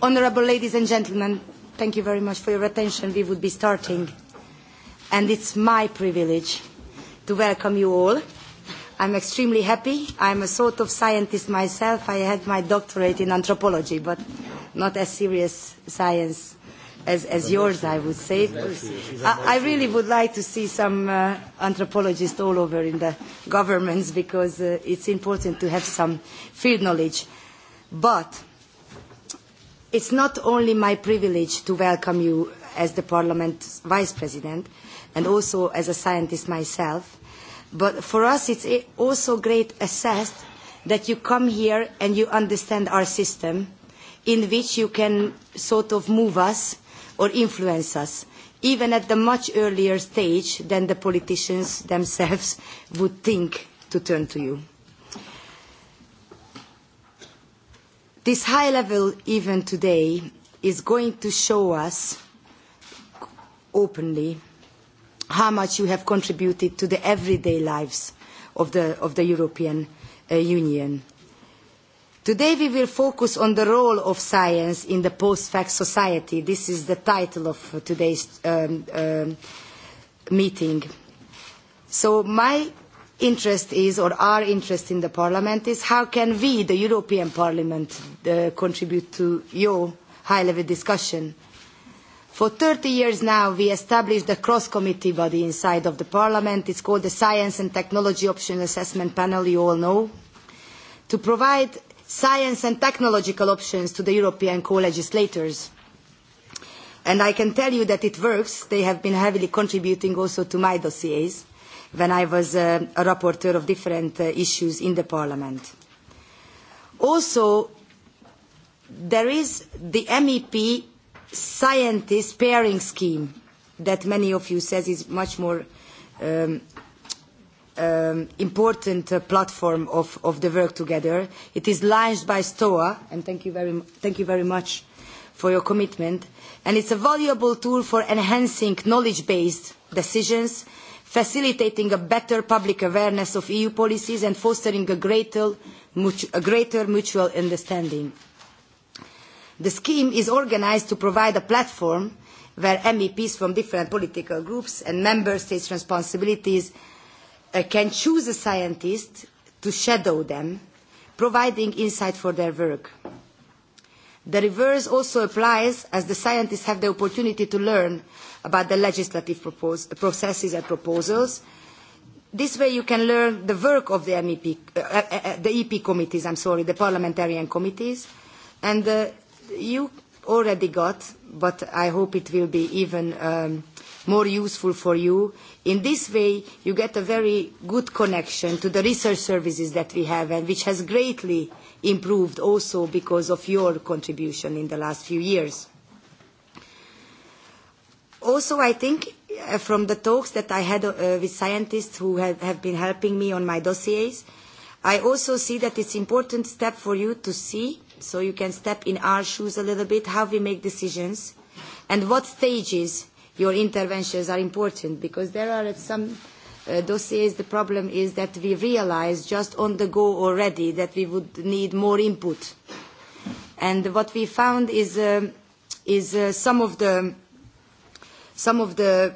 Honourable ladies and gentlemen, thank you very much for your attention. We would be starting. And it's my privilege to welcome you all. I'm extremely happy. I'm a sort of scientist myself. I had my doctorate in anthropology, but not as serious science as, as yours, I would say. I, I really would like to see some uh, anthropologists all over in the governments because uh, it's important to have some field knowledge. But It's not only my privilege to welcome you as the Parliament's Vice President and also as a scientist myself, but for us it's also great assessed that you come here and you understand our system in which you can sort of move us or influence us, even at the much earlier stage than the politicians themselves would think to turn to you. This high level event today is going to show us openly how much you have contributed to the everyday lives of the, of the European uh, Union. Today we will focus on the role of science in the post-fact society. This is the title of today's um, uh, meeting. So my interest is or our interest in the parliament is how can we, the European Parliament, uh, contribute to your high-level discussion? For 30 years now, we established a cross-committee body inside of the parliament. It's called the Science and Technology Option Assessment Panel, you all know, to provide science and technological options to the European co-legislators. And I can tell you that it works. They have been heavily contributing also to my dossiers when I was uh, a rapporteur of different uh, issues in the Parliament. Also, there is the MEP scientist pairing scheme that many of you says is much more um, um, important uh, platform of, of the work together. It is launched by STOA, and thank you, very, thank you very much for your commitment. And it's a valuable tool for enhancing knowledge-based decisions facilitating a better public awareness of EU policies and fostering a greater, a greater mutual understanding. The scheme is organised to provide a platform where MEPs from different political groups and member states' responsibilities uh, can choose a scientist to shadow them, providing insight for their work. The reverse also applies as the scientists have the opportunity to learn about the legislative propose, processes and proposals. This way you can learn the work of the, MEP, uh, uh, uh, the EP committees, I'm sorry, the parliamentarian committees. And uh, you already got, but I hope it will be even um, more useful for you. In this way, you get a very good connection to the research services that we have and which has greatly improved also because of your contribution in the last few years. Also, I think uh, from the talks that I had uh, with scientists who have, have been helping me on my dossiers, I also see that it's important step for you to see, so you can step in our shoes a little bit, how we make decisions and what stages your interventions are important, because there are some uh, dossiers, the problem is that we realize just on the go already that we would need more input. And what we found is, uh, is uh, some of the Some of the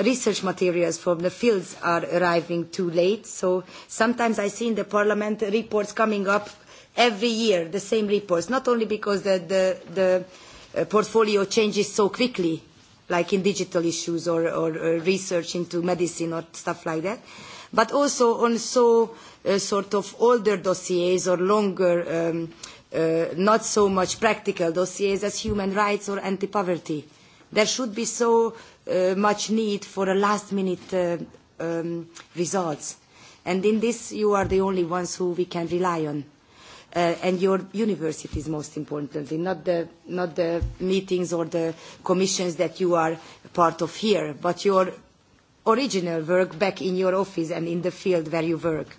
research materials from the fields are arriving too late, so sometimes I see in the Parliament reports coming up every year, the same reports, not only because the, the, the uh, portfolio changes so quickly, like in digital issues or, or uh, research into medicine or stuff like that, but also on so uh, sort of older dossiers or longer, um, uh, not so much practical dossiers as human rights or anti-poverty there should be so uh, much need for a last minute uh, um, results. And in this, you are the only ones who we can rely on. Uh, and your university is most importantly, not the, not the meetings or the commissions that you are part of here, but your original work back in your office and in the field where you work.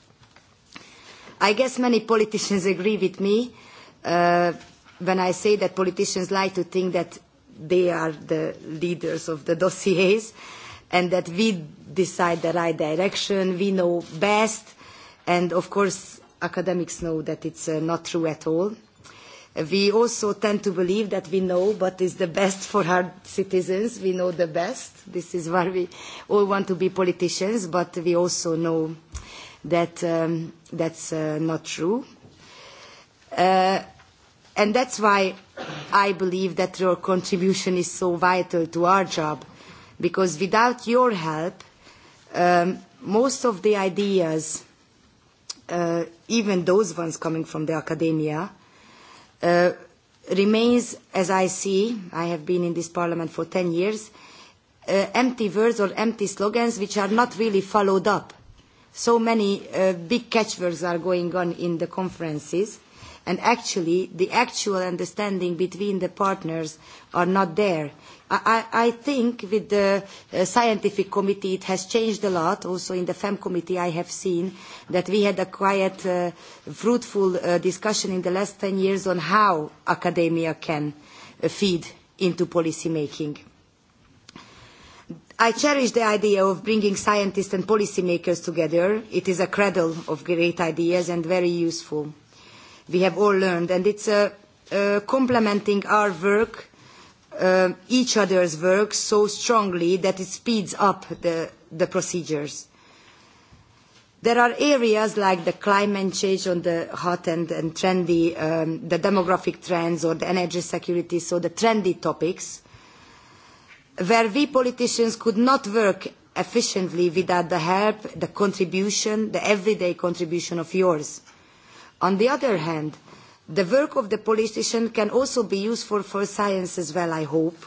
I guess many politicians agree with me uh, when I say that politicians like to think that they are the leaders of the dossiers and that we decide the right direction, we know best, and of course academics know that it's uh, not true at all. We also tend to believe that we know what is the best for our citizens. We know the best. This is why we all want to be politicians, but we also know that um, that's uh, not true. Uh, And that's why I believe that your contribution is so vital to our job, because without your help, um, most of the ideas, uh, even those ones coming from the academia, uh, remains, as I see, I have been in this parliament for 10 years, uh, empty words or empty slogans which are not really followed up. So many uh, big catchwords are going on in the conferences and actually the actual understanding between the partners are not there. I, I think with the uh, scientific committee it has changed a lot. Also in the FEM committee I have seen that we had a quiet, uh, fruitful uh, discussion in the last 10 years on how academia can uh, feed into policy making. I cherish the idea of bringing scientists and policymakers together. It is a cradle of great ideas and very useful we have all learned. And it's uh, uh, complementing our work, uh, each other's work, so strongly that it speeds up the, the procedures. There are areas like the climate change on the hot and, and trendy, um, the demographic trends or the energy security, so the trendy topics, where we politicians could not work efficiently without the help, the contribution, the everyday contribution of yours. On the other hand, the work of the politician can also be useful for science as well, I hope,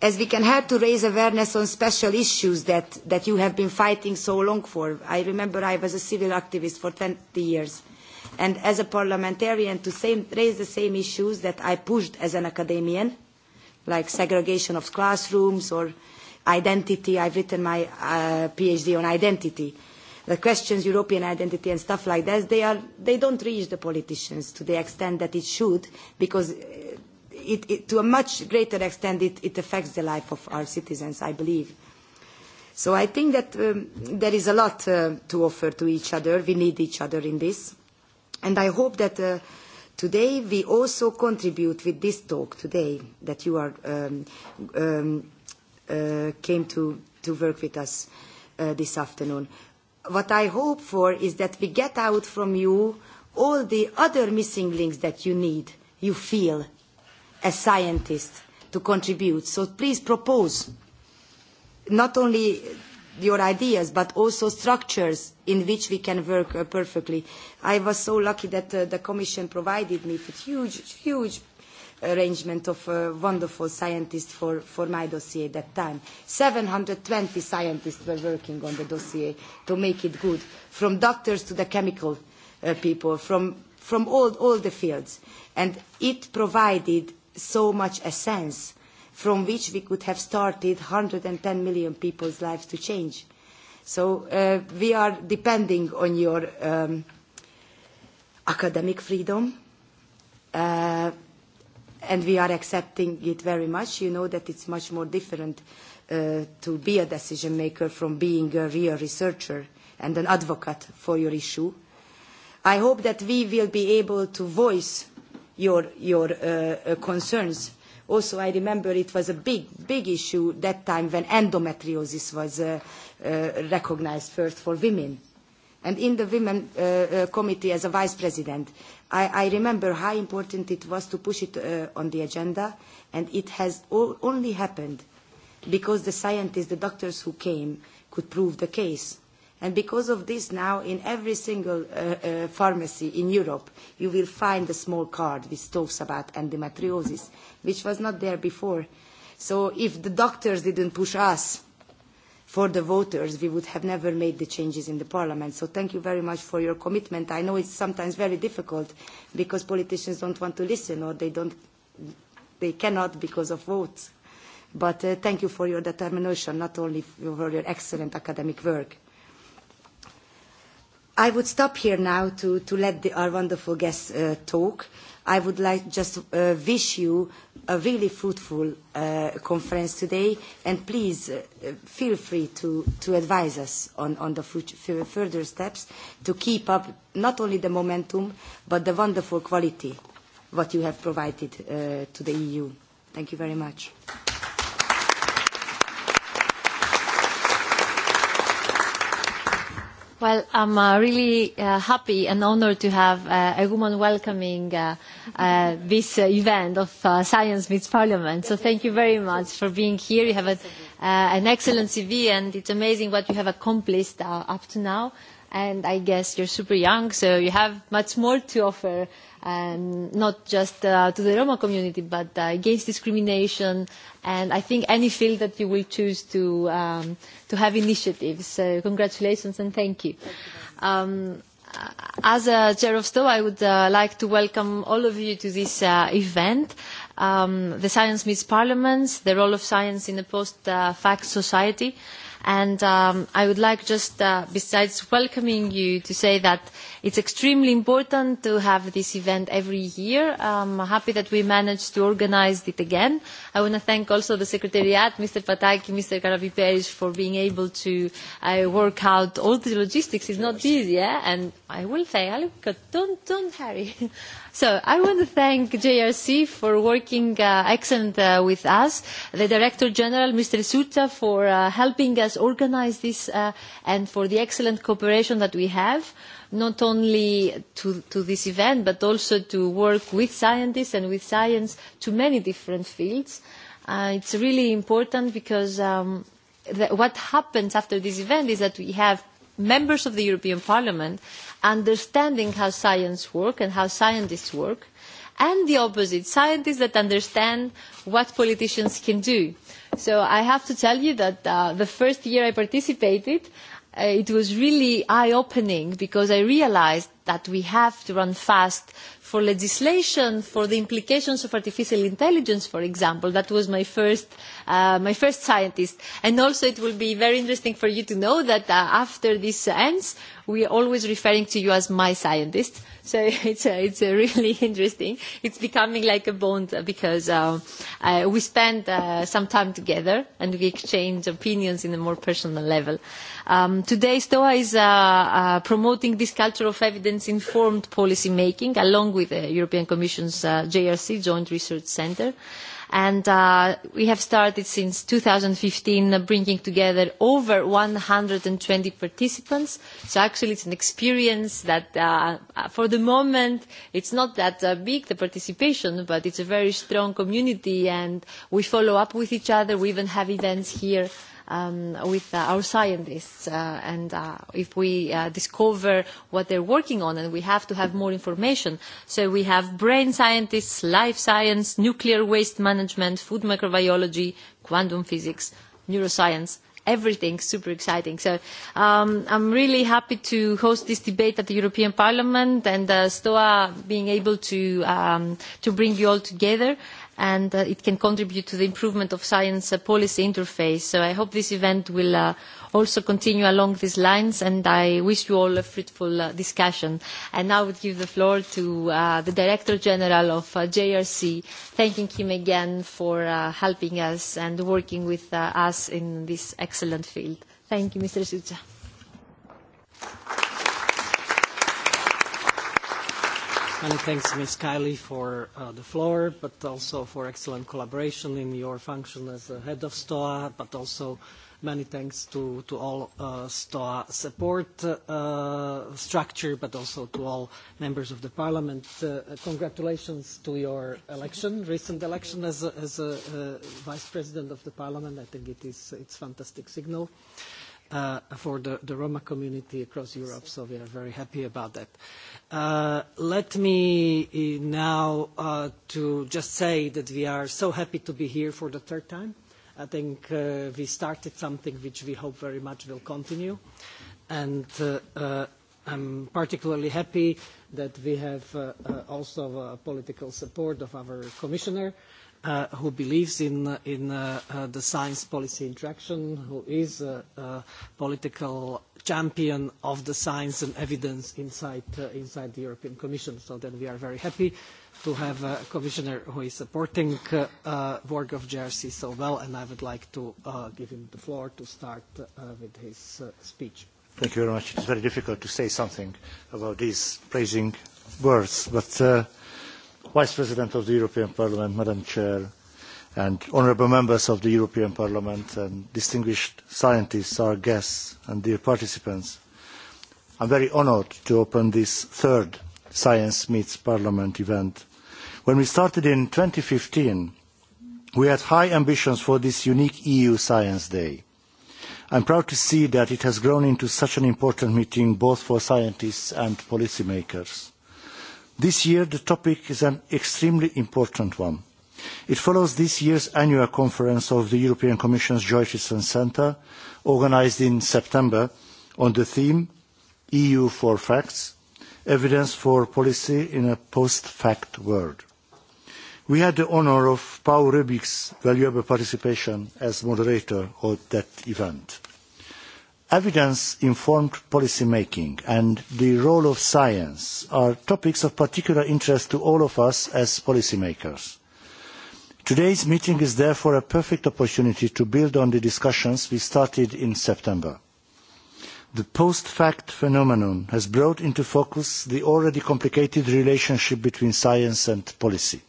as we can help to raise awareness on special issues that, that you have been fighting so long for. I remember I was a civil activist for 20 years, and as a parliamentarian to same, raise the same issues that I pushed as an academician, like segregation of classrooms or identity. I've written my uh, PhD on identity The questions European identity and stuff like that, they, are, they don't reach the politicians to the extent that it should, because it, it, to a much greater extent it, it affects the life of our citizens, I believe. So I think that um, there is a lot uh, to offer to each other. We need each other in this. And I hope that uh, today we also contribute with this talk today that you are, um, um, uh, came to, to work with us uh, this afternoon what I hope for is that we get out from you all the other missing links that you need, you feel, as scientists, to contribute. So please propose not only your ideas, but also structures in which we can work uh, perfectly. I was so lucky that uh, the Commission provided me with huge, huge arrangement of a uh, wonderful scientist for, for my dossier at that time. 720 scientists were working on the dossier to make it good, from doctors to the chemical uh, people, from, from all, all the fields. And it provided so much a sense from which we could have started 110 million people's lives to change. So uh, we are depending on your um, academic freedom, uh, and we are accepting it very much. You know that it's much more different uh, to be a decision maker from being a real researcher and an advocate for your issue. I hope that we will be able to voice your, your uh, uh concerns. Also, I remember it was a big, big issue that time when endometriosis was uh, uh, recognized first for women and in the Women uh, uh, Committee as a Vice President, I, I remember how important it was to push it uh, on the agenda, and it has all, only happened because the scientists, the doctors who came, could prove the case. And because of this now, in every single uh, uh, pharmacy in Europe, you will find a small card which talks about endometriosis, which was not there before. So if the doctors didn't push us, for the voters, we would have never made the changes in the parliament. So thank you very much for your commitment. I know it's sometimes very difficult because politicians don't want to listen or they, don't, they cannot because of votes. But uh, thank you for your determination, not only for your excellent academic work. I would stop here now to, to let the, our wonderful guests uh, talk. I would like just uh, wish you a really fruitful uh, conference today, and please uh, feel free to, to advise us on, on the future, further steps to keep up not only the momentum, but the wonderful quality what you have provided uh, to the EU. Thank you very much. Well, I'm uh, really uh, happy and honored to have uh, a woman welcoming uh, uh, this uh, event of uh, Science Meets Parliament. So thank you very much for being here. You have a, uh, an excellent CV and it's amazing what you have accomplished uh, up to now. And I guess you're super young, so you have much more to offer um, not just uh, to the Roma community, but uh, against discrimination. And I think any field that you will choose to, um, to have initiatives. So congratulations and thank you. Um, as a chair of STO, I would uh, like to welcome all of you to this uh, event. Um, the Science Meets Parliaments, the role of science in a post-fact uh, society. And um, I would like just, uh, besides welcoming you, to say that it's extremely important to have this event every year. I'm um, happy that we managed to organize it again. I want to thank also the Secretariat, Mr. Pataki, Mr. Karaviperis, for being able to uh, work out all the logistics. It's not easy, yeah? And I will say, don't, don't hurry. So I want to thank JRC for working uh, excellent uh, with us, the Director General, Mr. Suta, for uh, helping us organize this uh, and for the excellent cooperation that we have not only to, to this event, but also to work with scientists and with science to many different fields. Uh, it's really important because um, the, what happens after this event is that we have members of the European Parliament understanding how science works and how scientists work, and the opposite, scientists that understand what politicians can do. So I have to tell you that uh, the first year I participated, uh, it was really eye-opening because I realized that we have to run fast for legislation, for the implications of artificial intelligence, for example. That was my first, uh, my first scientist. And also it will be very interesting for you to know that uh, after this ends, we are always referring to you as my scientist. So it's, uh, it's uh, really interesting. It's becoming like a bond uh, because uh, uh, we spend uh, some time together and we exchange opinions in a more personal level. Um, today, STOA is uh, uh, promoting this culture of evidence-informed policy making along with the uh, European Commission's uh, JRC, Joint Research Centre. And uh, we have started since 2015 uh, bringing together over 120 participants. So actually it's an experience that uh, uh, for the moment it's not that uh, big, the participation, but it's a very strong community and we follow up with each other. We even have events here um, with uh, our scientists uh, and uh, if we uh, discover what they're working on and we have to have more information. So we have brain scientists, life science, nuclear waste management, food microbiology, quantum physics, neuroscience, everything super exciting. So um, I'm really happy to host this debate at the European Parliament and uh, STOA being able to, um, to bring you all together and uh, it can contribute to the improvement of science uh, policy interface. So I hope this event will uh, also continue along these lines and I wish you all a fruitful uh, discussion. And now I would give the floor to uh, the Director General of uh, JRC, thanking him again for uh, helping us and working with uh, us in this excellent field. Thank you, Mr. you. Many thanks, Ms. Kiley, for uh, the floor, but also for excellent collaboration in your function as the head of STOA, but also many thanks to, to all uh, STOA support uh, structure, but also to all members of the parliament. Uh, congratulations to your election, recent election as a, as a uh, vice president of the parliament. I think it is it's fantastic signal. Uh, uh, for the, the Roma community across Europe, so we are very happy about that. Uh, let me now uh, to just say that we are so happy to be here for the third time. I think uh, we started something which we hope very much will continue. And uh, uh, I'm particularly happy that we have uh, uh, also uh, political support of our commissioner uh, who believes in, uh, in uh, uh, the science policy interaction, who is a, a political champion of the science and evidence inside, uh, inside the European Commission. So then we are very happy to have a commissioner who is supporting uh, uh, work of GRC so well, and I would like to uh, give him the floor to start uh, with his uh, speech. Thank you very much. It's very difficult to say something about these praising words, but uh, Vice President of the European Parliament, Madam Chair, and honourable members of the European Parliament and distinguished scientists, our guests and dear participants, I am very honoured to open this third Science Meets Parliament event. When we started in fifteen, we had high ambitions for this unique EU Science Day. I am proud to see that it has grown into such an important meeting both for scientists and policymakers. This year, the topic is an extremely important one. It follows this year's annual conference of the European Commission's Research Centre, organised in September, on the theme EU for Facts, Evidence for Policy in a Post-Fact World. We had the honor of Paul Rubik's valuable participation as moderator of that event. Evidence informed policy making and the role of science are topics of particular interest to all of us as policymakers. Today's meeting is therefore a perfect opportunity to build on the discussions we started in September. The post-fact phenomenon has brought into focus the already complicated relationship between science and policy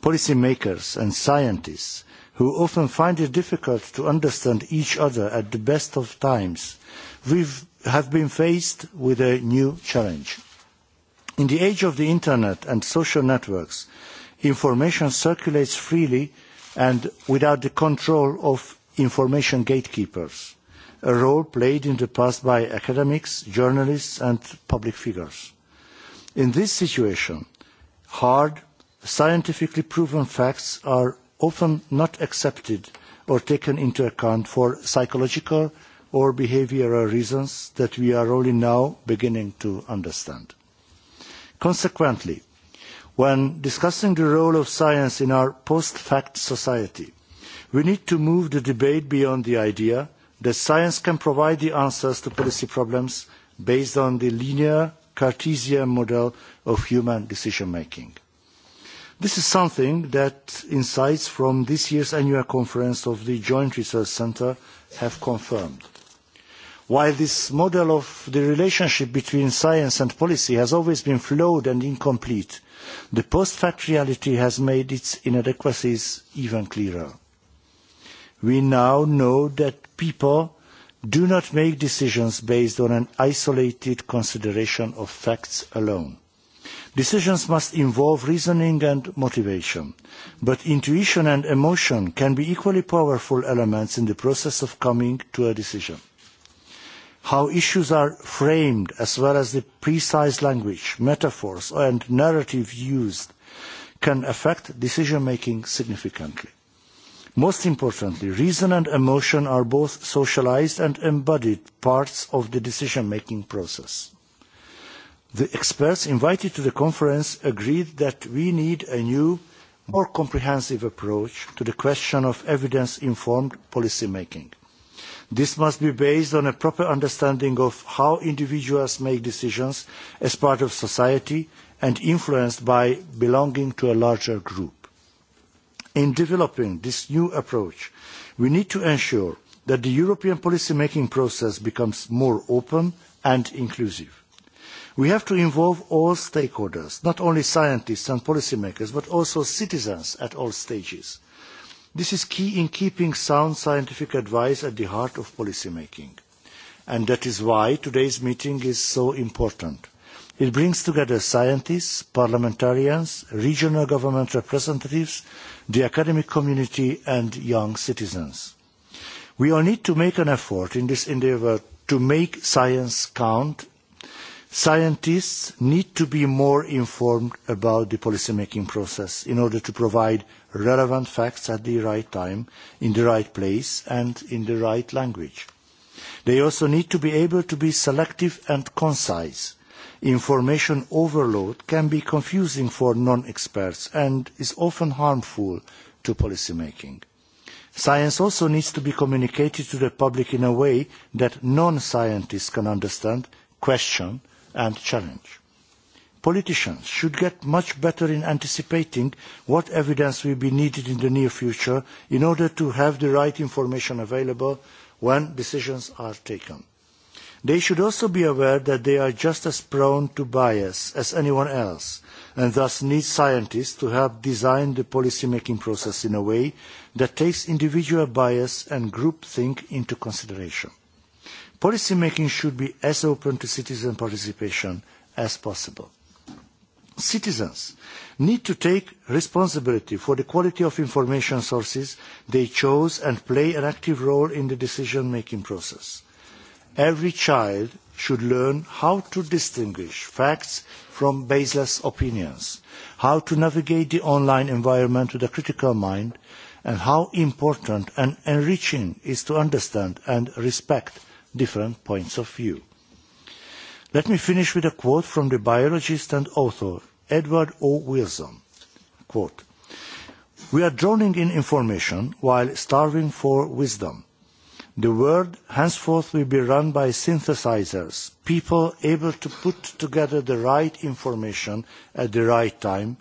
policymakers and scientists who often find it difficult to understand each other at the best of times, we have been faced with a new challenge. In the age of the Internet and social networks, information circulates freely and without the control of information gatekeepers, a role played in the past by academics, journalists and public figures. In this situation, hard scientifically proven facts are often not accepted or taken into account for psychological or behavioral reasons that we are only now beginning to understand. Consequently, when discussing the role of science in our post-fact society, we need to move the debate beyond the idea that science can provide the answers to policy problems based on the linear Cartesian model of human decision-making. This is something that insights from this year's annual conference of the Joint Research Centre have confirmed. While this model of the relationship between science and policy has always been flawed and incomplete, the post-fact reality has made its inadequacies even clearer. We now know that people do not make decisions based on an isolated consideration of facts alone Decisions must involve reasoning and motivation, but intuition and emotion can be equally powerful elements in the process of coming to a decision. How issues are framed, as well as the precise language, metaphors, and narrative used, can affect decision-making significantly. Most importantly, reason and emotion are both socialized and embodied parts of the decision-making process. The experts invited to the conference agreed that we need a new, more comprehensive approach to the question of evidence-informed policymaking. This must be based on a proper understanding of how individuals make decisions as part of society and influenced by belonging to a larger group. In developing this new approach, we need to ensure that the European policy-making process becomes more open and inclusive. We have to involve all stakeholders, not only scientists and policymakers, but also citizens at all stages. This is key in keeping sound scientific advice at the heart of policymaking. And that is why today's meeting is so important. It brings together scientists, parliamentarians, regional government representatives, the academic community and young citizens. We all need to make an effort in this endeavour to make science count Scientists need to be more informed about the policymaking process in order to provide relevant facts at the right time, in the right place and in the right language. They also need to be able to be selective and concise. Information overload can be confusing for non-experts and is often harmful to policymaking. Science also needs to be communicated to the public in a way that non-scientists can understand, question and challenge. Politicians should get much better in anticipating what evidence will be needed in the near future in order to have the right information available when decisions are taken. They should also be aware that they are just as prone to bias as anyone else and thus need scientists to help design the policy-making process in a way that takes individual bias and groupthink into consideration. Policy making should be as open to citizen participation as possible. Citizens need to take responsibility for the quality of information sources they chose and play an active role in the decision-making process. Every child should learn how to distinguish facts from baseless opinions, how to navigate the online environment with a critical mind, and how important and enriching is to understand and respect different points of view. Let me finish with a quote from the biologist and author Edward O. Wilson. Quote, We are drowning in information while starving for wisdom. The world henceforth will be run by synthesizers, people able to put together the right information at the right time,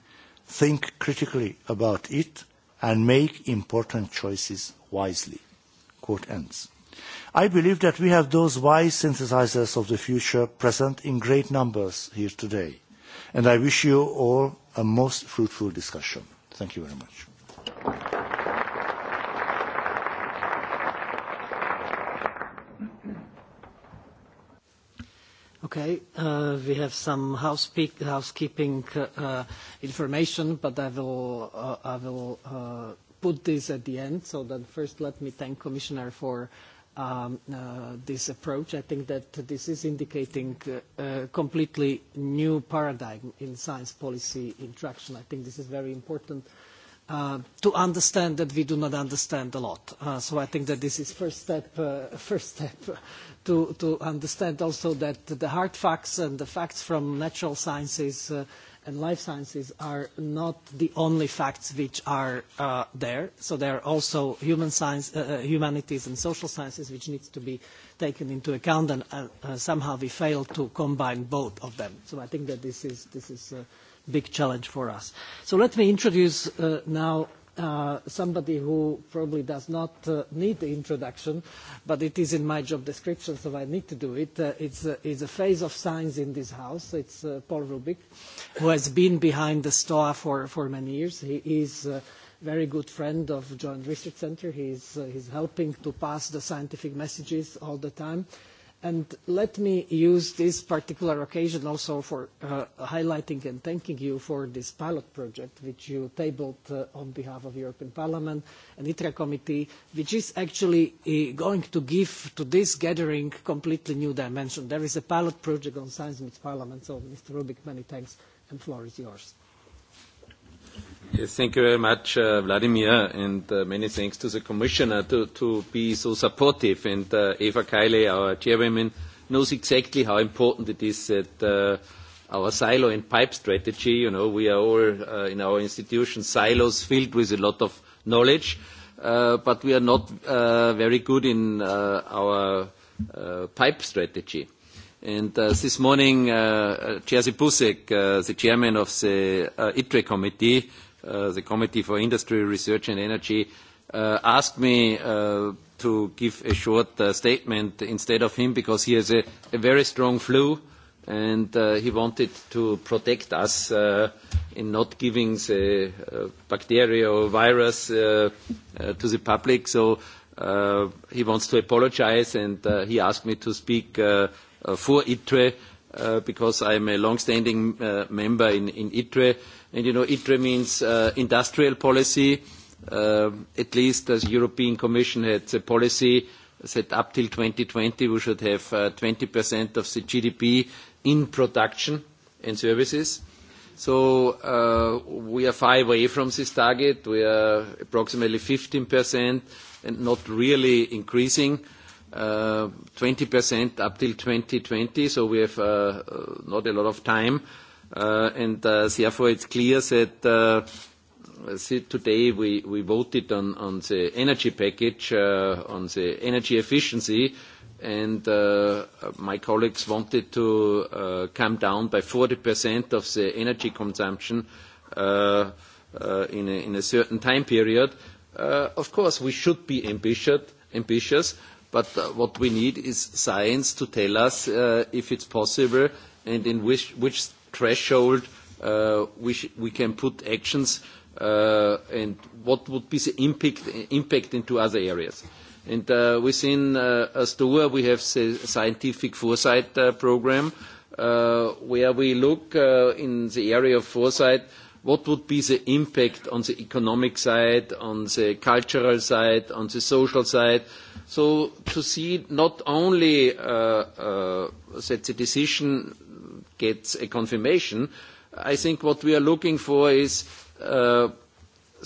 think critically about it, and make important choices wisely. Quote ends. I believe that we have those wise synthesizers of the future present in great numbers here today. And I wish you all a most fruitful discussion. Thank you very much. Okay, uh, we have some housepeak, housekeeping uh, information, but I will, uh, I will uh, put this at the end. So then first let me thank Commissioner for um, uh, this approach. I think that this is indicating uh, a uh, completely new paradigm in science policy interaction. I think this is very important uh, to understand that we do not understand a lot. Uh, so I think that this is first step, uh, first step to, to understand also that the hard facts and the facts from natural sciences uh, and life sciences are not the only facts which are uh, there. So there are also human science, uh, uh, humanities and social sciences which needs to be taken into account, and uh, uh, somehow we fail to combine both of them. So I think that this is, this is a big challenge for us. So let me introduce uh, now uh, somebody who probably does not uh, need the introduction, but it is in my job description, so I need to do it. Uh, it's, uh, it's a phase of science in this house. It's uh, Paul Rubik, who has been behind the STOA for, for many years. He is a very good friend of Joint Research Center. He's, uh, he's helping to pass the scientific messages all the time. And let me use this particular occasion also for uh, highlighting and thanking you for this pilot project which you tabled uh, on behalf of the European Parliament and ITRA committee, which is actually uh, going to give to this gathering a completely new dimension. There is a pilot project on science with Parliament, so Mr. Rubik, many thanks, and the floor is yours. Yes, thank you very much, uh, Vladimir, and uh, many thanks to the Commissioner to, to be so supportive. And uh, Eva Kiley, our chairwoman, knows exactly how important it is that uh, our silo and pipe strategy, you know, we are all uh, in our institution silos filled with a lot of knowledge, uh, but we are not uh, very good in uh, our uh, pipe strategy. And uh, this morning, uh, Jerzy Busek, uh, the chairman of the uh, ITRE committee, uh, the Committee for Industry, Research and Energy, uh, asked me uh, to give a short uh, statement instead of him because he has a, a very strong flu and uh, he wanted to protect us uh, in not giving the uh, bacteria or virus uh, uh, to the public. So uh, he wants to apologize and uh, he asked me to speak uh, uh, for ITRE uh, because I'm a long-standing uh, member in, in ITRE. And you know, it remains uh, industrial policy. Uh, at least as European Commission had a policy that up till 2020 we should have uh, 20% of the GDP in production and services. So uh, we are far away from this target. We are approximately 15% and not really increasing. Uh, 20% up till 2020, so we have uh, uh, not a lot of time. Uh, and uh, therefore it's clear that uh, see, today we, we voted on, on the energy package, uh, on the energy efficiency, and uh, my colleagues wanted to uh, come down by 40% of the energy consumption uh, uh, in, a, in a certain time period. Uh, of course, we should be ambitious, ambitious but uh, what we need is science to tell us uh, if it's possible and in which, which threshold uh, which we can put actions uh, and what would be the impact, impact into other areas. And uh, within uh, ASTOA we have the scientific foresight uh, program uh, where we look uh, in the area of foresight what would be the impact on the economic side, on the cultural side, on the social side. So to see not only uh, uh, that the decision get a confirmation. I think what we are looking for is uh,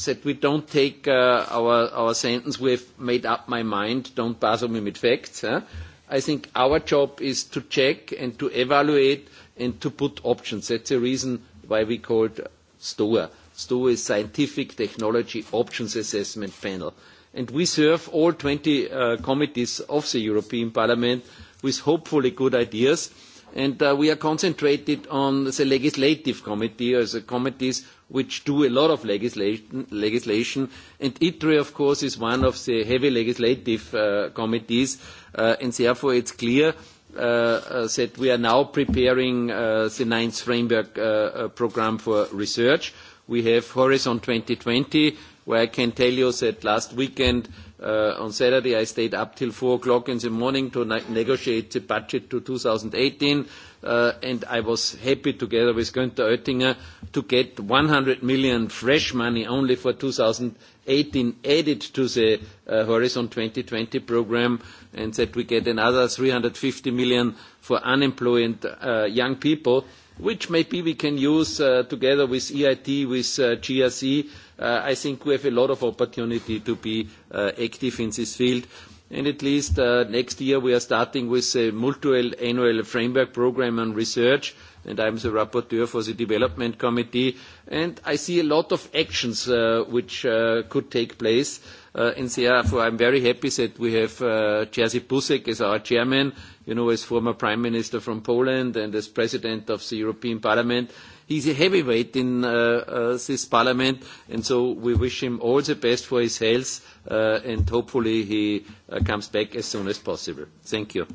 that we don't take uh, our, our sentence, we've made up my mind, don't bother me with facts. Huh? I think our job is to check and to evaluate and to put options. That's the reason why we call it STOA. STOA is Scientific Technology Options Assessment Panel. And we serve all 20 uh, committees of the European Parliament with hopefully good ideas and uh, we are concentrated on the legislative committee as uh, the committees which do a lot of legislation, legislation. and ITRE of course is one of the heavy legislative uh, committees uh, and therefore it's clear uh, uh, that we are now preparing uh, the ninth framework uh, uh, program for research. We have Horizon 2020 where I can tell you that last weekend Uh, on Saturday, I stayed up till four o'clock in the morning to ne negotiate the budget to 2018, uh, and I was happy together with Günther Oettinger to get 100 million fresh money only for 2018 added to the uh, Horizon 2020 program, and that we get another 350 million for unemployed uh, young people, which maybe we can use uh, together with EIT, with uh, GRC, uh, I think we have a lot of opportunity to be uh, active in this field. And at least uh, next year we are starting with a multiple annual framework program on research, and I'm the rapporteur for the development committee. And I see a lot of actions uh, which uh, could take place. Uh, and therefore I'm very happy that we have uh, Jerzy Busek as our chairman, you know, as former prime minister from Poland and as president of the European Parliament He's a heavyweight in uh, uh, this parliament, and so we wish him all the best for his health, uh, and hopefully he uh, comes back as soon as possible. Thank you.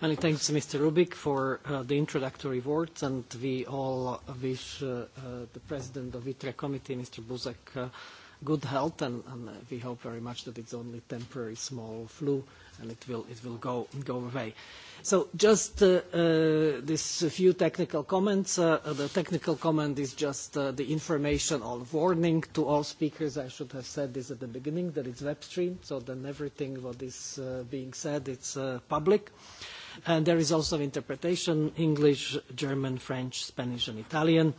Many thanks, Mr. Rubik, for uh, the introductory words, and we all wish uh, uh, the President of ITRE Committee, Mr. Buzek, uh, good health, and, and we hope very much that it's only temporary small flu and it will, it will go, go away. So just uh, uh, this few technical comments. Uh, uh the technical comment is just uh, the information or warning to all speakers. I should have said this at the beginning, that it's web stream, so then everything what is uh, being said, it's uh, public. And there is also interpretation, English, German, French, Spanish, and Italian.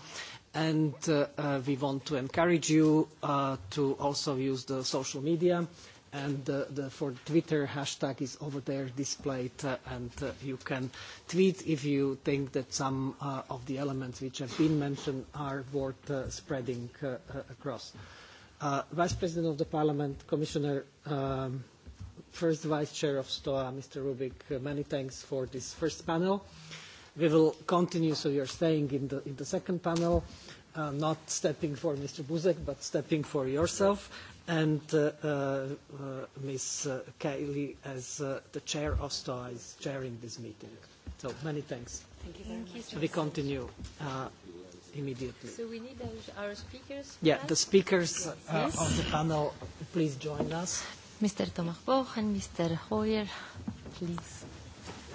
And uh, uh, we want to encourage you uh, to also use the social media and uh, the, for Twitter hashtag is over there displayed uh, and uh, you can tweet if you think that some uh, of the elements which have been mentioned are worth uh, spreading uh, uh, across. Uh, Vice President of the Parliament, Commissioner, um, First Vice Chair of STOA, Mr. Rubik, uh, many thanks for this first panel. We will continue, so you're staying in the, in the second panel, uh, not stepping for Mr. Buzek, but stepping for yourself and uh, uh, Ms. Cayley uh, as uh, the chair of STAR is chairing this meeting. So many thanks. Thank you very Thank much. You, we continue uh, immediately. So we need our, our speakers. Yeah, us? the speakers yes. uh, yes. of the panel, please join us. Mr. Tomach Boch and Mr. Hoyer, please.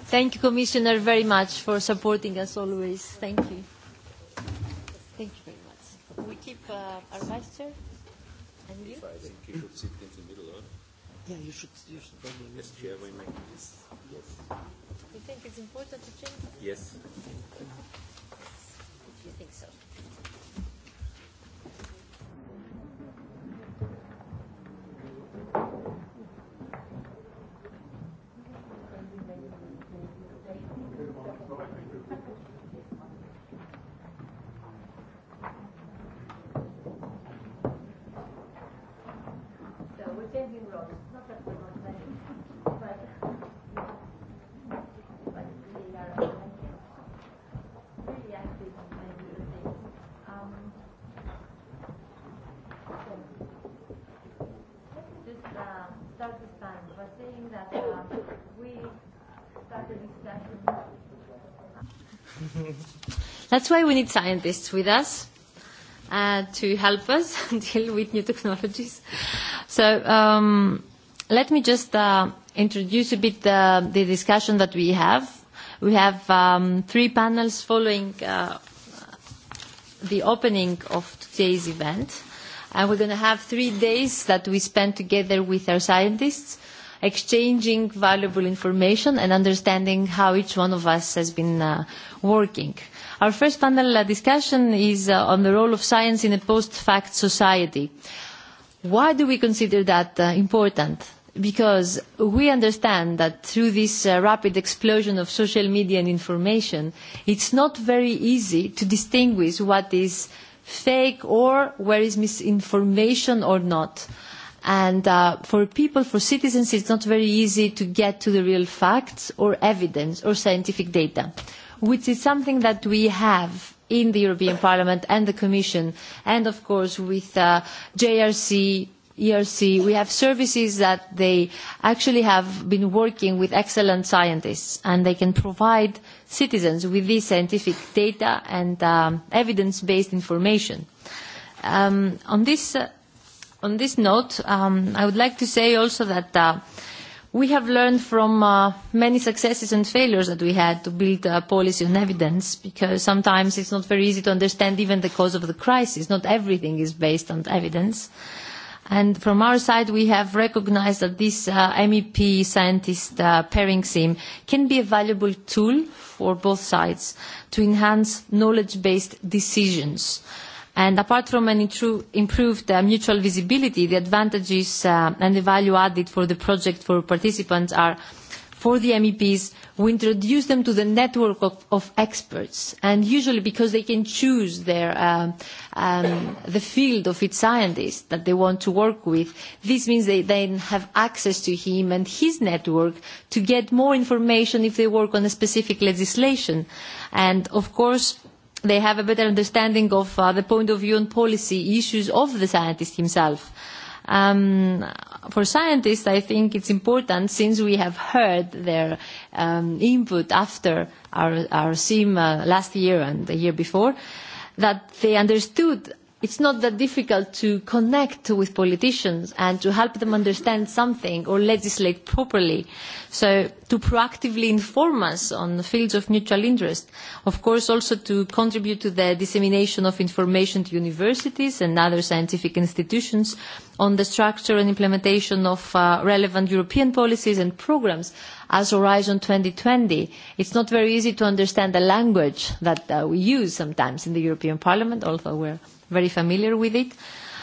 Thank you, Commissioner, very much for supporting us always. Thank you. Thank you very much. We keep uh, our vice chair. And you? If I think you should sit in the middle, or Yeah, you should, you should probably. Yes, chair, we make this. Yes. You think it's important to change? Yes. If you think so. That's why we need scientists with us uh, to help us deal with new technologies. So um, let me just uh, introduce a bit uh, the discussion that we have. We have um, three panels following uh, the opening of today's event. And we're going to have three days that we spend together with our scientists, exchanging valuable information and understanding how each one of us has been uh, working. Our first panel uh, discussion is uh, on the role of science in a post-fact society. Why do we consider that uh, important? Because we understand that through this uh, rapid explosion of social media and information, it's not very easy to distinguish what is fake or where is misinformation or not. And uh, for people, for citizens, it's not very easy to get to the real facts or evidence or scientific data which is something that we have in the European Parliament and the Commission, and of course with uh, JRC, ERC, we have services that they actually have been working with excellent scientists, and they can provide citizens with this scientific data and um, evidence-based information. Um, on, this, uh, on this note, um, I would like to say also that uh, We have learned from uh, many successes and failures that we had to build a policy on evidence because sometimes it's not very easy to understand even the cause of the crisis. Not everything is based on evidence. And from our side, we have recognized that this uh, MEP scientist uh, pairing sim can be a valuable tool for both sides to enhance knowledge-based decisions And apart from an improved uh, mutual visibility, the advantages uh, and the value added for the project for participants are for the MEPs, we introduce them to the network of, of experts, and usually because they can choose their, um, um, the field of each scientist that they want to work with, this means they then have access to him and his network to get more information if they work on a specific legislation. And of course, they have a better understanding of uh, the point of view and policy issues of the scientist himself. Um, for scientists, I think it's important since we have heard their um, input after our, our SIM uh, last year and the year before that they understood it's not that difficult to connect with politicians and to help them understand something or legislate properly. So to proactively inform us on the fields of mutual interest. Of course, also to contribute to the dissemination of information to universities and other scientific institutions on the structure and implementation of uh, relevant European policies and programs as Horizon 2020. It's not very easy to understand the language that uh, we use sometimes in the European Parliament, although we're very familiar with it.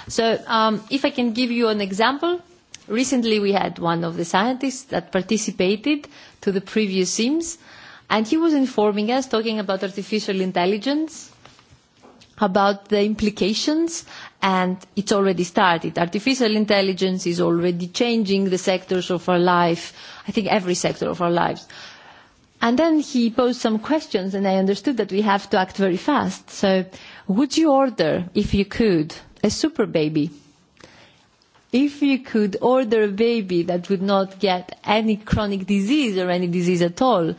So um, if I can give you an example, recently we had one of the scientists that participated to the previous SIMS, and he was informing us, talking about artificial intelligence, about the implications, and it's already started. Artificial intelligence is already changing the sectors of our life, I think every sector of our lives. And then he posed some questions, and I understood that we have to act very fast. So Would you order, if you could, a super baby? If you could order a baby that would not get any chronic disease or any disease at all,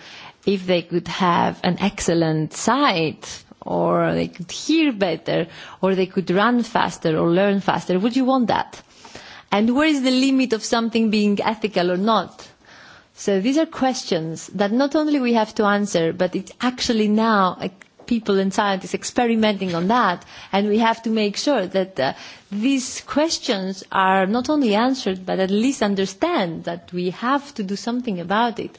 if they could have an excellent sight, or they could hear better, or they could run faster or learn faster, would you want that? And where is the limit of something being ethical or not? So these are questions that not only we have to answer, but it's actually now a people and scientists experimenting on that, and we have to make sure that uh, these questions are not only answered, but at least understand that we have to do something about it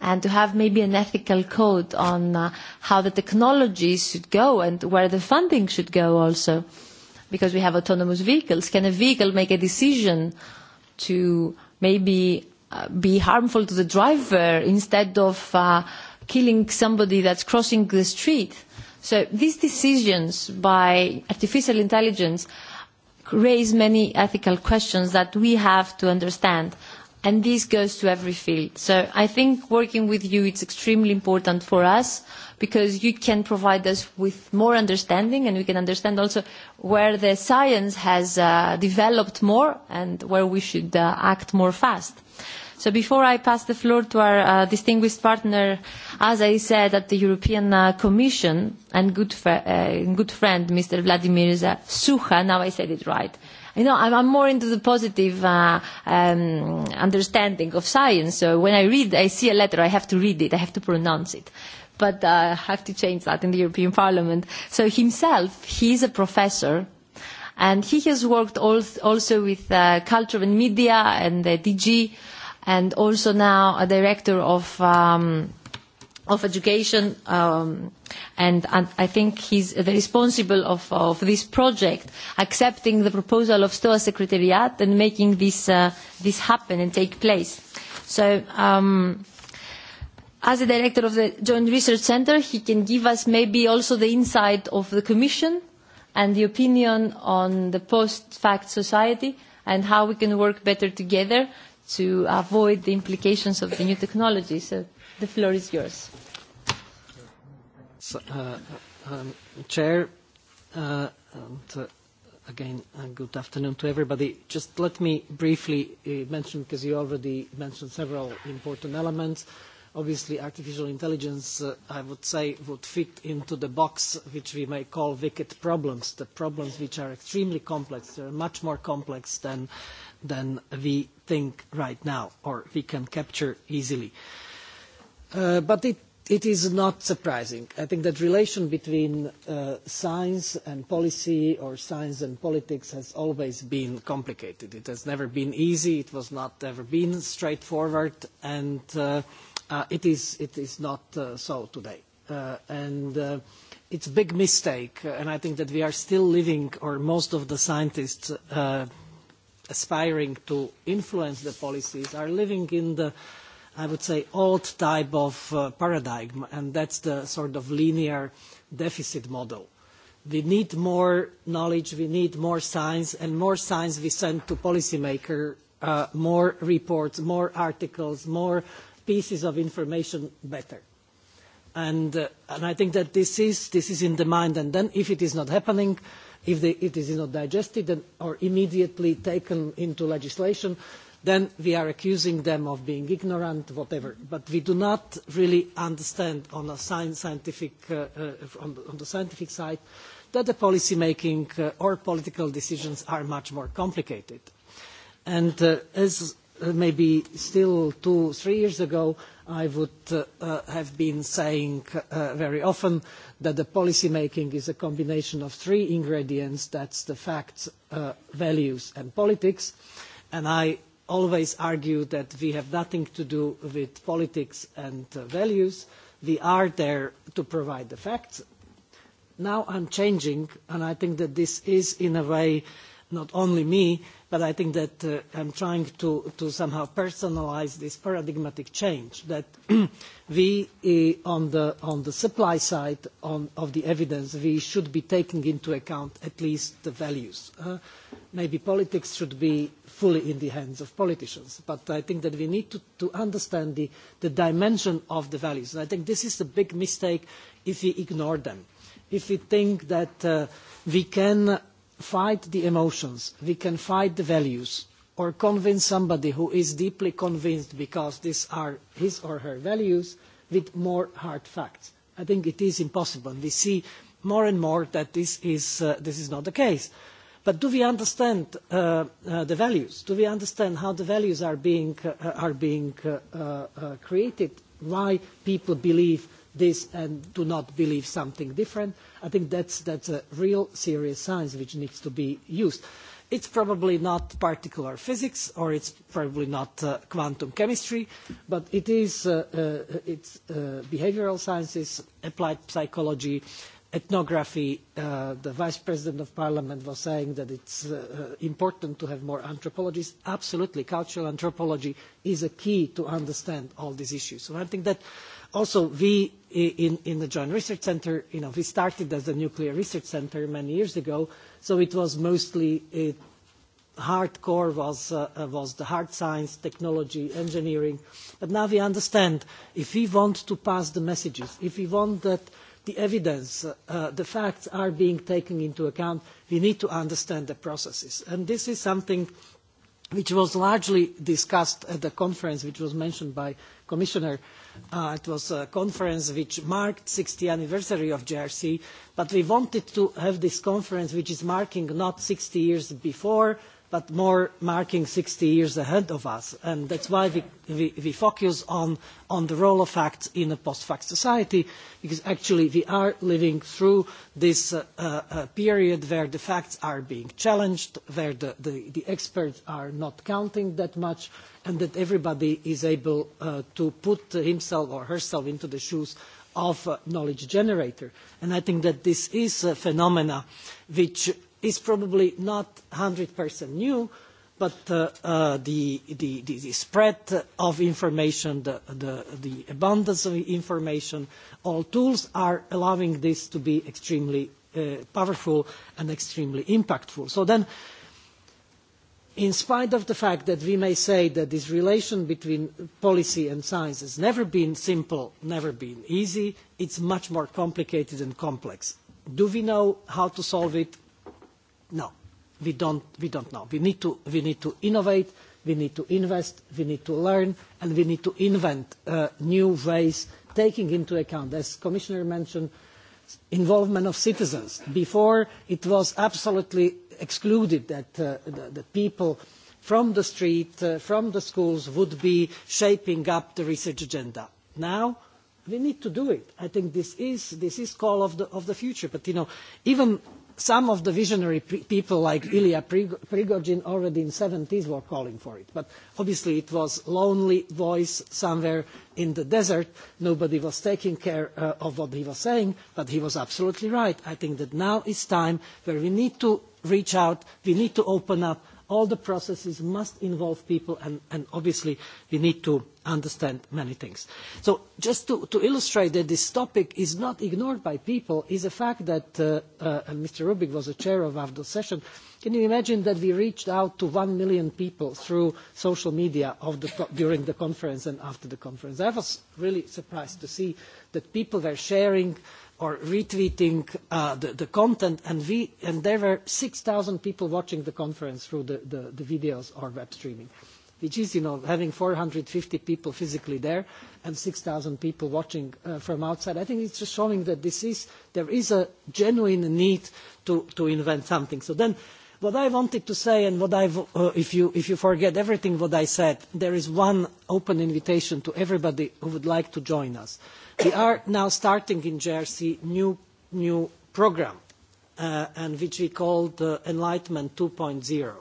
and to have maybe an ethical code on uh, how the technologies should go and where the funding should go also. Because we have autonomous vehicles. Can a vehicle make a decision to maybe uh, be harmful to the driver instead of uh, killing somebody that's crossing the street. So these decisions by artificial intelligence raise many ethical questions that we have to understand. And this goes to every field. So I think working with you is extremely important for us because you can provide us with more understanding and we can understand also where the science has uh, developed more and where we should uh, act more fast. So before I pass the floor to our uh, distinguished partner, as I said at the European uh, Commission and good, uh, good friend, Mr. Vladimir Sucha, now I said it right. You know, I'm, I'm more into the positive uh, um, understanding of science. So when I read, I see a letter, I have to read it, I have to pronounce it but uh, I uh, have to change that in the European Parliament. So himself, he is a professor, and he has worked also with uh, culture and media and the DG and also now a director of um, of education um, and, and I think he's the responsible of, of this project accepting the proposal of STOA Secretariat and making this, uh, this happen and take place. So um, as a director of the Joint Research Center he can give us maybe also the insight of the Commission and the opinion on the post-fact society and how we can work better together to avoid the implications of the new technology. So the floor is yours. So, uh, um, Chair, uh, and, uh, again, uh, good afternoon to everybody. Just let me briefly uh, mention, because you already mentioned several important elements. Obviously, artificial intelligence, uh, I would say, would fit into the box which we may call wicked problems, the problems which are extremely complex. They're much more complex than, than we thing right now, or we can capture easily. Uh, but it, it is not surprising. I think that relation between uh, science and policy or science and politics has always been complicated. It has never been easy. It was not ever been straightforward, and uh, uh, it, is, it is not uh, so today. Uh, and uh, it's a big mistake, and I think that we are still living, or most of the scientists uh, aspiring to influence the policies are living in the, I would say, old type of uh, paradigm, and that's the sort of linear deficit model. We need more knowledge, we need more science, and more science we send to policymakers, uh, more reports, more articles, more pieces of information better. And, uh, and I think that this is, this is in the mind, and then if it is not happening, uh, if they, it is not digested and, or immediately taken into legislation, then we are accusing them of being ignorant, whatever. But we do not really understand on, a scientific, uh, uh, on, the, on the scientific side that the policy making uh, or political decisions are much more complicated. And uh, as uh, maybe still two, three years ago, I would uh, uh, have been saying uh, very often that the policy making is a combination of three ingredients, that's the facts, uh, values and politics, and I always argue that we have nothing to do with politics and uh, values, we are there to provide the facts. Now I'm changing, and I think that this is in a way not only me, but I think that uh, I'm trying to, to somehow personalize this paradigmatic change that we, uh, on, the, on the supply side on, of the evidence, we should be taking into account at least the values. Uh, maybe politics should be fully in the hands of politicians, but I think that we need to, to understand the, the dimension of the values. And I think this is a big mistake if we ignore them. If we think that uh, we can fight the emotions, we can fight the values, or convince somebody who is deeply convinced because these are his or her values with more hard facts. I think it is impossible. We see more and more that this is, uh, this is not the case. But do we understand uh, uh, the values? Do we understand how the values are being, uh, are being uh, uh, uh created? Why people believe this and do not believe something different. I think that's, that's a real serious science which needs to be used. It's probably not particular physics or it's probably not uh, quantum chemistry, but it is uh, uh, it's, uh, behavioral sciences, applied psychology, ethnography. Uh, the vice president of parliament was saying that it's uh, uh important to have more anthropologists. Absolutely, cultural anthropology is a key to understand all these issues. So I think that also, we in, in the Joint Research Center, you know, we started as a nuclear research center many years ago, so it was mostly it, uh, hardcore was, uh, uh, was the hard science, technology, engineering. But now we understand if we want to pass the messages, if we want that the evidence, uh, uh, the facts are being taken into account, we need to understand the processes. And this is something which was largely discussed at the conference, which was mentioned by Commissioner. Uh, it was a conference which marked 60th anniversary of GRC, but we wanted to have this conference which is marking not 60 years before, but more marking 60 years ahead of us. And that's why we, we, we focus on, on the role of facts in a post-fact society, because actually we are living through this uh, uh, period where the facts are being challenged, where the, the, the experts are not counting that much, and that everybody is able uh, to put himself or herself into the shoes of a knowledge generator. And I think that this is a phenomena which is probably not 100% new, but uh, uh, the, the, the, the spread of information, the, the, the abundance of information, all tools are allowing this to be extremely uh, powerful and extremely impactful. So then, in spite of the fact that we may say that this relation between policy and science has never been simple, never been easy, it's much more complicated and complex. Do we know how to solve it? No, we don't, we don't know. We need, to, we need to innovate, we need to invest, we need to learn, and we need to invent uh, new ways, taking into account, as Commissioner mentioned, involvement of citizens. Before, it was absolutely excluded that uh, the, the people from the street, uh, from the schools, would be shaping up the research agenda. Now, we need to do it. I think this is, this is call of the, of the future. But, you know, even some of the visionary people like Ilya Prigogine already in the 70s were calling for it. But obviously it was a lonely voice somewhere in the desert. Nobody was taking care uh, of what he was saying, but he was absolutely right. I think that now is time where we need to reach out, we need to open up, all the processes must involve people and, and obviously we need to understand many things. So just to, to illustrate that this topic is not ignored by people is the fact that uh, uh, Mr. Rubik was the chair of AFDO session. Can you imagine that we reached out to one million people through social media of the, during the conference and after the conference? I was really surprised to see that people were sharing uh, or retweeting uh, the, the content, and, we, and there were 6,000 people watching the conference through the, the, the videos or web streaming, which is, you know, having 450 people physically there and 6,000 people watching uh, from outside. I think it's just showing that this is, there is a genuine need to, to invent something. So then What I wanted to say, and what I've, uh, if, you, if you forget everything what I said, there is one open invitation to everybody who would like to join us. We are now starting in Jersey new new program, uh, and which we call the Enlightenment 2.0.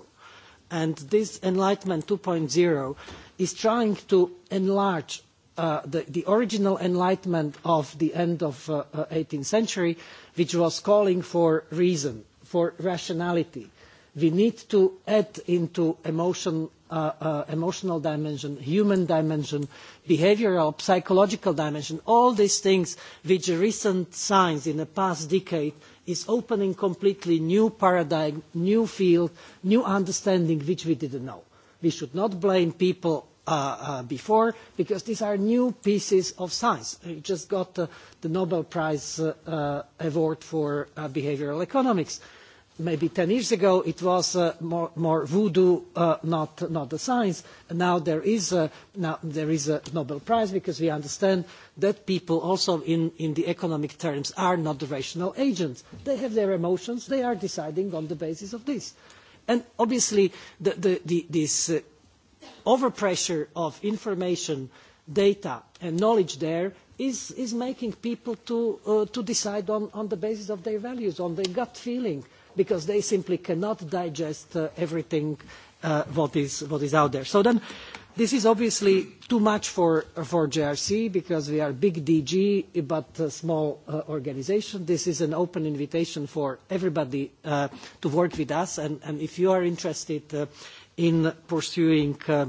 And this Enlightenment 2.0 is trying to enlarge uh, the, the original Enlightenment of the end of the uh, 18th century, which was calling for reason, for rationality, we need to add into emotion, uh, uh, emotional dimension, human dimension, behavioral, psychological dimension, all these things which recent science in the past decade is opening completely new paradigm, new field, new understanding which we didn't know. We should not blame people uh, uh, before because these are new pieces of science. We just got uh, the Nobel Prize uh, uh, award for uh, behavioral economics. Uh, maybe 10 years ago it was uh, more, more voodoo, uh, not, not the science. Now there, is a, now there is a Nobel Prize because we understand that people also in, in the economic terms are not the rational agents. They have their emotions, they are deciding on the basis of this. And obviously the, the, the, this uh, overpressure of information, data and knowledge there is, is making people to, uh, to decide on, on the basis of their values, on their gut feeling because they simply cannot digest uh, everything uh, what, is, what is out there. So then this is obviously too much for, uh, for JRC because we are big DG but a small uh, organization. This is an open invitation for everybody uh, to work with us and, and if you are interested uh, in pursuing uh,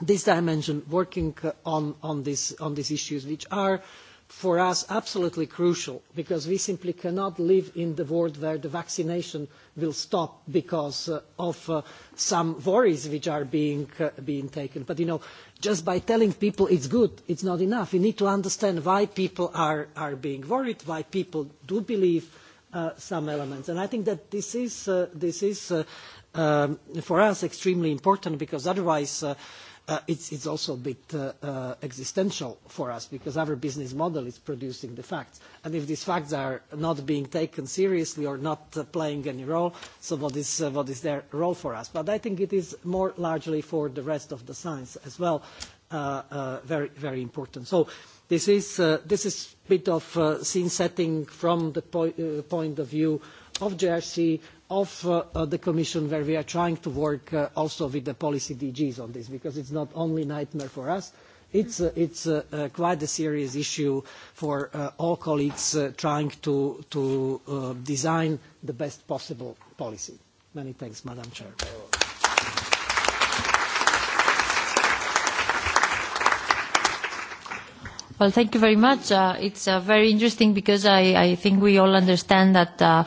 this dimension, working uh, on, on, this, on these issues which are uh, for us absolutely crucial because we simply cannot live in the world where the vaccination will stop because uh, of uh, some worries which are being, uh, being taken. But you know, just by telling people it's good, it's not enough. We need to understand why people are, are being worried, why people do believe uh, some elements. And I think that this is, uh, this is uh, um, for us extremely important because otherwise uh, Uh, it's, it's also a bit uh, uh, existential for us because our business model is producing the facts. And if these facts are not being taken seriously or not uh, playing any role, so what is, uh, what is their role for us? But I think it is more largely for the rest of the science as well, uh, uh, very, very important. So this is, uh, this is a bit of uh, scene setting from the po uh, point of view of JRC, of uh, uh, the Commission, where we are trying to work uh, also with the policy DGs on this, because it's not only nightmare for us, it's, uh, it's uh, uh, quite a serious issue for uh, all colleagues uh, trying to, to uh, design the best possible policy. Many thanks, Madam Chair. Well, thank you very much. Uh, it's uh, very interesting because I, I think we all understand that uh,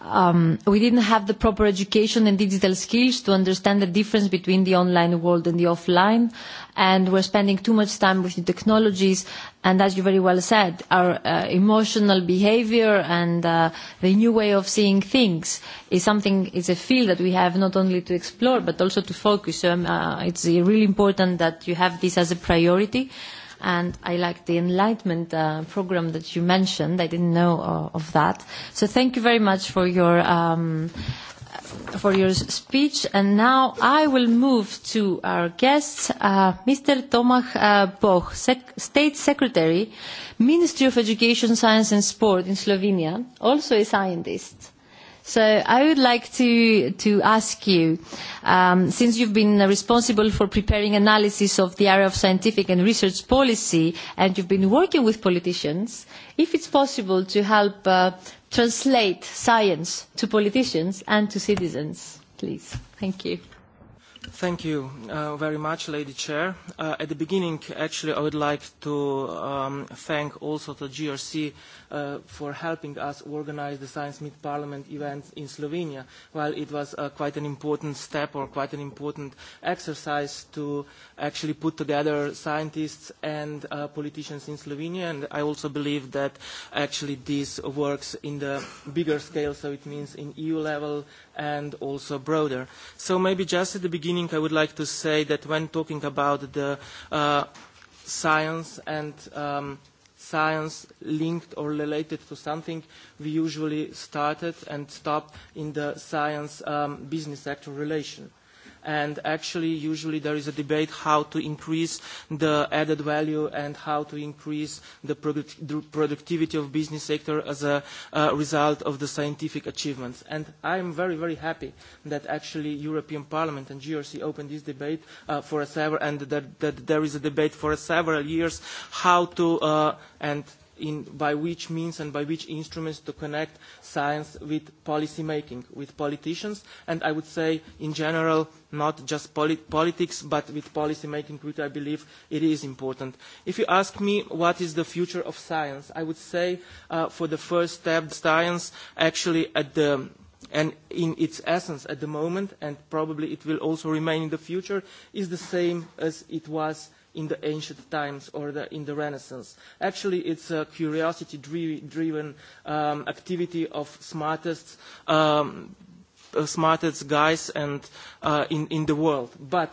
um, we didn't have the proper education and digital skills to understand the difference between the online world and the offline. And we're spending too much time with new technologies. And as you very well said, our uh, emotional behavior and uh, the new way of seeing things is something, is a field that we have not only to explore, but also to focus. So um, uh, it's really important that you have this as a priority. Uh, and I like the enlightenment uh, program that you mentioned. I didn't know uh, of that. So thank you very much for your um, uh, for your speech. And now I will move to our guests, uh, Mr. Tomach uh, Boch, Sec State Secretary, Ministry of Education, Science and Sport in Slovenia, also a scientist. So I would like to, to ask you, um, since you've been responsible for preparing analysis of the area of scientific and research policy, and you've been working with politicians, if it's possible to help uh, translate science to politicians and to citizens, please. Thank you. Thank you uh, very much, Lady Chair. Uh, at the beginning, actually, I would like to um, thank also the GRC uh, for helping us organize the Science Meet Parliament event in Slovenia, while it was uh, quite an important step or quite an important exercise to actually put together scientists and uh, politicians in Slovenia. And I also believe that actually this works in the bigger scale, so it means in EU level and also broader. So maybe just at the beginning I would like to say that when talking about the uh, science and um, science linked or related to something, we usually started and stopped in the science-business um, sector relation and actually usually there is a debate how to increase the added value and how to increase the, product the productivity of business sector as a uh, result of the scientific achievements. And I am very, very happy that actually European Parliament and GRC opened this debate uh, for a several, and that, that there is a debate for several years how to, uh, and in by which means and by which instruments to connect science with policy making, with politicians, and I would say in general not just polit politics but with policy making, which I believe it is important. If you ask me what is the future of science, I would say uh, for the first step, science actually at the and in its essence at the moment, and probably it will also remain in the future, is the same as it was in the ancient times or the, in the Renaissance. Actually, it's a curiosity-driven um, activity of smartest, um, uh, smartest guys and, uh, in, in the world. But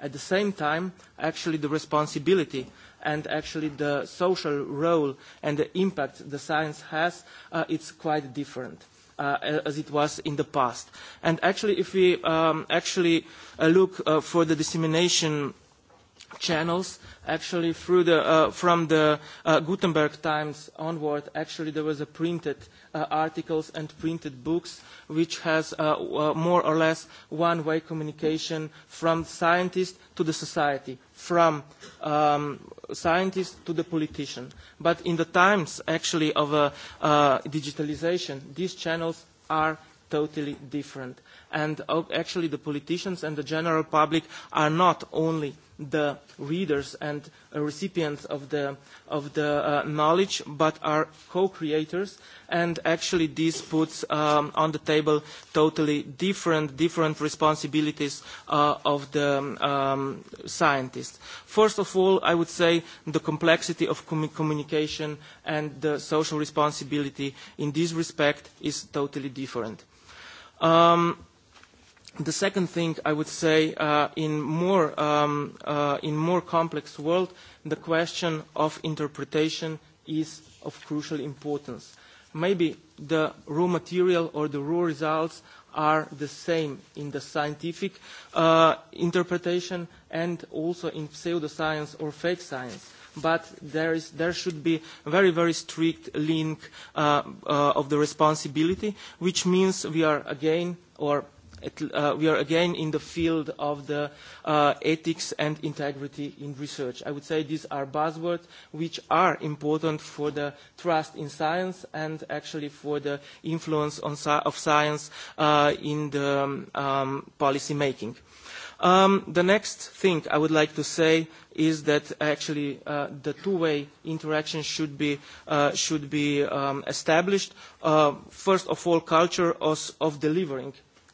at the same time, actually the responsibility and actually the social role and the impact the science has, uh, it's quite different. Uh, as it was in the past. And actually, if we um, actually uh, look uh, for the dissemination channels actually through the, uh, from the uh, Gutenberg times onward actually there was a printed uh, articles and printed books which has uh, uh, more or less one way communication from scientist to the society from um, scientist to the politician but in the times actually of uh, uh, digitalization these channels are totally different And uh, actually the politicians and the general public are not only the readers and uh, recipients of the, of the uh, knowledge, but are co-creators. And actually this puts um, on the table totally different, different responsibilities uh, of the um, um scientists. First of all, I would say the complexity of com communication and the social responsibility in this respect is totally different. Um, The second thing I would say uh, in, more, um, uh, in more complex world, the question of interpretation is of crucial importance. Maybe the raw material or the raw results are the same in the scientific uh, interpretation and also in pseudoscience or fake science. But there, is, there should be a very, very strict link uh, uh, of the responsibility, which means we are again, or It, uh, we are again in the field of the uh, ethics and integrity in research. I would say these are buzzwords which are important for the trust in science and actually for the influence on si of science uh, in the um, um, policy making. Um, the next thing I would like to say is that actually uh, the two-way interaction should be, uh, should be um, established. Uh, first of all, culture of, of delivering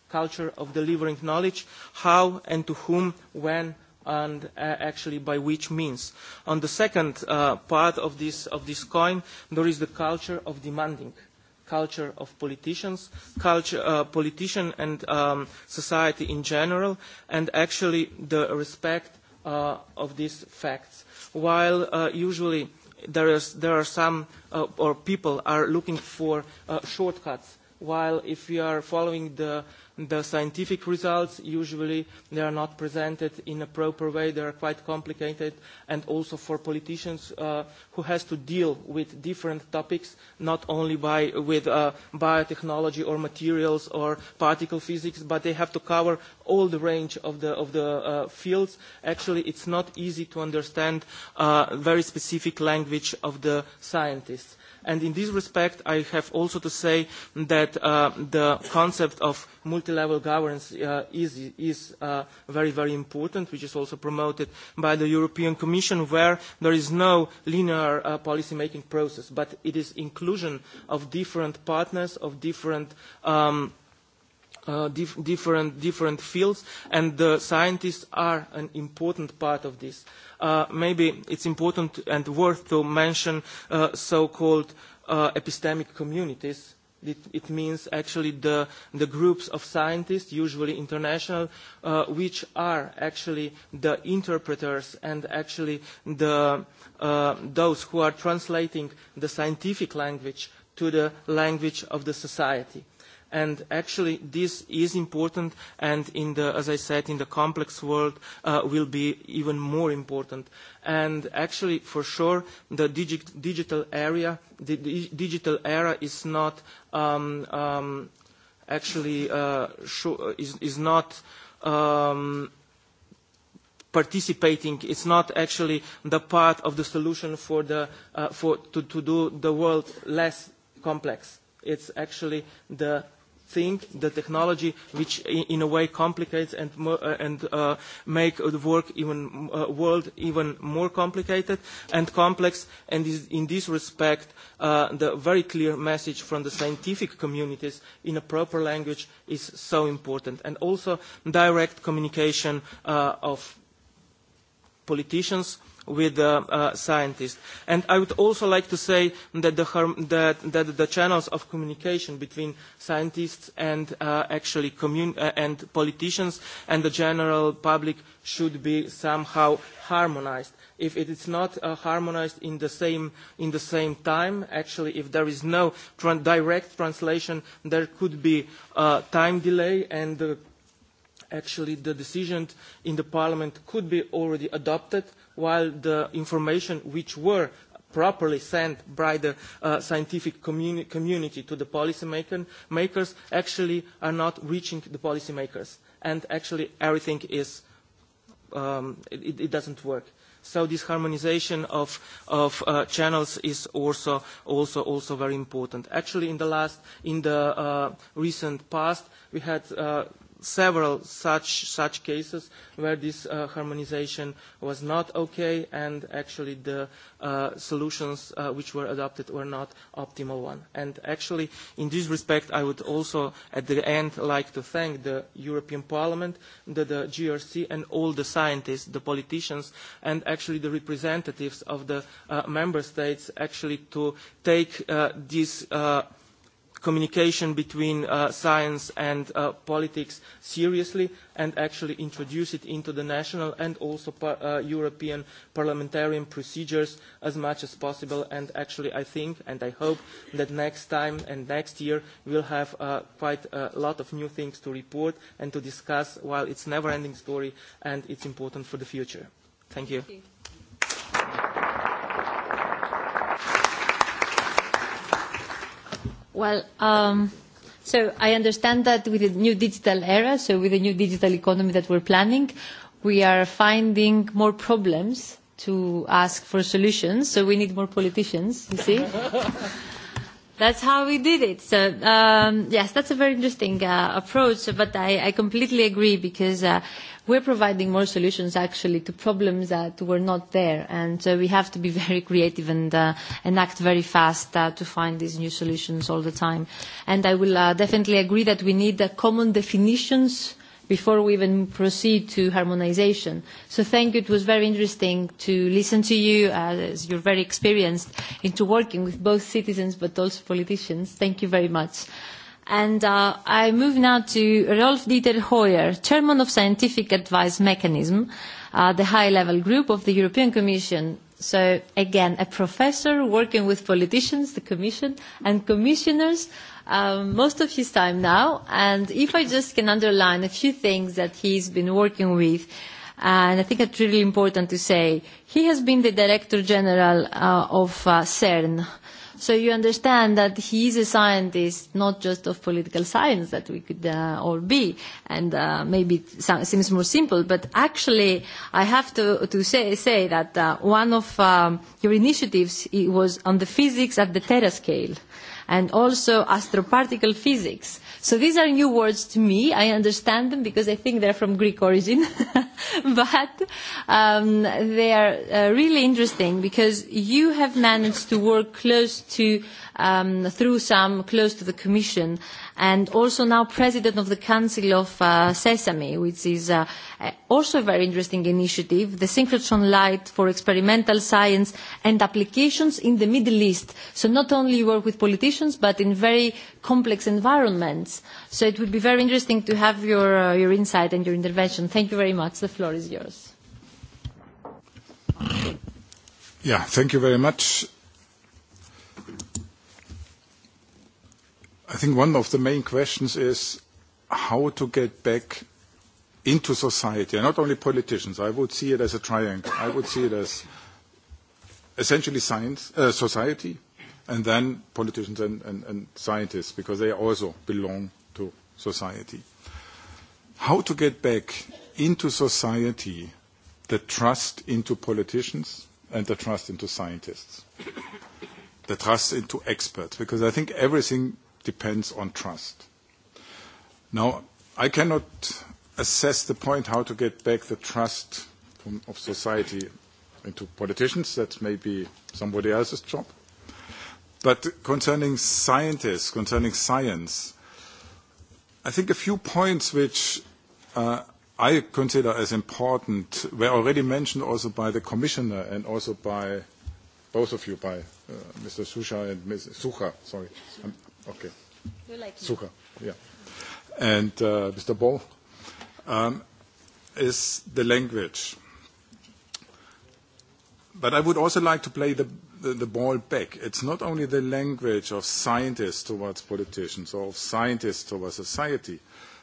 culture of delivering knowledge, how and to whom, when, and uh, actually by which means. On the second uh, part of this, of this coin, there is the culture of demanding culture of politicians, culture, uh, politician and um, society in general, and actually the respect uh, of these facts. While uh, usually there, is, there are some, uh, or people are looking for uh, shortcuts, while if you are following the the scientific results usually they are not presented in a proper way they are quite complicated and also for politicians uh, who has to deal with different topics not only by with uh, biotechnology or materials or particle physics but they have to cover all the range of the of the uh, fields actually it's not easy to understand uh, very specific language of the scientists And in this respect, I have also to say that uh, the concept of multi-level governance uh, is, is uh, very, very important, which is also promoted by the European Commission, where there is no linear uh, policy-making process, but it is inclusion of different partners, of different um, Uh, dif different, different fields, and the scientists are an important part of this. Uh, maybe it's important and worth to mention uh, so-called uh, epistemic communities. It, it means actually the, the groups of scientists, usually international, uh, which are actually the interpreters and actually the, uh, those who are translating the scientific language to the language of the society. And actually, this is important, and in the, as I said, in the complex world, uh, will be even more important. And actually, for sure, the digi digital area, the digital era is not um, um, actually uh, is is not. Um, participating it's not actually the part of the solution for the uh, for to, to do the world less complex it's actually the thing, the technology which in a way complicates and, uh, and uh, make the work even, uh, world even more complicated and complex and is in this respect uh, the very clear message from the scientific communities in a proper language is so important and also direct communication uh, of politicians with uh, uh, scientists. And I would also like to say that the, harm, that, that the channels of communication between scientists and uh, actually commun uh, and politicians and the general public should be somehow harmonized if it is not uh, harmonized in the, same, in the same time, actually if there is no tra direct translation, there could be uh, time delay and uh, actually the decision in the parliament could be already adopted while the information which were properly sent by the uh, scientific communi community to the policymakers maker actually are not reaching the policymakers and actually everything is um, it, it doesn't work so this harmonization of, of uh, channels is also, also, also very important. Actually, in the last, in the uh, recent past, we had uh, several such, such cases where this uh, harmonization was not okay and actually the uh, solutions uh, which were adopted were not optimal one. And actually in this respect I would also at the end like to thank the European Parliament, the, the GRC and all the scientists, the politicians and actually the representatives of the uh, member states actually to take uh, this uh, communication between uh, science and uh, politics seriously and actually introduce it into the national and also par uh, European parliamentarian procedures as much as possible. And actually, I think and I hope that next time and next year we'll have uh, quite a lot of new things to report and to discuss while it's a never-ending story and it's important for the future. Thank you. Thank you. Well, um, so I understand that with the new digital era, so with the new digital economy that we're planning, we are finding more problems to ask for solutions, so we need more politicians, you see. that's how we did it. So um, yes, that's a very interesting uh, approach, but I, I completely agree because uh, we're providing more solutions actually to problems that were not there, and so we have to be very creative and, uh, and act very fast uh, to find these new solutions all the time. And I will uh, definitely agree that we need uh, common definitions before we even proceed to harmonization. So thank you. It was very interesting to listen to you uh, as you're very experienced into working with both citizens but also politicians. Thank you very much. And uh, I move now to Rolf Dieter Hoyer, Chairman of Scientific Advice Mechanism, uh, the high-level group of the European Commission. So again, a professor working with politicians, the Commission, and commissioners um, most of his time now. And if I just can underline a few things that he's been working with, and I think it's really important to say, he has been the Director General uh, of uh, CERN. So you understand that he is a scientist, not just of political science that we could uh, all be, and uh, maybe it seems more simple, but actually I have to, to say, say that uh, one of um, your initiatives it was on the physics at the terascale and also astroparticle physics. So these are new words to me. I understand them because I think they're from Greek origin. but um, they are uh, really interesting because you have managed to work close to, um, through some, close to the Commission and also now president of the Council of uh, Sesame, which is uh, also a very interesting initiative, the synchrotron light for experimental science and applications in the Middle East. So not only work with politicians, but in very complex environments. So it would be very interesting to have your, uh, your insight and your intervention. Thank you very much. The floor is yours. Yeah, thank you very much. I think one of the main questions is how to get back into society, and not only politicians. I would see it as a triangle. I would see it as essentially science, uh, society, and then politicians and, and, and scientists, because they also belong to society. How to get back into society the trust into politicians and the trust into scientists, the trust into experts, because I think everything depends on trust. Now, I cannot assess the point how to get back the trust from, of society into politicians. That's maybe somebody else's job. But concerning scientists, concerning science, I think a few points which uh, I consider as important were already mentioned also by the commissioner and also by both of you, by uh, Mr. Sucha and Ms. Sucha, sorry. I'm Okay. You like Super, yeah. And uh, Mr. Ball um, is the language. But I would also like to play the, the, the ball back. It's not only the language of scientists towards politicians or of scientists towards society,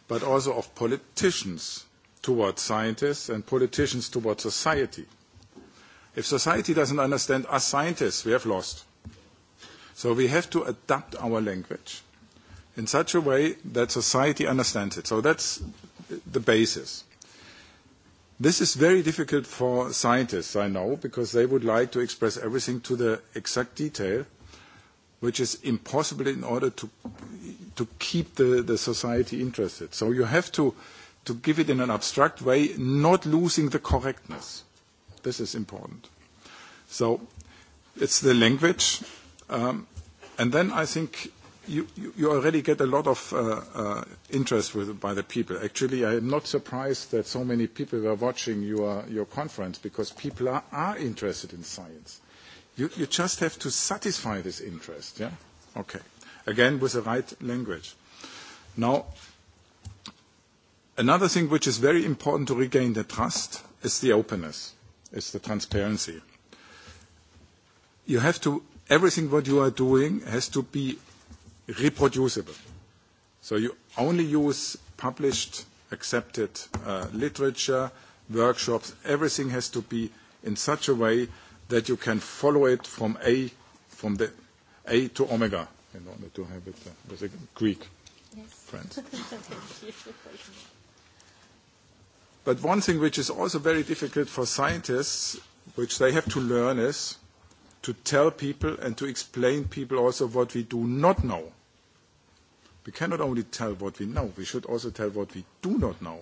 but also of politicians towards scientists and politicians towards society. If society doesn't understand us scientists, we have lost. So we have to adapt our language in such a way that society understands it. So that's the basis. This is very difficult for scientists, I know, because they would like to express everything to the exact detail, which is impossible in order to, to keep the, the society interested. So you have to, to give it in an abstract way, not losing the correctness. This is important. So it's the language Um, and then I think you, you already get a lot of uh, uh, interest with, by the people. Actually, I am not surprised that so many people were watching your, your conference because people are, are interested in science. You, you just have to satisfy this interest, yeah? Okay. Again, with the right language. Now, another thing which is very important to regain the trust is the openness, is the transparency. You have to everything what you are doing has to be reproducible. So you only use published, accepted uh, literature, workshops, everything has to be in such a way that you can follow it from A, from the A to omega, in order to have it uh, with a Greek yes. friend. but one thing which is also very difficult for scientists, which they have to learn is to tell people and to explain people also what we do not know. We cannot only tell what we know, we should also tell what we do not know.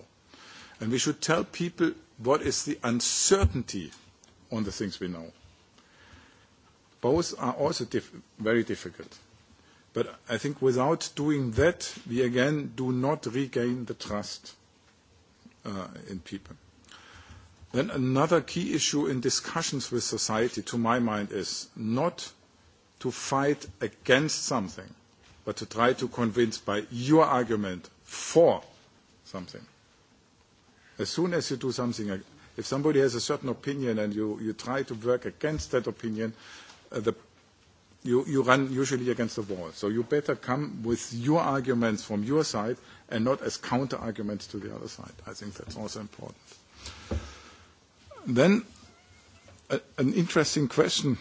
And we should tell people what is the uncertainty on the things we know. Both are also diff very difficult. But I think without doing that, we again do not regain the trust uh, in people. Then another key issue in discussions with society, to my mind, is not to fight against something, but to try to convince by your argument for something. As soon as you do something, uh, if somebody has a certain opinion and you, you try to work against that opinion, uh, the, you, you run usually against the wall. So you better come with your arguments from your side and not as counter-arguments to the other side. I think that's also important. Then a, an interesting question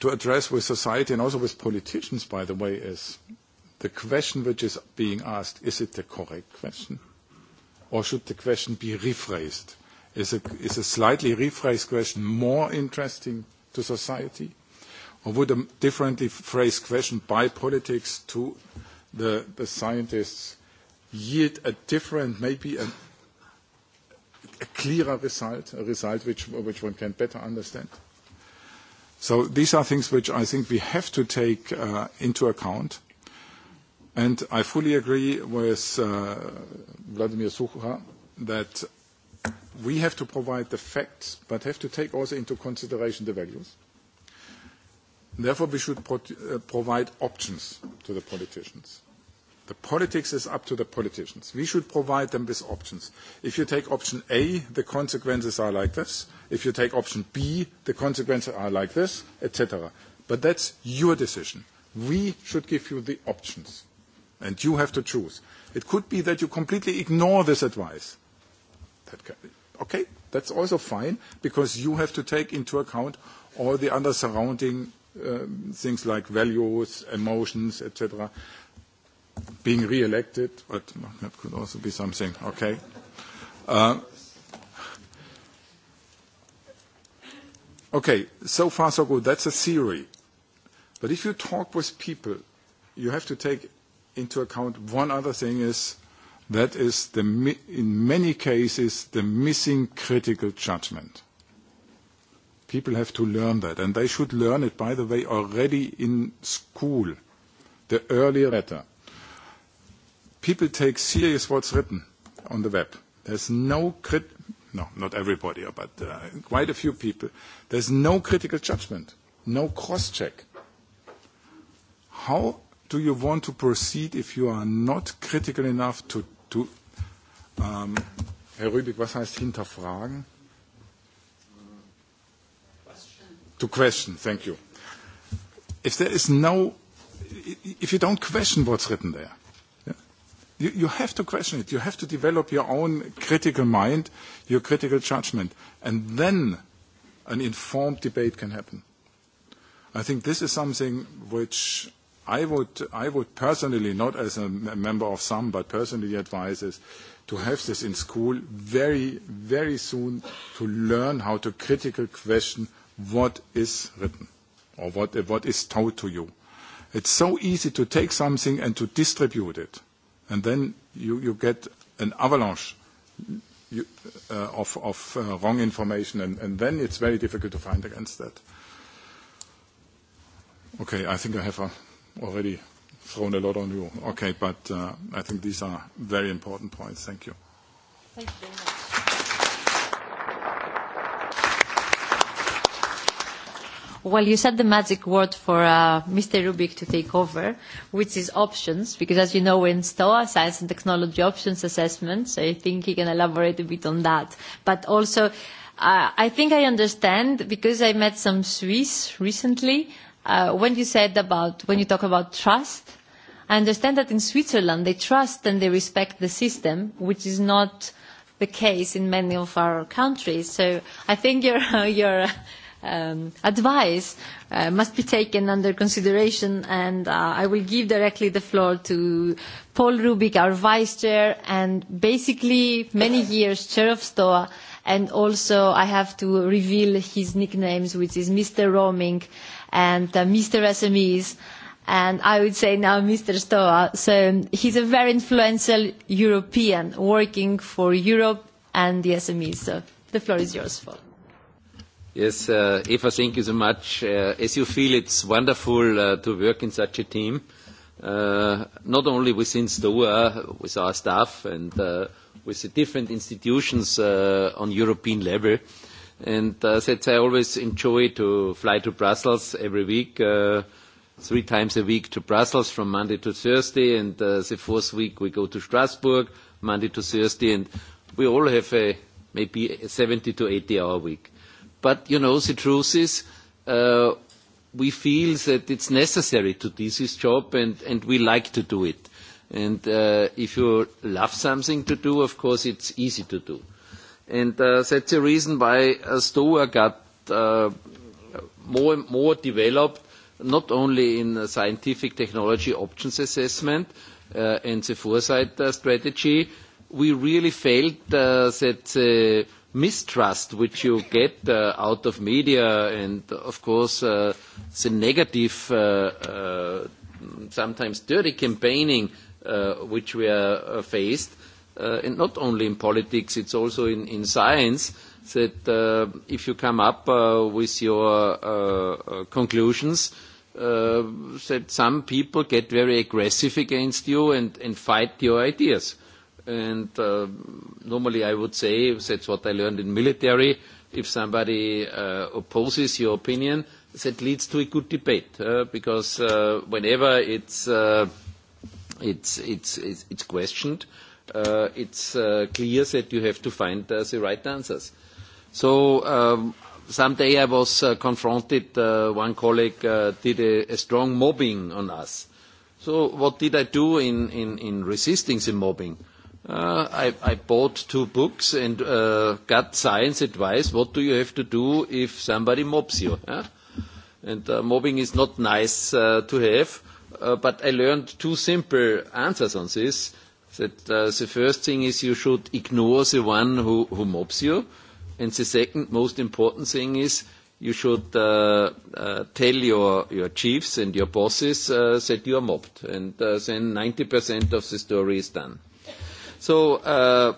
to address with society and also with politicians, by the way, is the question which is being asked, is it the correct question? Or should the question be rephrased? Is a, is a slightly rephrased question more interesting to society? Or would a differently phrased question by politics to the, the scientists yield a different, maybe a a clearer result, a result which, which one can better understand. So these are things which I think we have to take uh, into account. And I fully agree with uh, Vladimir Sucha that we have to provide the facts, but have to take also into consideration the values. Therefore, we should pro uh, provide options to the politicians. The politics is up to the politicians. We should provide them with options. If you take option A, the consequences are like this. If you take option B, the consequences are like this, etc. But that's your decision. We should give you the options. And you have to choose. It could be that you completely ignore this advice. That can be. Okay, that's also fine, because you have to take into account all the other surrounding um, things like values, emotions, etc being re-elected, but that could also be something, okay. Uh, okay, so far so good. That's a theory. But if you talk with people, you have to take into account one other thing is that is the, in many cases the missing critical judgment. People have to learn that, and they should learn it, by the way, already in school. The earlier better people take serious what's written on the web. There's no crit no, not everybody, but uh, quite a few people. There's no critical judgment, no cross-check. How do you want to proceed if you are not critical enough to, to um Herr Rübig, was heißt hinterfragen? To question, thank you. If there is no, if you don't question what's written there, you, you have to question it. You have to develop your own critical mind, your critical judgment. And then an informed debate can happen. I think this is something which I would, I would personally, not as a member of some, but personally advise is to have this in school very, very soon to learn how to critical question what is written or what, what is told to you. It's so easy to take something and to distribute it and then you, you get an avalanche you, uh, of, of uh, wrong information, and, and then it's very difficult to find against that. Okay, I think I have uh, already thrown a lot on you. Okay, but uh, I think these are very important points. Thank you. Thank you very much. well, you said the magic word for uh, Mr. Rubik to take over, which is options, because as you know, in STOA, Science and Technology Options Assessment, so I think he can elaborate a bit on that. But also, uh, I think I understand, because I met some Swiss recently, uh, when you said about, when you talk about trust, I understand that in Switzerland they trust and they respect the system, which is not the case in many of our countries. So I think you're uh, um, advice uh, must be taken under consideration and uh, I will give directly the floor to Paul Rubik, our vice chair and basically many years chair of STOA and also I have to reveal his nicknames which is Mr. Roaming and uh, Mr. SMEs and I would say now Mr. Stoa. So um, he's a very influential European working for Europe and the SMEs. So the floor is yours, Paul. Yes, uh, Eva, thank you so much. Uh, as you feel, it's wonderful uh, to work in such a team, uh, not only within STOA, with our staff and uh, with the different institutions uh, on European level. And uh, since I always enjoy to fly to Brussels every week, uh, three times a week to Brussels from Monday to Thursday, and uh, the fourth week we go to Strasbourg, Monday to Thursday, and we all have a, maybe a 70 to 80 hour week. But, you know, the truth is, uh, we feel that it's necessary to do this job and, and we like to do it. And uh, if you love something to do, of course, it's easy to do. And uh, that's the reason why uh, STOA got uh, more and more developed, not only in uh, scientific technology options assessment uh, and the foresight uh, strategy. We really felt uh, that uh, mistrust which you get uh, out of media and of course uh, the negative uh, uh, sometimes dirty campaigning uh, which we are uh, faced uh, and not only in politics it's also in, in science that uh, if you come up uh, with your uh, uh conclusions uh, that some people get very aggressive against you and, and fight your ideas And uh, normally I would say, that's what I learned in military, if somebody uh, opposes your opinion, that leads to a good debate, uh, because uh, whenever it's, uh, it's, it's, it's, it's questioned, uh, it's uh, clear that you have to find uh, the right answers. So um, someday I was uh, confronted, uh, one colleague uh, did a, a strong mobbing on us. So what did I do in, in, in resisting the mobbing? Uh, I, I bought two books and uh, got science advice. What do you have to do if somebody mobs you? Huh? And uh, mobbing is not nice uh, to have, uh, but I learned two simple answers on this. That uh, the first thing is you should ignore the one who, who mobs you, and the second most important thing is you should uh, uh, tell your, your chiefs and your bosses uh, that you are mobbed, and uh, then 90% of the story is done. So, uh,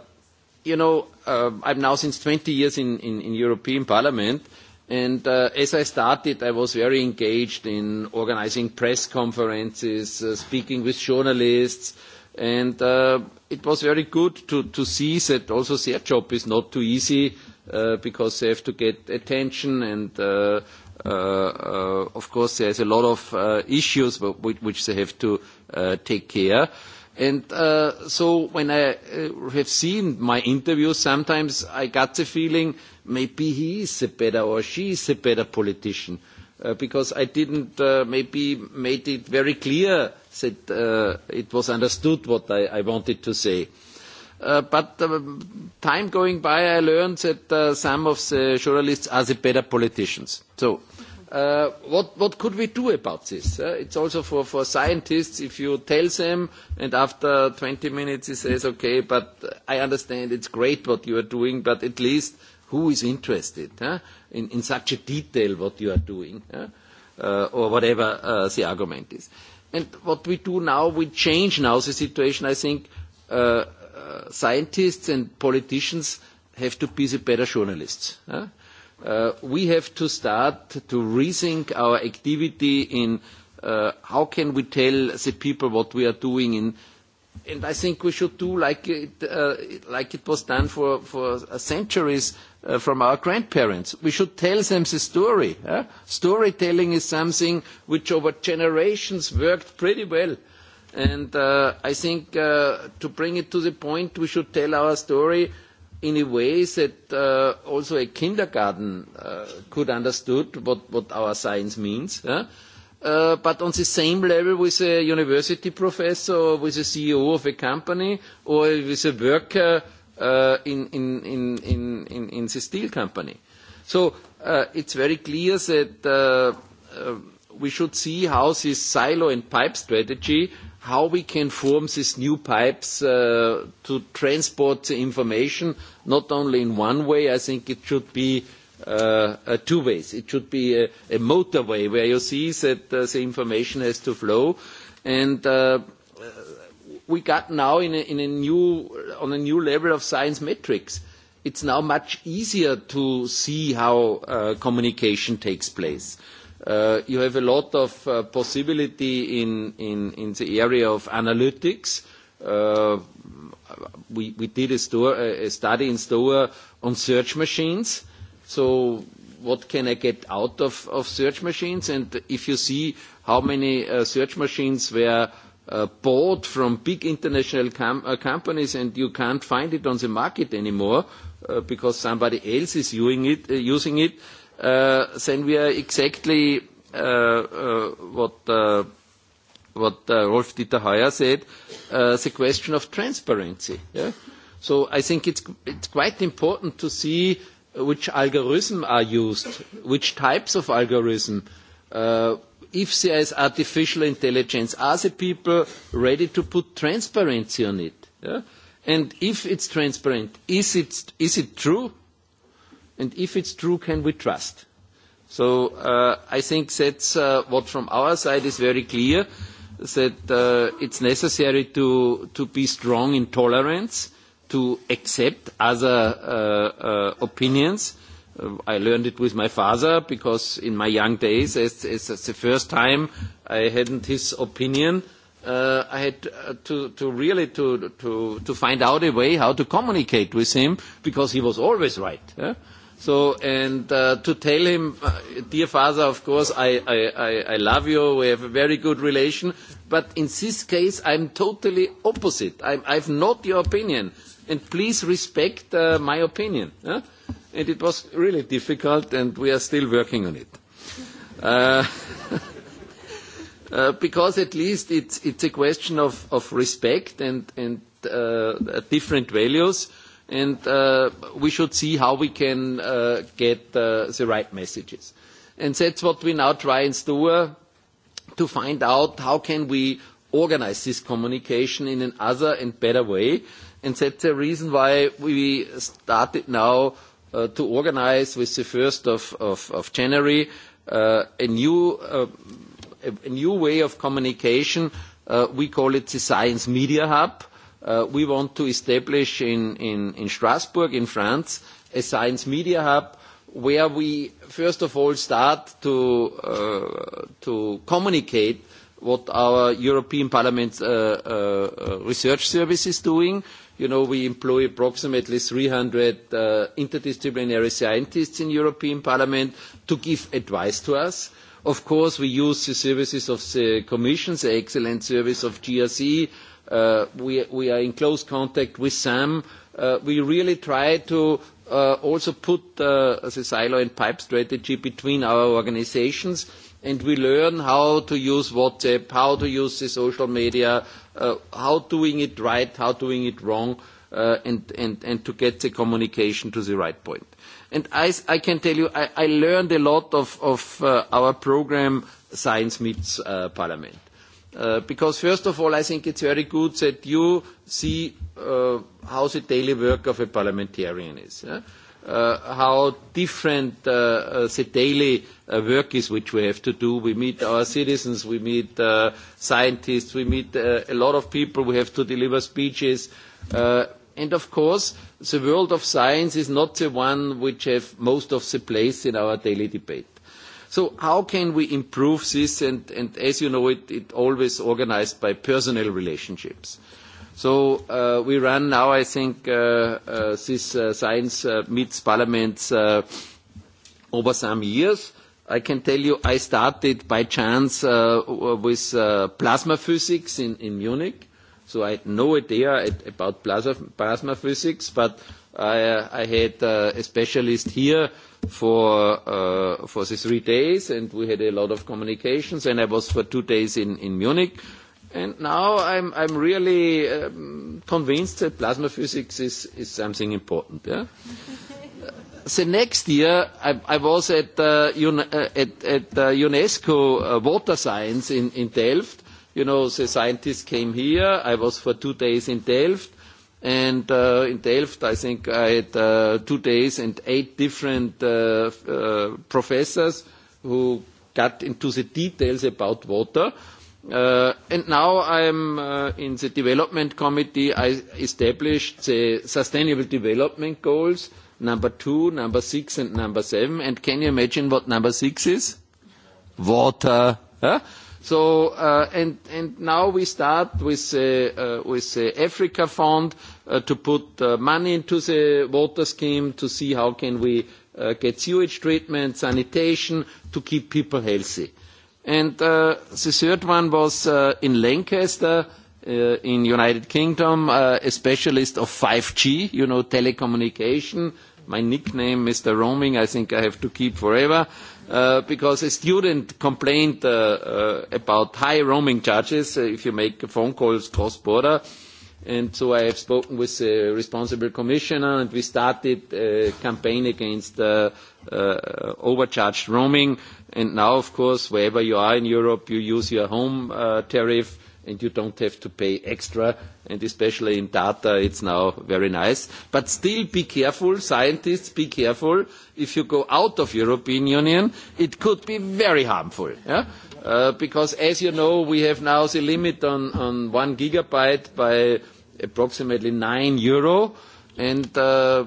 you know, uh, I'm now since 20 years in, in, in European Parliament, and uh, as I started, I was very engaged in organizing press conferences, uh, speaking with journalists, and uh, it was very good to, to see that also their job is not too easy uh, because they have to get attention and uh, uh, uh, of course there's a lot of uh, issues which, which they have to uh, take care of. And uh, so when I uh, have seen my interviews, sometimes I got the feeling maybe he is a better or she is a better politician. Uh, because I didn't uh, maybe made it very clear that uh, it was understood what I, I wanted to say. Uh, but uh, time going by, I learned that uh, some of the journalists are the better politicians. So Uh, what, what could we do about this? Uh, it's also for, for scientists, if you tell them and after 20 minutes he says, okay, but I understand it's great what you are doing, but at least who is interested huh, in, in such a detail what you are doing huh, uh, or whatever uh, the argument is. And what we do now, we change now the situation. I think uh, uh, scientists and politicians have to be the better journalists. Huh? Uh, we have to start to rethink our activity in uh, how can we tell the people what we are doing in and I think we should do like it, uh, like it was done for, for centuries uh, from our grandparents. We should tell them the story. Huh? Storytelling is something which over generations worked pretty well. And uh, I think uh, to bring it to the point, we should tell our story in a way that uh, also a kindergarten uh, could understood what, what our science means. Huh? Uh, but on the same level with a university professor or with a CEO of a company or with a worker uh, in, in, in, in, in, in the steel company. So uh, it's very clear that uh, uh, we should see how this silo and pipe strategy how we can form these new pipes uh, to transport the information, not only in one way, I think it should be uh, uh, two ways. It should be a, a motorway where you see that uh, the information has to flow. And uh, we got now in a, in a new, on a new level of science metrics. It's now much easier to see how uh, communication takes place. Uh, Uh, you have a lot of uh, possibility in, in, in the area of analytics. Uh, we, we did a, store, a study in Stoa on search machines. So what can I get out of, of search machines? And if you see how many uh, search machines were uh, bought from big international com uh, companies and you can't find it on the market anymore uh, because somebody else is using it, uh, using it uh, then we are exactly uh, uh, what uh, what uh, Rolf Dieter Heyer said, uh, the question of transparency. Yeah? So I think it's, it's quite important to see which algorithms are used, which types of algorithm, uh, if there is artificial intelligence, are the people ready to put transparency on it? Yeah? And if it's transparent, is it, is it true? and if it's true, can we trust? So uh, I think that's uh, what from our side is very clear, that uh, it's necessary to, to be strong in tolerance, to accept other uh, uh, opinions. Uh, I learned it with my father because in my young days, as, as, as the first time I hadn't his opinion, uh, I had uh, to, to really to, to, to find out a way how to communicate with him because he was always right. Yeah? So, and uh, to tell him, uh, dear father, of course, I, I, I, I love you, we have a very good relation, but in this case, I'm totally opposite. I'm, I've not your opinion, and please respect uh, my opinion. Huh? And it was really difficult, and we are still working on it. Uh, uh, because at least it's, it's a question of, of respect and, and uh, different values. Uh, And uh, we should see how we can uh, get uh, the right messages. And that's what we now try and do uh, to find out how can we organize this communication in another and better way. And that's the reason why we started now uh, to organize with the 1st of, of, of January uh, a, new, uh, a, a new way of communication. Uh, we call it the Science Media Hub. Uh, Uh, we want to establish in, in, in Strasbourg, in France, a science media hub where we first of all start to, uh, to communicate what our European Parliament uh, uh, research service is doing. You know, we employ approximately 300 uh, interdisciplinary scientists in European Parliament to give advice to us. Of course, we use the services of the Commission, the excellent service of GRC, Uh, we, we are in close contact with SAM. Uh, we really try to uh, also put the uh, silo and pipe strategy between our organizations and we learn how to use WhatsApp, how to use the social media, uh, how doing it right, how doing it wrong, uh, and, and, and to get the communication to the right point. And I, I can tell you, I, I learned a lot of, of uh, our program Science Meets uh, Parliament. Uh, because first of all, I think it's very good that you see uh, how the daily work of a parliamentarian is, yeah? uh, how different uh, uh, the daily uh, work is which we have to do. We meet our citizens, we meet uh, scientists, we meet uh, a lot of people, we have to deliver speeches. Uh, and of course, the world of science is not the one which has most of the place in our daily debate. So how can we improve this? And, and as you know, it, it always organized by personal relationships. So uh, we run now, I think, uh, uh, this uh, science uh, meets parliaments uh, over some years. I can tell you I started by chance uh, with uh, plasma physics in, in Munich. So I had no idea at, about plasma, plasma physics, but I, uh, I had uh, a specialist here for, uh, for the three days, and we had a lot of communications, and I was for two days in, in Munich. And now I'm, I'm really um, convinced that plasma physics is, is something important. Yeah? the next year, I, I was at, uh, UN, uh, at, at uh, UNESCO uh, Water Science in, in Delft. You know, the scientists came here. I was for two days in Delft And uh, in Delft, I think I had uh, two days and eight different uh, uh, professors who got into the details about water. Uh, and now I'm uh, in the development committee. I established the sustainable development goals, number two, number six, and number seven. And can you imagine what number six is? Water. Huh? So, uh, and, and now we start with, uh, uh, with the uh, Africa Fund uh, to put uh, money into the water scheme to see how can we uh, get sewage treatment, sanitation to keep people healthy. And uh, the third one was uh, in Lancaster, uh, in United Kingdom, uh, a specialist of 5G, you know, telecommunication. My nickname, Mr. Roaming, I think I have to keep forever. Uh, because a student complained uh, uh, about high roaming charges uh, if you make phone calls cross border. And so I have spoken with the responsible commissioner and we started a campaign against uh, uh, overcharged roaming. And now, of course, wherever you are in Europe, you use your home uh, tariff and you don't have to pay extra, and especially in data, it's now very nice. But still be careful, scientists, be careful. If you go out of European Union, it could be very harmful, yeah? Uh, because as you know, we have now the limit on, on one gigabyte by approximately nine euro, and uh,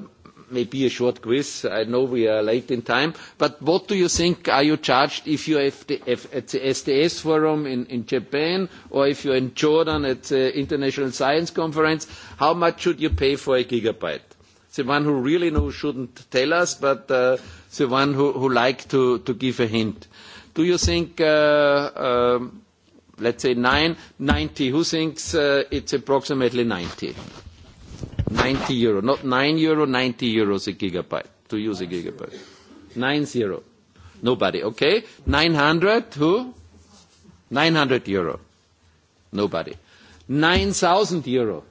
maybe a short quiz. I know we are late in time, but what do you think are you charged if you're at the STS forum in, in Japan or if you're in Jordan at the International Science Conference? How much should you pay for a gigabyte? The one who really knows shouldn't tell us, but uh, the one who, who like to, to give a hint. Do you think, uh, um, let's say nine, 90, who thinks uh, it's approximately 90? 90 euro, not 9 euro, 90 euros a gigabyte, to use a gigabyte. 9 zero. Nobody, okay? 900 to 900 euro. Nobody. 9,000 euro.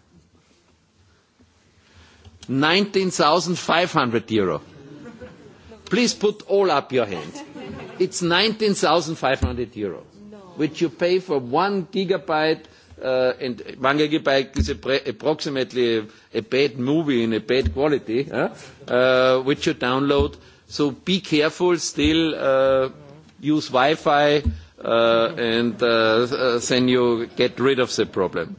19,500 euro. Please put all up your hands. It's 19,500 euro, no. which you pay for one gigabyte uh, äh, and Mangegi bike is a pre approximately a bad movie in a bad quality, huh? Äh, uh, which you download. So be careful still, uh, use Wi-Fi, uh, and uh, uh, then you get rid of the problem.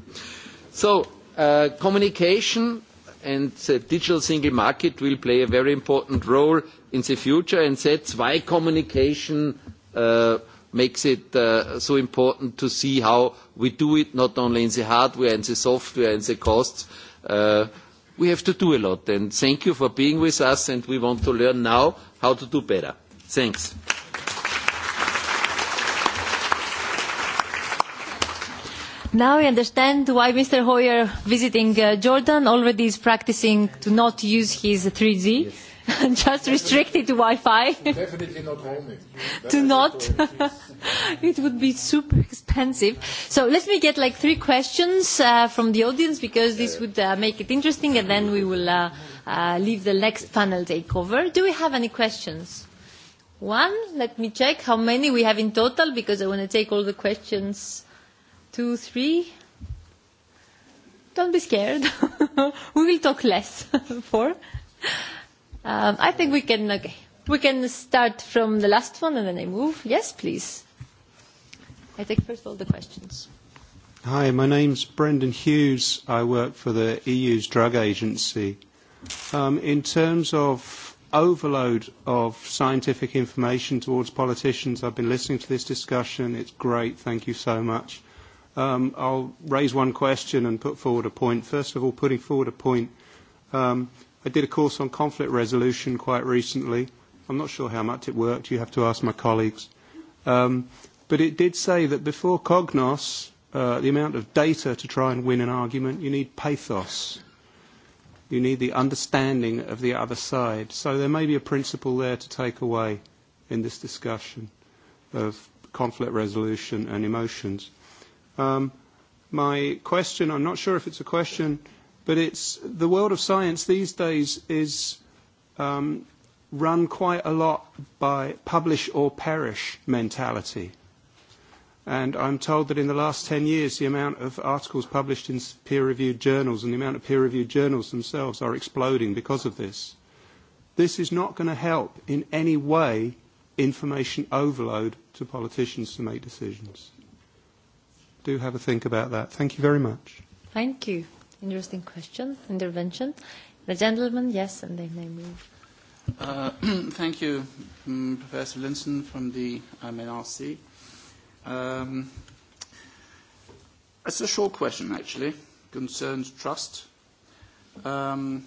So uh, communication and the digital single market will play a very important role in the future, and that's why communication uh, makes it uh, so important to see how we do it, not only in the hardware and the software and the costs. Uh, we have to do a lot, and thank you for being with us, and we want to learn now how to do better. Thanks. Now I understand why Mr. Hoyer visiting uh, Jordan already is practicing to not use his 3G. Yes just restricted to Wi-Fi. Definitely not roaming. Do not. it would be super expensive. So let me get like three questions uh, from the audience because this would uh, make it interesting and then we will uh, uh, leave the next panel takeover. Do we have any questions? One, let me check how many we have in total because I want to take all the questions. Two, three. Don't be scared. we will talk less. Four. Um, I think we can, okay, we can start from the last one and then I move. Yes, please. I take first of all the questions. Hi, my name's Brendan Hughes. I work for the EU's drug agency. Um, in terms of overload of scientific information towards politicians, I've been listening to this discussion. It's great. Thank you so much. Um, I'll raise one question and put forward a point. First of all, putting forward a point. Um, I did a course on conflict resolution quite recently. I'm not sure how much it worked. You have to ask my colleagues. Um, but it did say that before Cognos, uh, the amount of data to try and win an argument, you need pathos. You need the understanding of the other side. So there may be a principle there to take away in this discussion of conflict resolution and emotions. Um, my question, I'm not sure if it's a question But it's, the world of science these days is um, run quite a lot by publish or perish mentality. And I'm told that in the last 10 years, the amount of articles published in peer-reviewed journals and the amount of peer-reviewed journals themselves are exploding because of this. This is not going to help in any way information overload to politicians to make decisions. Do have a think about that. Thank you very much. Thank you interesting question, intervention. The gentleman, yes, and then I move. Uh, thank you, um, Professor Linson from the MNRC. Um, um, it's a short question, actually, concerns trust. Um,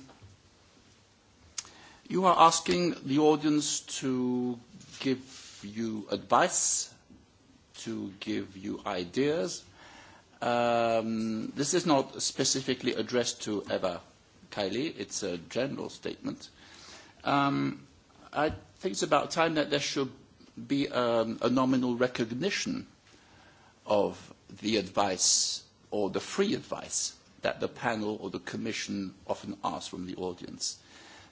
you are asking the audience to give you advice, to give you ideas, Um, this is not specifically addressed to Eva Kylie. It's a general statement. Um, I think it's about time that there should be um, a nominal recognition of the advice or the free advice that the panel or the commission often asks from the audience.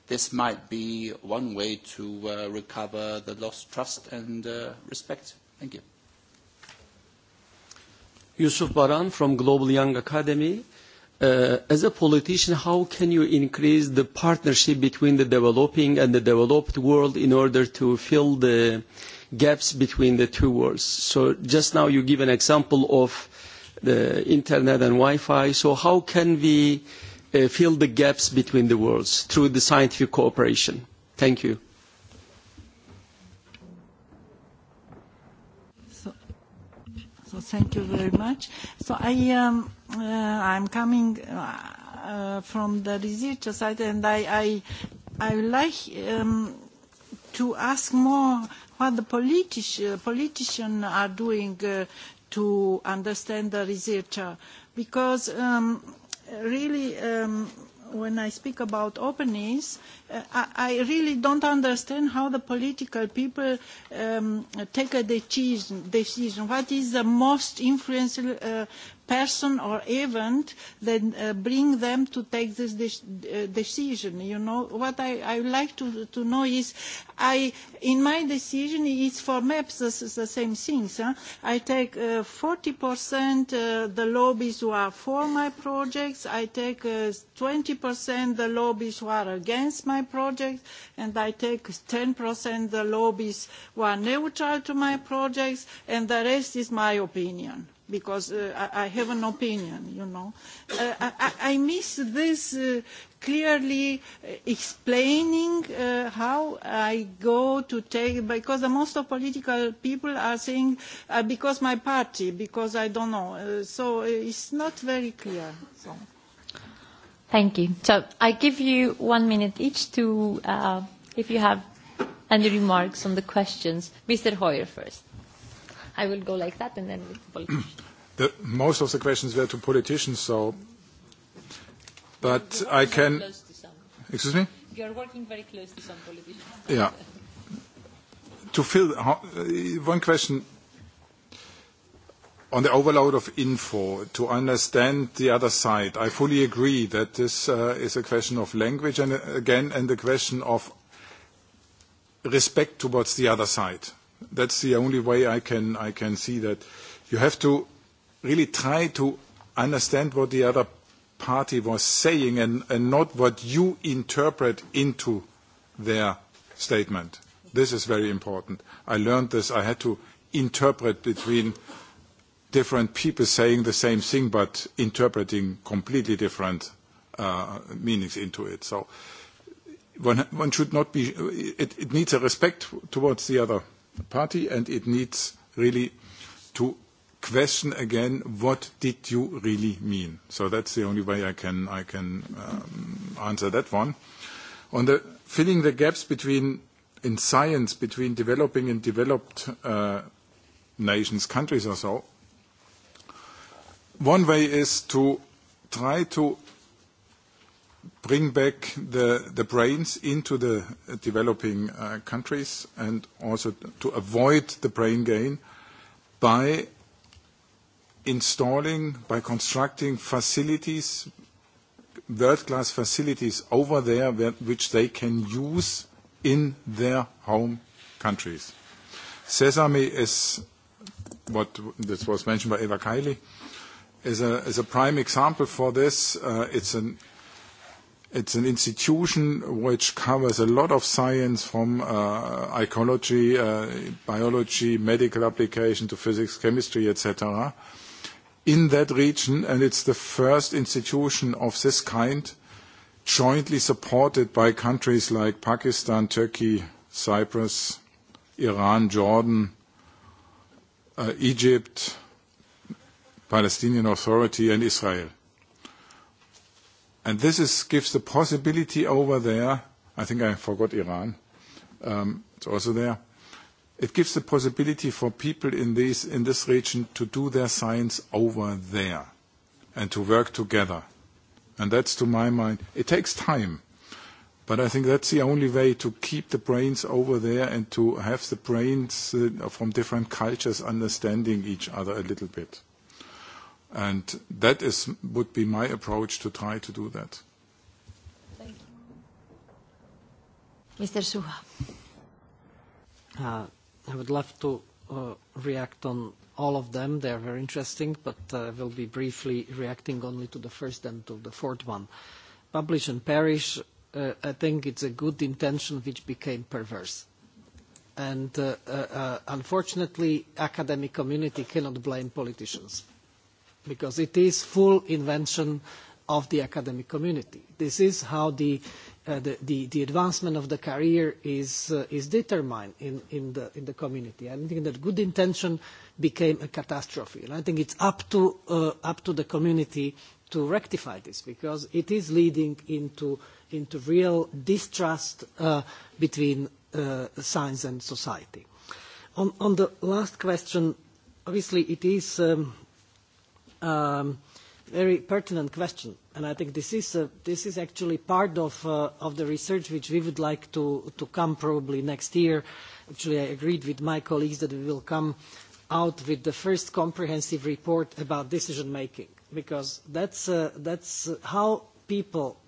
This might be one way to uh, recover the lost trust and uh, respect. Thank you. Yusuf Baran from Global Young Academy. Uh, as a politician, how can you increase the partnership between the developing and the developed world in order to fill the gaps between the two worlds? So just now you give an example of the internet and Wi-Fi. So how can we uh, fill the gaps between the worlds through the scientific cooperation? Thank you. Thank you very much. So I, um, uh, I'm coming uh, uh, from the research side and I, I, I would like um, to ask more what the politi politicians are doing uh, to understand the researcher because um, really um, when I speak about openness, uh, I, I really don't understand how the political people um, take a decision, decision. What is the most influential uh, person or event that uh, bring them to take this de uh, decision. You know, what I, I would like to, to know is, I, in my decision, it's for maps the, the same things. Huh? I take uh, 40% uh, the lobbies who are for my projects, I take uh, 20% the lobbies who are against my my projects, and I take 10% the lobbies who are neutral to my projects, and the rest is my opinion because uh, I, I have an opinion, you know. Uh, I, I miss this uh, clearly uh, explaining uh, how I go to take, because the most of political people are saying, uh, because my party, because I don't know. Uh, so uh, it's not very clear. So. Thank you. So I give you one minute each to, uh, if you have any remarks on the questions. Mr. Hoyer first. I will go like that and then with the politicians. The, most of the questions were to politicians, so. But I can. Excuse me? You are working very close to some politicians. Yeah. to fill, uh, one question On the overload of info, to understand the other side, I fully agree that this uh, is a question of language and uh, again, and the question of respect towards the other side. That's the only way I can, I can see that. You have to really try to understand what the other party was saying and, and not what you interpret into their statement. This is very important. I learned this. I had to interpret between different people saying the same thing but interpreting completely different uh, meanings into it. So one, one should not be, it, it needs a respect towards the other party and it needs really to question again what did you really mean. So that's the only way I can, I can um, answer that one. On the filling the gaps between in science between developing and developed uh, nations, countries or so, One way is to try to bring back the, the brains into the developing uh, countries and also to avoid the brain gain by installing, by constructing facilities, world-class facilities over there where, which they can use in their home countries. Sesame is what this was mentioned by Eva Kiley is a, is a prime example for this. Uh, it's, an, it's an institution which covers a lot of science from uh, ecology, uh, biology, medical application to physics, chemistry, etc. in that region, and it's the first institution of this kind jointly supported by countries like Pakistan, Turkey, Cyprus, Iran, Jordan, uh, Egypt, Palestinian Authority and Israel. And this is, gives the possibility over there, I think I forgot Iran, um, it's also there, it gives the possibility for people in, these, in this region to do their science over there and to work together. And that's to my mind, it takes time. But I think that's the only way to keep the brains over there and to have the brains uh, from different cultures understanding each other a little bit. And that is, would be my approach to try to do that. Thank you. Mr. Suha. Uh, I would love to uh, react on all of them. They are very interesting, but I uh, will be briefly reacting only to the first and to the fourth one. Publish and perish, uh, I think it's a good intention which became perverse. And uh, uh, uh unfortunately, academic community cannot blame politicians because it is full invention of the academic community. This is how the, uh, the, the, the advancement of the career is, uh, is determined in, in, the, in the community. I think that good intention became a catastrophe. And I think it's up to, uh, up to the community to rectify this because it is leading into, into real distrust uh, between uh, science and society. On, on the last question, obviously it is... Um, um, very pertinent question, and I think this is, uh, this is actually part of, uh, of the research which we would like to, to come probably next year. Actually, I agreed with my colleagues that we will come out with the first comprehensive report about decision-making, because that's, uh, that's how people,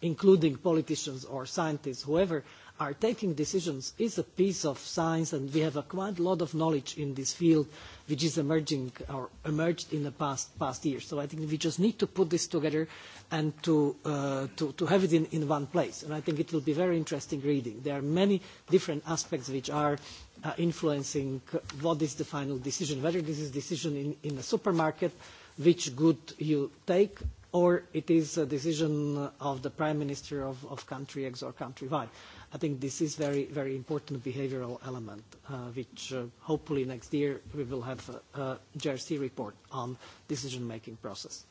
including politicians or scientists, whoever, are taking decisions is a piece of science and we have a quite a lot of knowledge in this field which is emerging or emerged in the past, past years. So I think we just need to put this together and to, uh, to, to have it in, in one place. And I think it will be very interesting reading. There are many different aspects which are uh, influencing what is the final decision, whether this is decision in, in a supermarket, which good you take, or it is a decision of the prime minister of, of country X or country Y. I think this is very, very important behavioral element, uh, which uh, hopefully next year we will have a, a JRC report on decision-making process.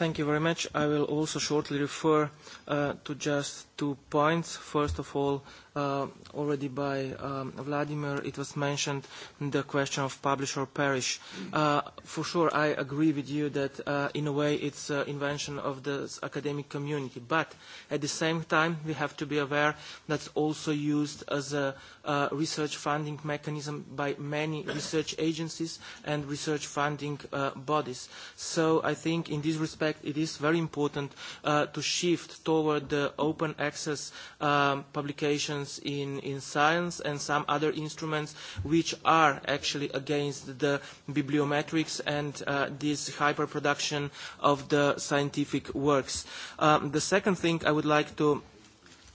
Thank you very much. I will also shortly refer uh, to just two points. First of all, uh, already by um, Vladimir, it was mentioned the question of publish or perish. Uh, for sure, I agree with you that uh, in a way it's an uh, invention of the academic community, but at the same time we have to be aware that's also used as a uh, research funding mechanism by many research agencies and research funding uh, bodies. So I think in this respect it is very important uh, to shift toward the open access um, publications instruments in, in science and some other instruments which are actually against the bibliometrics and uh, this hyperproduction of the scientific works. Um, the second thing I would like to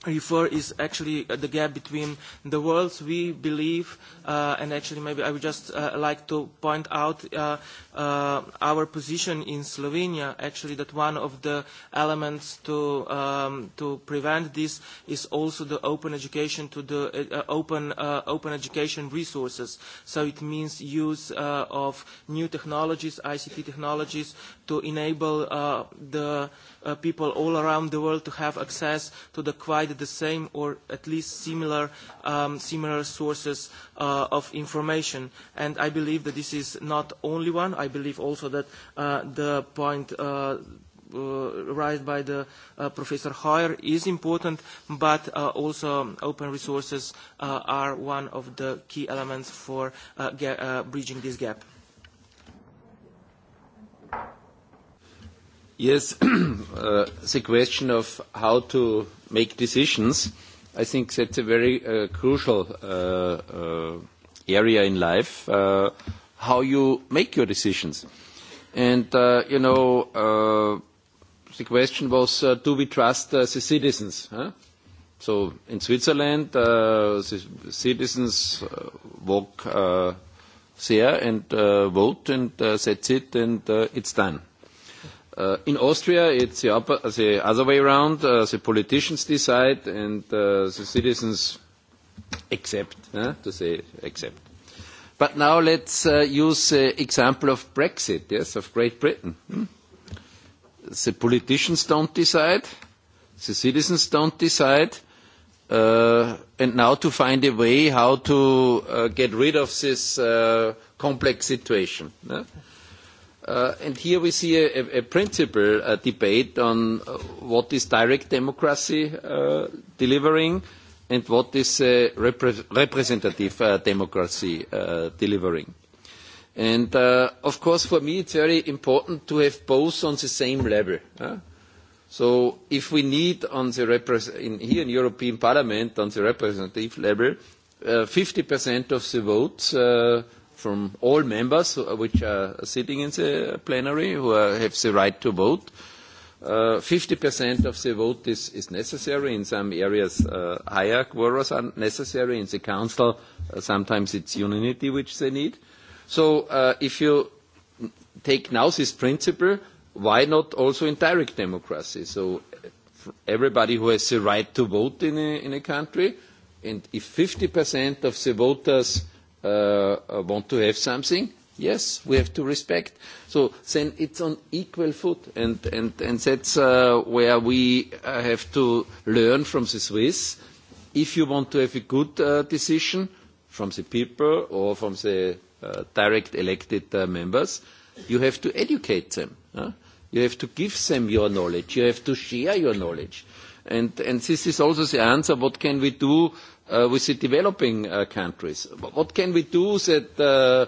refer is actually uh, the gap between the worlds we believe uh, and actually maybe I would just uh, like to point out uh, uh, our position in Slovenia actually that one of the elements to um, to prevent this is also the open education to the uh, uh open uh, open education resources so it means use uh, of new technologies ICT technologies to enable uh, the uh, people all around the world to have access to the quite the same or at least similar, um, similar sources uh, of information. And I believe that this is not only one. I believe also that uh, the point uh, uh, raised by the uh, Professor Hoyer is important, but uh, also open resources uh, are one of the key elements for uh, uh, bridging this gap. Yes, uh, the question of how to make decisions, I think that's a very uh, crucial uh, uh, area in life, uh, how you make your decisions. And, uh, you know, uh, the question was, uh, do we trust uh, the citizens? Huh? So in Switzerland, uh, the citizens uh, walk uh, there and uh, vote, and uh, that's it, and uh, it's done. Uh, in Austria, it's the, upper, the other way around. Uh, the politicians decide and uh, the citizens accept, uh to say accept. But now let's uh, use the example of Brexit, yes, of Great Britain. Hmm? The politicians don't decide, the citizens don't decide, uh, and now to find a way how to uh, get rid of this uh, complex situation. Uh, and here we see a, a principal uh, debate on uh, what is direct democracy uh, delivering and what is uh, repre representative uh, democracy uh, delivering. And uh, of course, for me, it's very important to have both on the same level. So if we need on the in, here in European Parliament, on the representative level, uh, of the votes uh, from all members uh, which are sitting in the plenary who are, uh, have the right to vote. Uh, 50% of the vote is, is necessary. In some areas, uh, higher quorums are necessary. In the council, uh, sometimes it's unanimity which they need. So uh, if you take now this principle, why not also in direct democracy? So uh, everybody who has the right to vote in a, in a country, and if 50% of the voters Uh, uh, want to have something, yes, we have to respect. So then it's on equal foot, and, and, and that's uh, where we uh, have to learn from the Swiss. If you want to have a good uh, decision from the people or from the uh, direct elected uh, members, you have to educate them. Huh? You have to give them your knowledge. You have to share your knowledge. And, and this is also the answer, what can we do uh, with the developing uh, countries? What can we do that uh,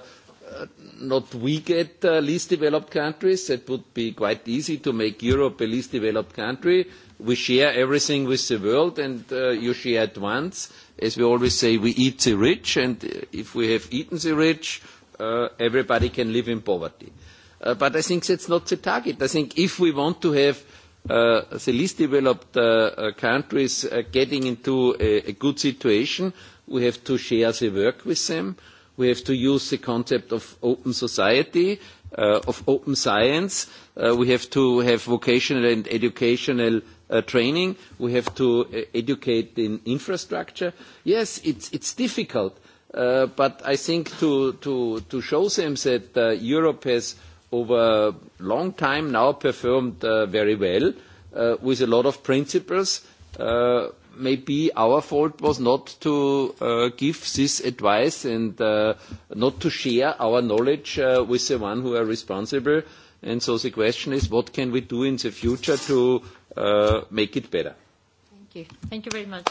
uh, not we get uh, least developed countries? That would be quite easy to make Europe a least developed country. We share everything with the world and uh, you share at once. As we always say, we eat the rich and uh, if we have eaten the rich, uh, everybody can live in poverty. Uh, but I think that's not the target. I think if we want to have uh, the least developed uh, uh countries uh, getting into a, a good situation. We have to share the work with them. We have to use the concept of open society, uh, of open science. Uh, we have to have vocational and educational uh, training. We have to uh, educate in infrastructure. Yes, it's, it's difficult, uh, but I think to, to, to show them that uh, Europe has – over a long time now performed uh, very well uh, with a lot of principles. Uh, maybe our fault was not to uh, give this advice and uh, not to share our knowledge uh, with the one who are responsible. And so the question is, what can we do in the future to uh, make it better? Thank you. Thank you very much.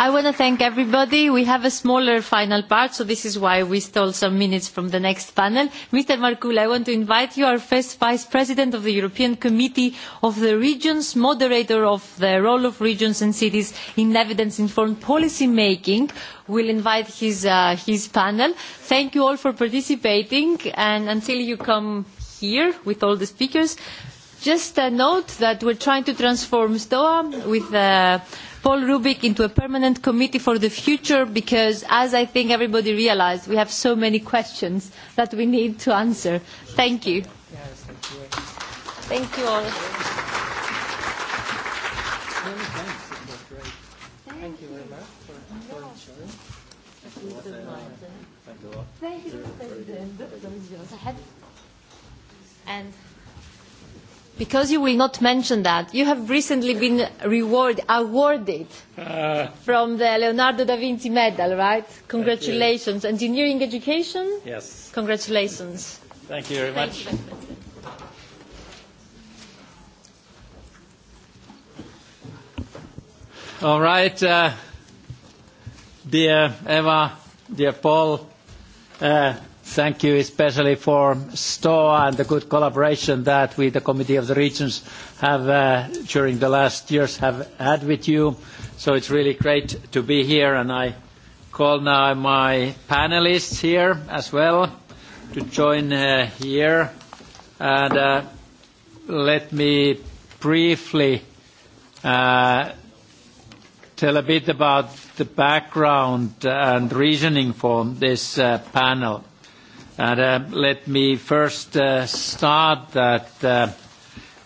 I want to thank everybody. We have a smaller final part, so this is why we stole some minutes from the next panel. Mr. Markula, I want to invite you, our first Vice President of the European Committee of the Regions, moderator of the role of regions and cities in evidence-informed policy making. We'll invite his, uh, his panel. Thank you all for participating, and until you come here with all the speakers, Just a note that we're trying to transform STOA with uh Paul Rubik into a permanent committee for the future because, as I think everybody realized, we have so many questions that we need to answer. Thank you. thank you. all. Thank, you very much for, for Thank you, President. And because you will not mention that, you have recently been reward, awarded uh, from the Leonardo da Vinci Medal, right? Congratulations. Engineering education? Yes. Congratulations. Thank you very much. All right, uh, dear Eva, dear Paul, uh, Thank you especially for STOA and the good collaboration that we, the Committee of the Regions, have uh, during the last years have had with you. So it's really great to be here and I call now my panelists here as well to join uh, here. And uh, let me briefly uh, tell a bit about the background and reasoning for this uh, panel. And uh, let me first uh, start that uh,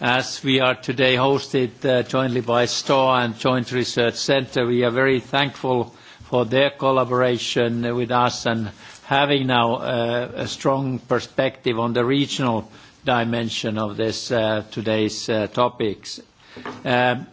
as we are today hosted uh, jointly by STOR and Joint Research Center, we are very thankful for their collaboration with us and having now uh, a strong perspective on the regional dimension of this uh, today's uh, topics. Um,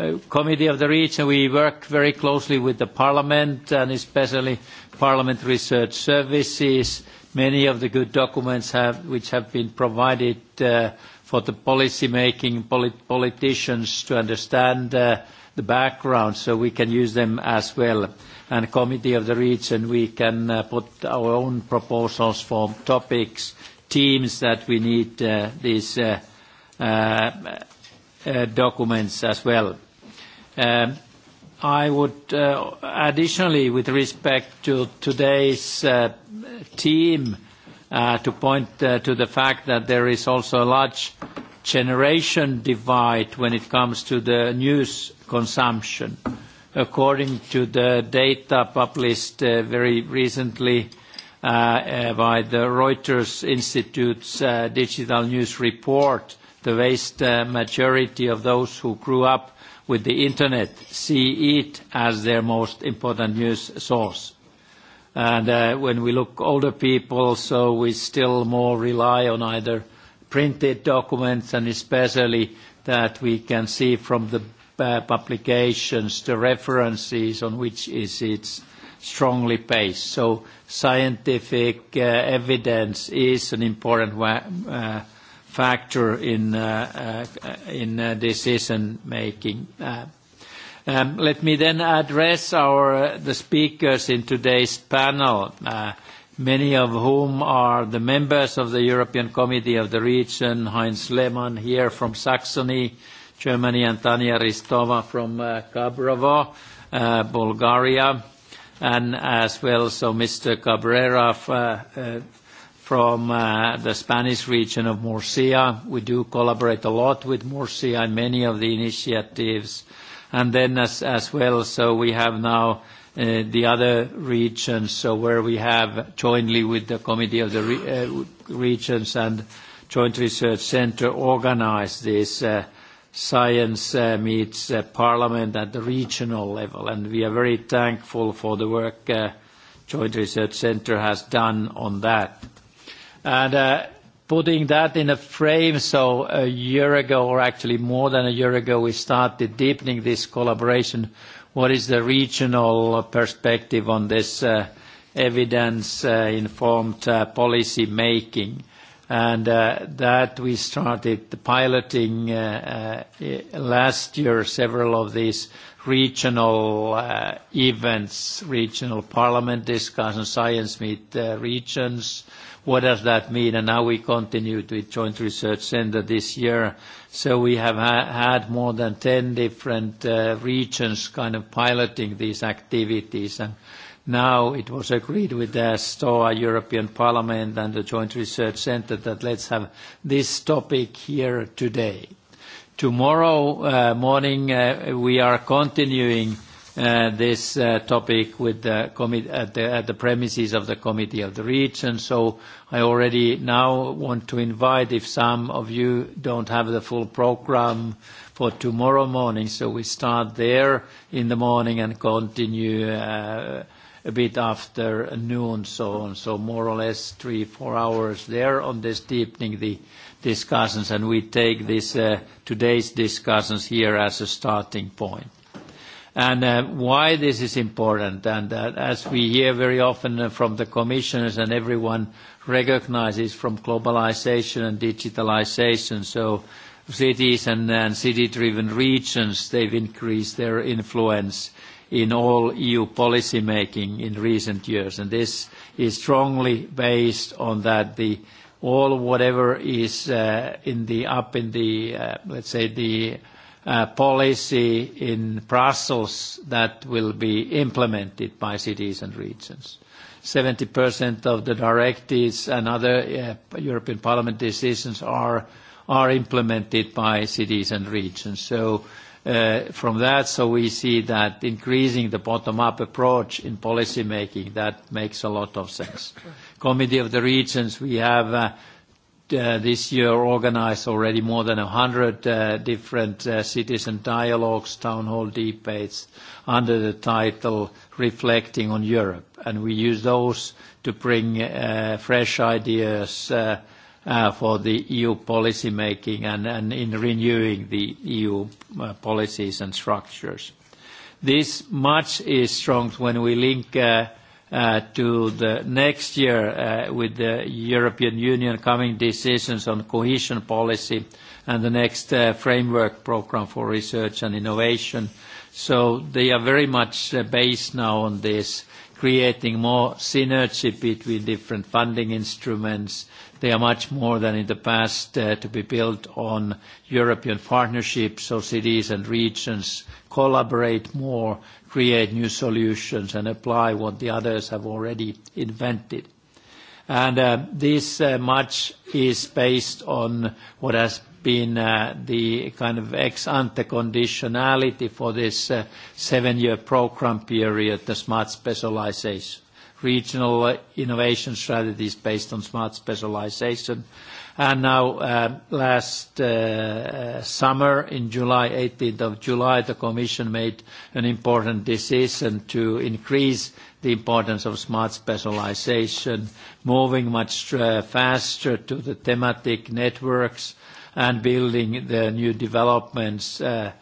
uh, Committee of the Region, we work very closely with the Parliament and especially Parliament Research Services many of the good documents have, which have been provided uh, for the policy-making polit politicians to understand uh, the background, so we can use them as well. And Committee of the Region, we can uh, put our own proposals for topics, teams that we need uh, these uh, uh, uh, documents as well. Um, I would uh, additionally, with respect to today's uh, team uh, to point uh, to the fact that there is also a large generation divide when it comes to the news consumption. According to the data published uh, very recently uh, uh, by the Reuters Institute's uh, digital news report, the vast uh, majority of those who grew up with the Internet see it as their most important news source. And uh, when we look older people, so we still more rely on either printed documents and especially that we can see from the uh, publications the references on which is it's strongly based. So scientific uh, evidence is an important uh, factor in, uh, uh, in uh, decision making. Uh, Um, let me then address our, uh, the speakers in today's panel, uh, many of whom are the members of the European Committee of the Region, Heinz Lehmann here from Saxony, Germany, and Tania Ristova from uh, Kabrovo, uh, Bulgaria, and as well so Mr. Cabrera uh, uh, from uh, the Spanish region of Murcia. We do collaborate a lot with Murcia in many of the initiatives. And then as, as well, so we have now uh, the other regions, so where we have jointly with the Committee of the Re uh, Regions and Joint Research Center organized this uh, science uh, meets uh, parliament at the regional level. And we are very thankful for the work uh, Joint Research Center has done on that. And uh, putting that in a frame, so a year ago, or actually more than a year ago, we started deepening this collaboration. What is the regional perspective on this uh, evidence-informed uh, uh, policy making? And uh, that we started piloting uh, uh, e, last year, several of these regional events, regional parliament discussions, science meet regions, what does that mean? And now we continued with Joint Research Center this year. So we have ha had more than 10 different uh, regions kind of piloting these activities. And now it was agreed with the STOA, European Parliament, and the Joint Research Center that let's have this topic here today. Tomorrow uh, morning uh, we are continuing – uh, this uh, topic with the at, the, at the premises of the Committee of the Region. So I already now want to invite, if some of you don't have the full program for tomorrow morning, so we start there in the morning and continue uh, a bit after noon, so on. So more or less three, four hours there on this deepening the discussions, and we take this uh, today's discussions here as a starting point and uh, why this is important. And uh, as we hear very often uh, from the commissioners and everyone recognizes from globalization and digitalization, so cities and, and city-driven regions, they've increased their influence in all EU policy making in recent years. And this is strongly based on that the all whatever is uh, in the up in the, uh, let's say, the Uh, policy in Brussels that will be implemented by cities and regions. 70% of the directives and other uh, European Parliament decisions are, are implemented by cities and regions. So uh, from that, so we see that increasing the bottom-up approach in policy making, that makes a lot of sense. Committee of the Regions, we have uh, uh, this year organized already more than 100 uh, different uh, citizen dialogues, town hall debates under the title Reflecting on Europe. And we use those to bring uh, fresh ideas uh, uh, for the EU policy making and, and in renewing the EU uh, policies and structures. This much is strong when we link uh, uh, to the next year uh, with the European Union coming decisions on cohesion policy and the next uh, framework program for research and innovation. So they are very much uh, based now on this, creating more synergy between different funding instruments, They are much more than in the past uh, to be built on European partnerships, so cities and regions collaborate more, create new solutions and apply what the others have already invented. And uh, this uh, much is based on what has been uh, the kind of ex ante conditionality for this uh, seven-year program period, the smart specialization regional uh, innovation strategies based on smart specialization. And now, uh, last uh, uh, summer, in July, 18th of July, the Commission made an important decision to increase the importance of smart specialization, moving much uh, faster to the thematic networks and building the new developments uh,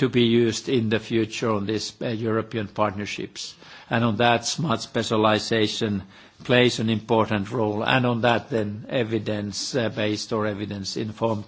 to be used in the future on these uh, European partnerships. And on that, smart specialization plays an important role, and on that then evidence-based uh, or evidence-informed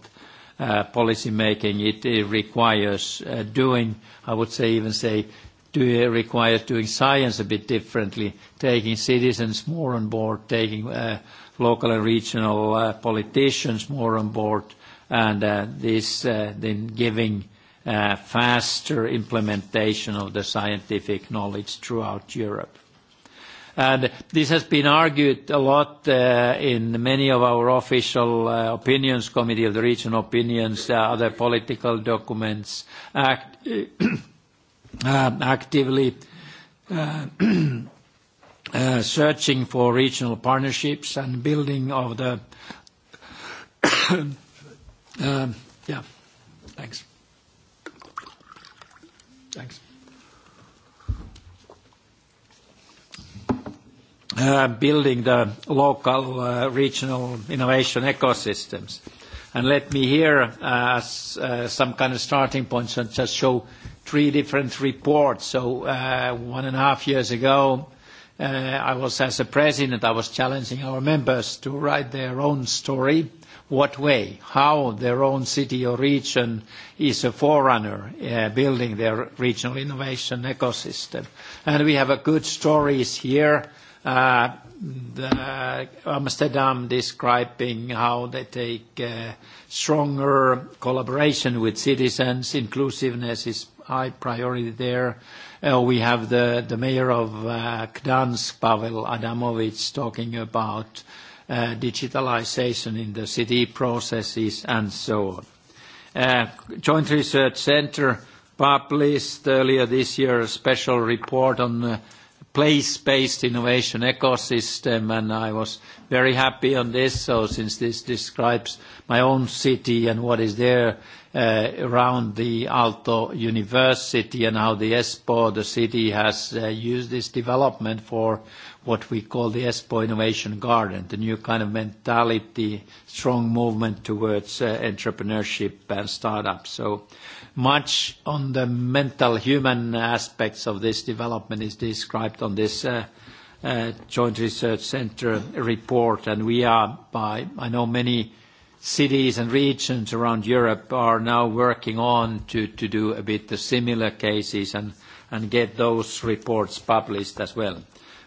uh, policy making, it, it uh, requires uh, doing, I would say even say, do, uh, requires doing science a bit differently, taking citizens more on board, taking uh, local and regional uh, politicians more on board, and uh, this uh, then giving uh, faster implementation of the scientific knowledge throughout Europe. And this has been argued a lot uh, in many of our official uh, opinions, Committee of the Region opinions, uh, other political documents, act, uh, uh actively uh, uh, searching for regional partnerships and building of the... uh, yeah, thanks. uh, building the local uh, regional innovation ecosystems. And let me here, uh, as uh, some kind of starting points, and just show three different reports. So uh, one and a half years ago, uh, I was as a president, I was challenging our members to write their own story, what way, how their own city or region is a forerunner uh, building their regional innovation ecosystem. And we have a good stories here uh, the uh, Amsterdam describing how they take uh, stronger collaboration with citizens. Inclusiveness is high priority there. Uh, we have the, the mayor of uh, Gdansk, Pavel Adamovich, talking about uh, digitalization in the city processes and so on. Uh, Joint Research Center published earlier this year a special report on uh, place-based innovation ecosystem, and I was very happy on this. So since this describes my own city and what is there uh, around the Aalto University and how the ESPO, the city, has uh, used this development for what we call the ESPO Innovation Garden, the new kind of mentality, strong movement towards uh, entrepreneurship and startups. So much on the mental human aspects of this development is described on this uh, uh, Joint Research Center report, and we are by, I know many cities and regions around Europe are now working on to, to do a bit the similar cases and, and get those reports published as well.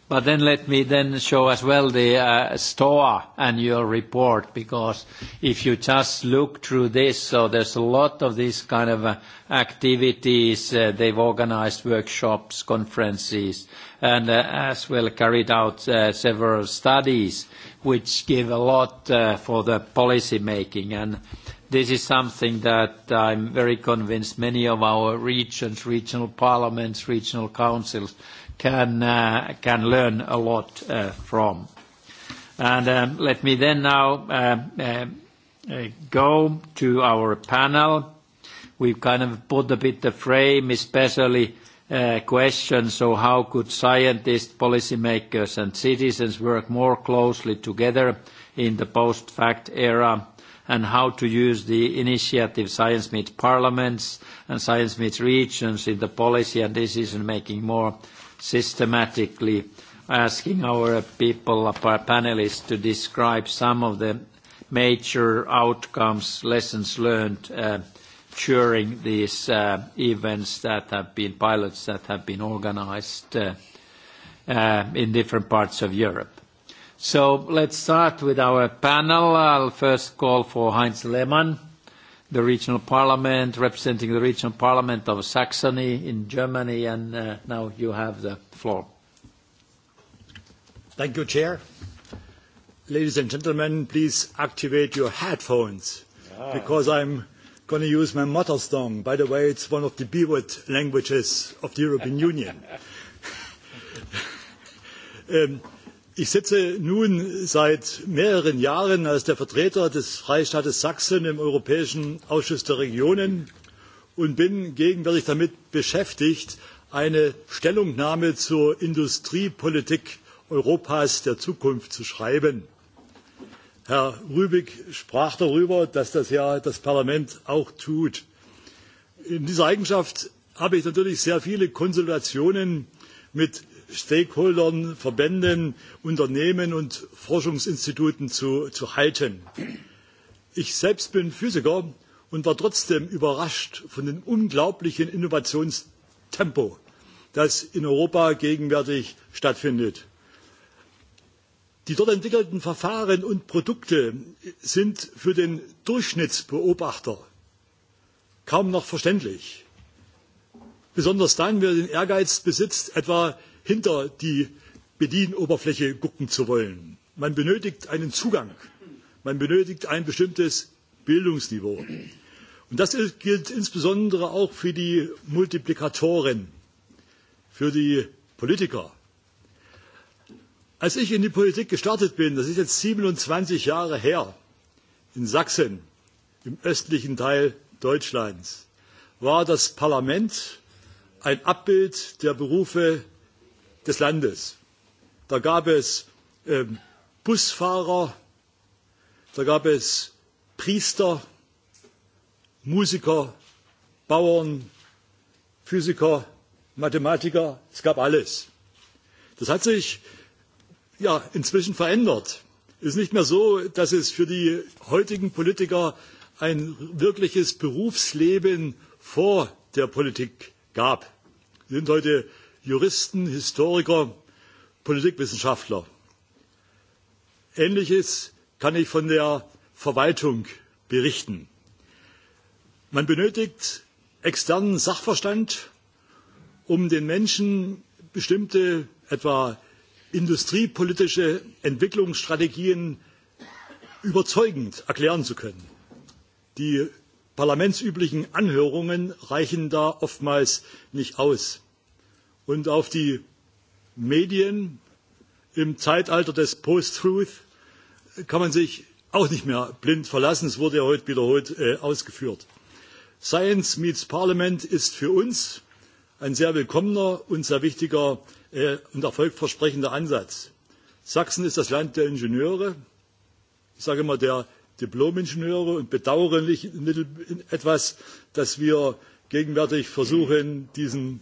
But then let me then show as well the uh, STOA annual report, because if you just look through this, so there's a lot of these kind of uh, activities. Uh, they've organized workshops, conferences, and uh, as well carried out uh, several studies, which give a lot uh, for the policy making. And this is something that I'm very convinced many of our regions, regional parliaments, regional councils, can, uh, can learn a lot uh, from. And um, let me then now uh, uh, uh, go to our panel. We've kind of put a bit the frame, especially uh, questions, so how could scientists, policymakers and citizens work more closely together in the post-fact era and how to use the initiative Science Meets Parliaments and Science Meets Regions in the policy and decision making more systematically asking our people, our panelists, to describe some of the major outcomes, lessons learned uh, during these uh, events that have been pilots that have been organized uh, uh, in different parts of Europe. So let's start with our panel. I'll first call for Heinz Lehmann the regional parliament, representing the regional parliament of Saxony in Germany, and uh, now you have the floor. Thank you, Chair. Ladies and gentlemen, please activate your headphones ah. because I'm going to use my mother tongue. By the way, it's one of the B-word languages of the European Union. um, Ich sitze nun seit mehreren Jahren als der Vertreter des Freistaates Sachsen im Europäischen Ausschuss der Regionen und bin gegenwärtig damit beschäftigt, eine Stellungnahme zur Industriepolitik Europas der Zukunft zu schreiben. Herr Rübig sprach darüber, dass das ja das Parlament auch tut. In dieser Eigenschaft habe ich natürlich sehr viele Konsultationen mit Stakeholdern, Verbänden, Unternehmen und Forschungsinstituten zu, zu halten. Ich selbst bin Physiker und war trotzdem überrascht von dem unglaublichen Innovationstempo, das in Europa gegenwärtig stattfindet. Die dort entwickelten Verfahren und Produkte sind für den Durchschnittsbeobachter kaum noch verständlich. Besonders dann, wer den Ehrgeiz besitzt, etwa hinter die Bedienoberfläche gucken zu wollen. Man benötigt einen Zugang. Man benötigt ein bestimmtes Bildungsniveau. Und das gilt insbesondere auch für die Multiplikatoren, für die Politiker. Als ich in die Politik gestartet bin, das ist jetzt 27 Jahre her, in Sachsen, im östlichen Teil Deutschlands, war das Parlament ein Abbild der Berufe des Landes. Da gab es ähm, Busfahrer, da gab es Priester, Musiker, Bauern, Physiker, Mathematiker, es gab alles. Das hat sich ja, inzwischen verändert. Es ist nicht mehr so, dass es für die heutigen Politiker ein wirkliches Berufsleben vor der Politik gab. Sie sind heute Juristen, Historiker, Politikwissenschaftler. Ähnliches kann ich von der Verwaltung berichten. Man benötigt externen Sachverstand, um den Menschen bestimmte, etwa industriepolitische Entwicklungsstrategien überzeugend erklären zu können. Die parlamentsüblichen Anhörungen reichen da oftmals nicht aus und auf die Medien im Zeitalter des Post-Truth kann man sich auch nicht mehr blind verlassen. Es wurde ja heute wiederholt äh, ausgeführt. Science meets Parliament ist für uns ein sehr willkommener und sehr wichtiger äh, und erfolgversprechender Ansatz. Sachsen ist das Land der Ingenieure, ich sage immer der Diplom-Ingenieure und bedauere etwas, dass wir gegenwärtig versuchen, diesen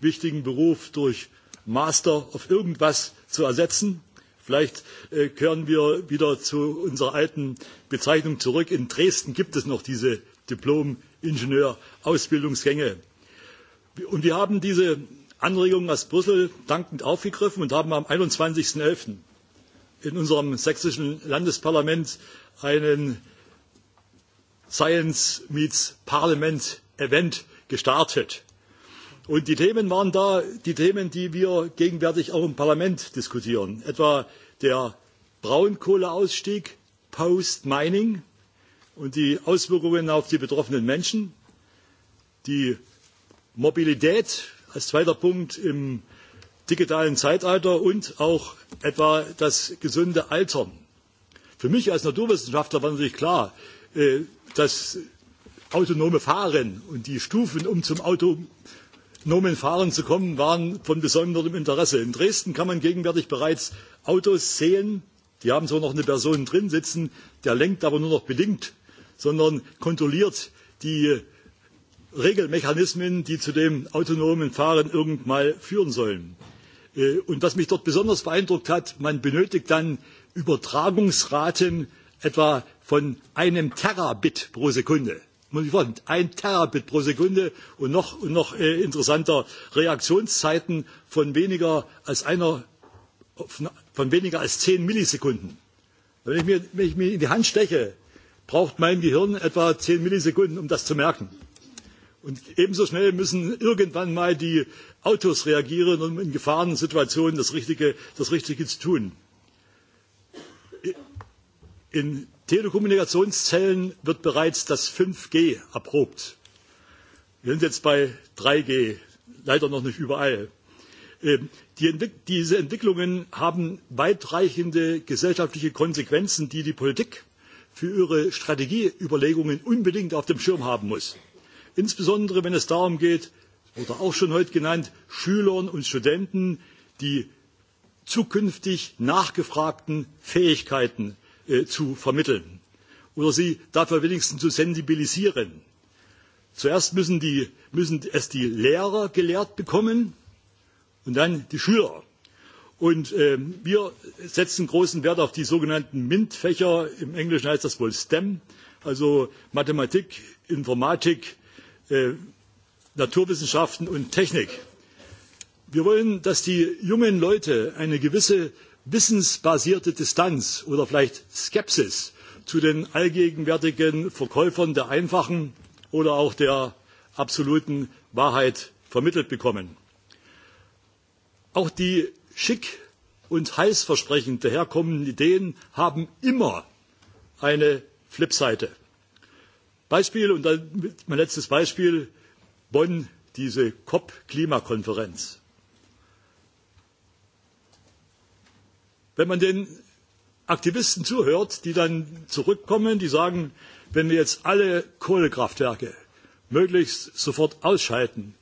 wichtigen Beruf durch Master auf irgendwas zu ersetzen. Vielleicht äh, kehren wir wieder zu unserer alten Bezeichnung zurück. In Dresden gibt es noch diese Diplom-Ingenieur-Ausbildungsgänge. Und wir haben diese Anregungen aus Brüssel dankend aufgegriffen und haben am 21.11. in unserem sächsischen Landesparlament einen Science Meets Parliament Event gestartet. Und die Themen waren da die Themen, die wir gegenwärtig auch im Parlament diskutieren. Etwa der Braunkohleausstieg, Post-Mining und die Auswirkungen auf die betroffenen Menschen, die Mobilität als zweiter Punkt im digitalen Zeitalter und auch etwa das gesunde Altern. Für mich als Naturwissenschaftler war natürlich klar, äh, dass autonome Fahren und die Stufen, um zum Auto, Nur um in Fahren zu kommen, waren von besonderem Interesse. In Dresden kann man gegenwärtig bereits Autos sehen, die haben zwar noch eine Person drin sitzen, der lenkt aber nur noch bedingt, sondern kontrolliert die Regelmechanismen, die zu dem autonomen Fahren irgendwann führen sollen. Äh, und was mich dort besonders beeindruckt hat, man benötigt dann Übertragungsraten etwa von einem Terabit pro Sekunde. Millivolt, ein Terabit pro Sekunde und noch, und noch äh, interessanter Reaktionszeiten von weniger als einer, von weniger als zehn Millisekunden. Wenn ich, mir, wenn ich mir in die Hand steche, braucht mein Gehirn etwa zehn Millisekunden, um das zu merken. Und ebenso schnell müssen irgendwann mal die Autos reagieren, um in Gefahrensituationen das Richtige, das Richtige zu tun. In Telekommunikationszellen wird bereits das 5G erprobt. Wir sind jetzt bei 3G, leider noch nicht überall. Ähm, die Entwick diese Entwicklungen haben weitreichende gesellschaftliche Konsequenzen, die die Politik für ihre Strategieüberlegungen unbedingt auf dem Schirm haben muss. Insbesondere wenn es darum geht, wurde auch schon heute genannt, Schülern und Studenten die zukünftig nachgefragten Fähigkeiten Äh, zu vermitteln oder sie dafür wenigstens zu sensibilisieren. Zuerst müssen, die, müssen es die Lehrer gelehrt bekommen und dann die Schüler. Und ähm, wir setzen großen Wert auf die sogenannten MINT-Fächer. Im Englischen heißt das wohl STEM, also Mathematik, Informatik, äh, Naturwissenschaften und Technik. Wir wollen, dass die jungen Leute eine gewisse wissensbasierte Distanz oder vielleicht Skepsis zu den allgegenwärtigen Verkäufern der einfachen oder auch der absoluten Wahrheit vermittelt bekommen. Auch die schick und heißversprechend daherkommenden Ideen haben immer eine Flipseite. Beispiel und dann mein letztes Beispiel Bonn, diese COP-Klimakonferenz. Wenn man den Aktivisten zuhört, die dann zurückkommen, die sagen, wenn wir jetzt alle Kohlekraftwerke möglichst sofort ausschalten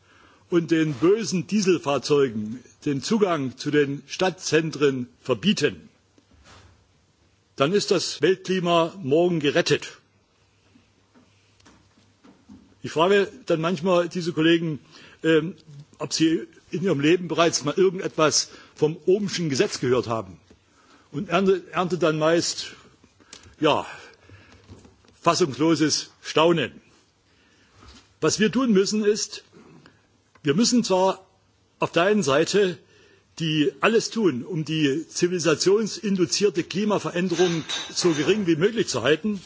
und den bösen Dieselfahrzeugen den Zugang zu den Stadtzentren verbieten, dann ist das Weltklima morgen gerettet. Ich frage dann manchmal diese Kollegen, ähm, ob sie in ihrem Leben bereits mal irgendetwas vom Ohmschen Gesetz gehört haben und Ernte dann meist, ja, fassungsloses Staunen. Was wir tun müssen ist, wir müssen zwar auf der einen Seite die alles tun, um die zivilisationsinduzierte Klimaveränderung so gering wie möglich zu halten.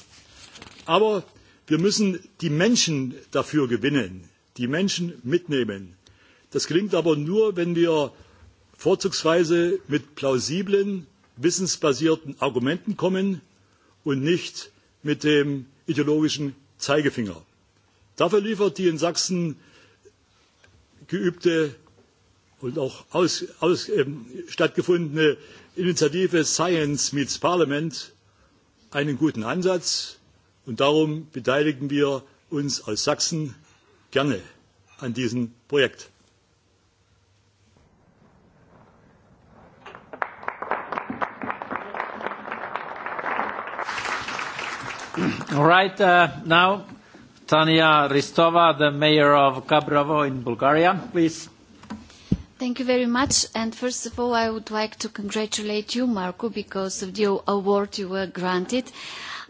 Aber wir müssen die Menschen dafür gewinnen, die Menschen mitnehmen. Das gelingt aber nur, wenn wir vorzugsweise mit plausiblen wissensbasierten Argumenten kommen und nicht mit dem ideologischen Zeigefinger. Dafür liefert die in Sachsen geübte und auch aus, aus, ähm, stattgefundene Initiative Science meets Parliament einen guten Ansatz und darum beteiligen wir uns aus Sachsen gerne an diesem Projekt. All right, uh, now Tania Ristova, the mayor of Kabravo in Bulgaria, please. Thank you very much. And first of all, I would like to congratulate you, Marco, because of the award you were granted.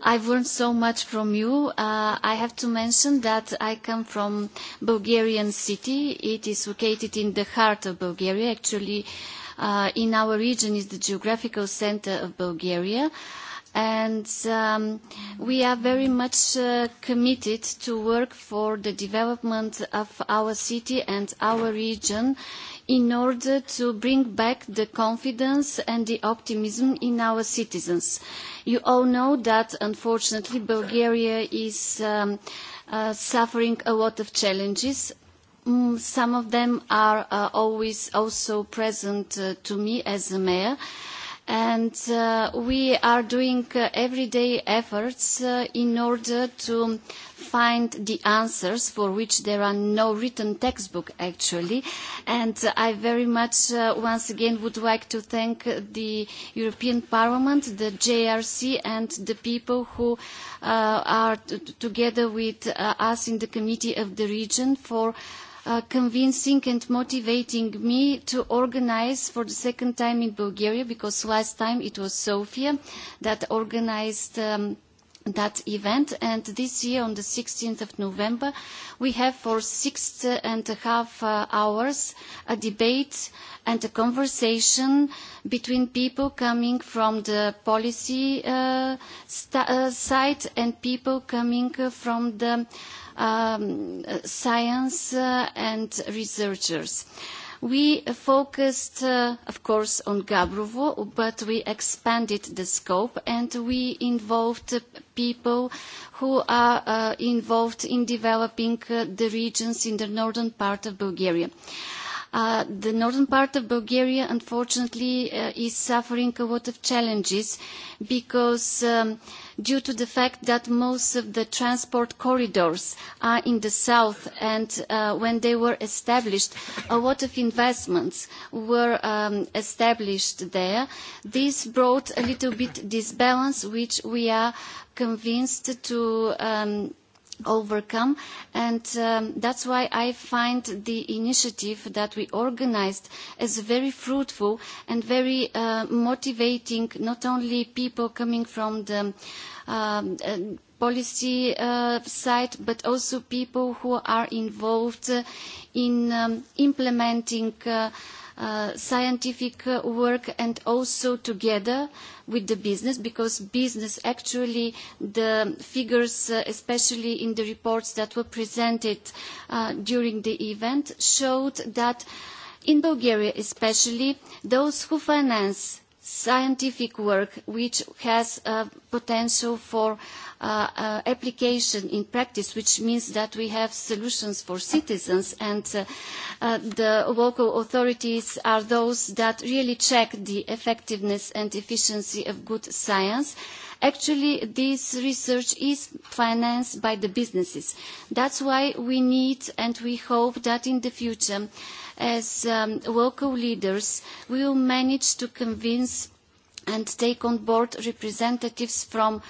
I've learned so much from you. Uh, I have to mention that I come from Bulgarian city. It is located in the heart of Bulgaria. Actually, uh, in our region is the geographical center of Bulgaria. Uh, and um, we are very much uh, committed to work for the development of our city and our region in order to bring back the confidence and the optimism in our citizens. You all know that, unfortunately, Bulgaria is um, uh, suffering a lot of challenges. Mm, some of them are uh, always also present uh, to me as a mayor. And uh, we are doing uh, everyday efforts uh, in order to find the answers for which there are no written textbook actually and I very much uh, once again would like to thank the European Parliament, the JRC and the people who uh, are together with uh, us in the Committee of the Region for uh, Uh, convincing and motivating me to organize for the second time in Bulgaria, because last time it was Sofia that organized um, that event and this year on the 16th of November we have for six and a half uh, hours a debate and a conversation between people coming from the policy uh, st uh, side and people coming uh, from the uh, um, science uh, and researchers. We focused, uh, of course, on Gabrovo, but we expanded the scope and we involved people who are uh, involved in developing uh, the regions in the northern part of Bulgaria. Uh, the northern part of Bulgaria, unfortunately, uh, is suffering a lot of challenges because um, due to the fact that most of the transport corridors are in the south and uh, when they were established, a lot of investments were um, established there. This brought a little bit of disbalance, which we are convinced to um, overcome and um, that's why I find the initiative that we organized as very fruitful and very uh, motivating not only people coming from the um, uh, policy uh, side but also people who are involved in um, implementing uh, uh, scientific work and also together with the business because business actually the figures uh, especially in the reports that were presented uh, during the event showed that in Bulgaria especially those who finance scientific work which has a potential for uh, Uh, uh, application in practice, which means that we have solutions for citizens and uh, uh, the local authorities are those that really check the effectiveness and efficiency of good science. Actually, this research is financed by the businesses. That's why we need and we hope that in the future, as um, local leaders, we will manage to convince and take on board representatives from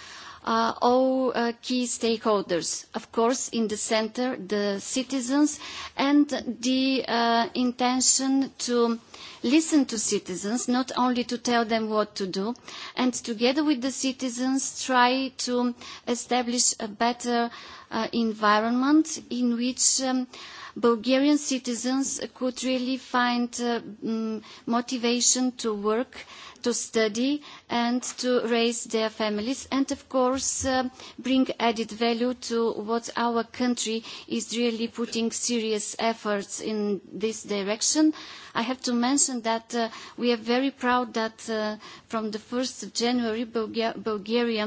uh, all uh, key stakeholders. Of course, in the center, the citizens and the uh, intention to listen to citizens, not only to tell them what to do, and together with the citizens try to establish a better uh, environment in which um, Bulgarian citizens could really find uh, mm, motivation to work to study and to raise their families and of course uh, bring added value to what our country is really putting serious efforts in this direction. I have to mention that uh, we are very proud that uh, from the 1st of January Bulga Bulgaria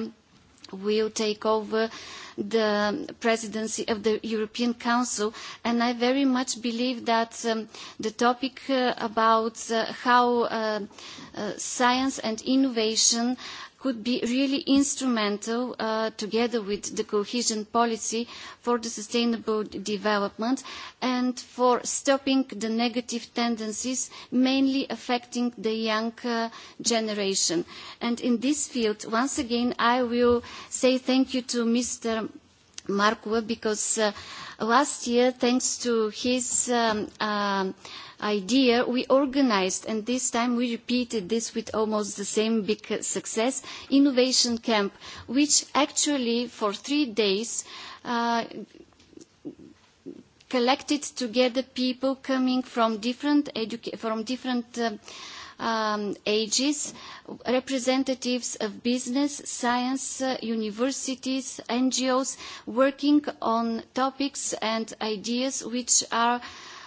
will take over the presidency of the European Council and I very much believe that um, the topic uh, about uh, how uh, uh, science and innovation could be really instrumental uh, together with the cohesion policy for the sustainable development and for stopping the negative tendencies mainly affecting the young uh, generation. And in this field, once again, I will say thank you to Mr. Markwa because uh, last year, thanks to his um, uh, idea, we organized, and this time we repeated this with almost the same big success, Innovation Camp, which actually for three days uh, collected together people coming from different, from different uh, um, ages, representatives of business, science, uh, universities, NGOs, working on topics and ideas which are uh,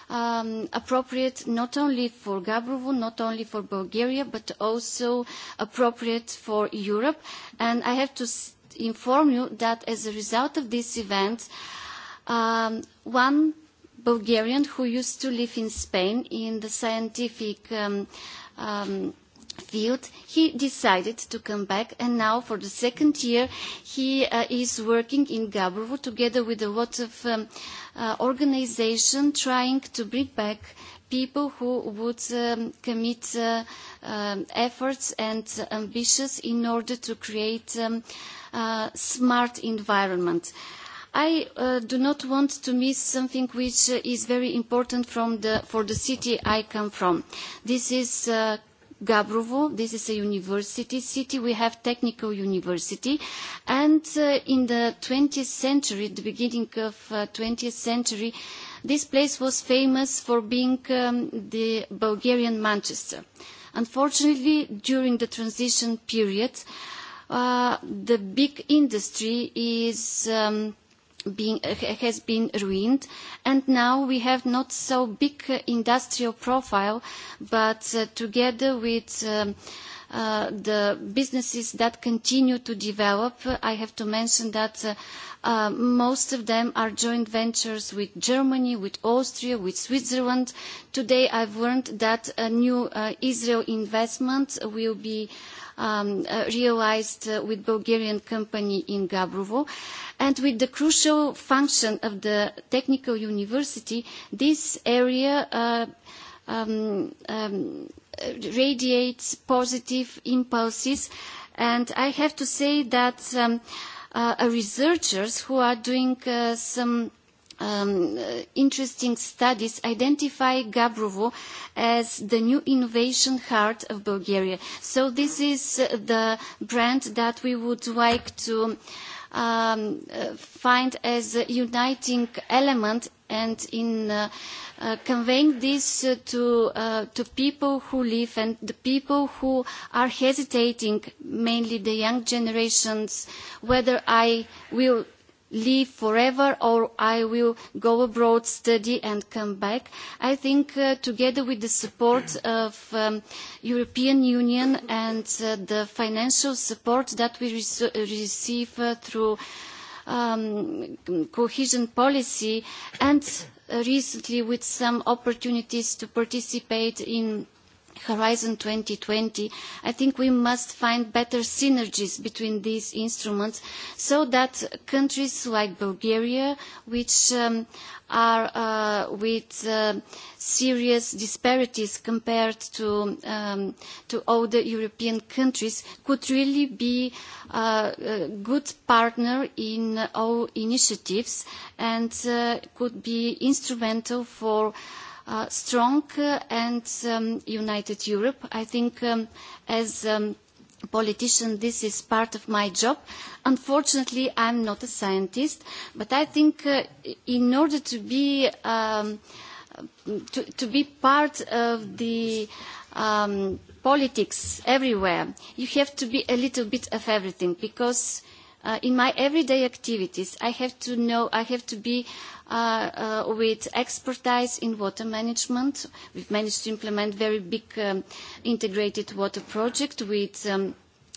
um, appropriate not only for Gabrovo, not only for Bulgaria, but also appropriate for Europe. And I have to inform you that as a result of this event, um, one Bulgarian who used to live in Spain in the scientific um, um, field, he decided to come back and now for the second year he uh, is working in Gabrovo together with a lot of um, uh, organization trying to bring back people who would um, commit uh, um, efforts and ambitions in order to create um, a uh, smart environment. I uh, do not want to miss something which uh, is very important from the, for the city I come from. This is uh, Gabrovo. This is a university city. We have technical university. And uh, in the 20th century, the beginning of uh, 20th century, this place was famous for being um, the Bulgarian Manchester. Unfortunately, during the transition period, uh, the big industry is um, – being, uh, has been ruined and now we have not so big uh, industrial profile but uh, together with um, uh, the businesses that continue to develop. I have to mention that uh, uh, most of them are joint ventures with Germany, with Austria, with Switzerland. Today I've learned that a new uh, Israel investment will be um, uh, realized uh, with Bulgarian company in Gabrovo. And with the crucial function of the technical university, this area uh, um, um, radiates positive impulses. And I have to say that um, uh, researchers who are doing uh, some um, uh, interesting studies identify Gabrovo as the new innovation heart of Bulgaria. So this is uh, the brand that we would like to um, uh, find as a uniting element and in uh, uh, conveying this uh, to, uh, to people who live and the people who are hesitating, mainly the young generations, whether I will live forever or I will go abroad, study and come back. I think uh, together with the support of um, European Union and uh, the financial support that we re uh, receive uh, through um, cohesion policy and recently with some opportunities to participate in Horizon 2020, I think we must find better synergies between these instruments so that countries like Bulgaria, which um, are uh, with uh, serious disparities compared to, um, to other European countries, could really be uh, a good partner in all initiatives and uh, could be instrumental for uh, uh, strong and um, united Europe. I think um, as um, politician this is part of my job. Unfortunately, I'm not a scientist, but I think uh, in order to be, um, to, to be part of the um, politics everywhere, you have to be a little bit of everything because uh, in my everyday activities, I have to know, I have to be uh, with expertise in water management. We've managed to implement very big um, integrated water project with um,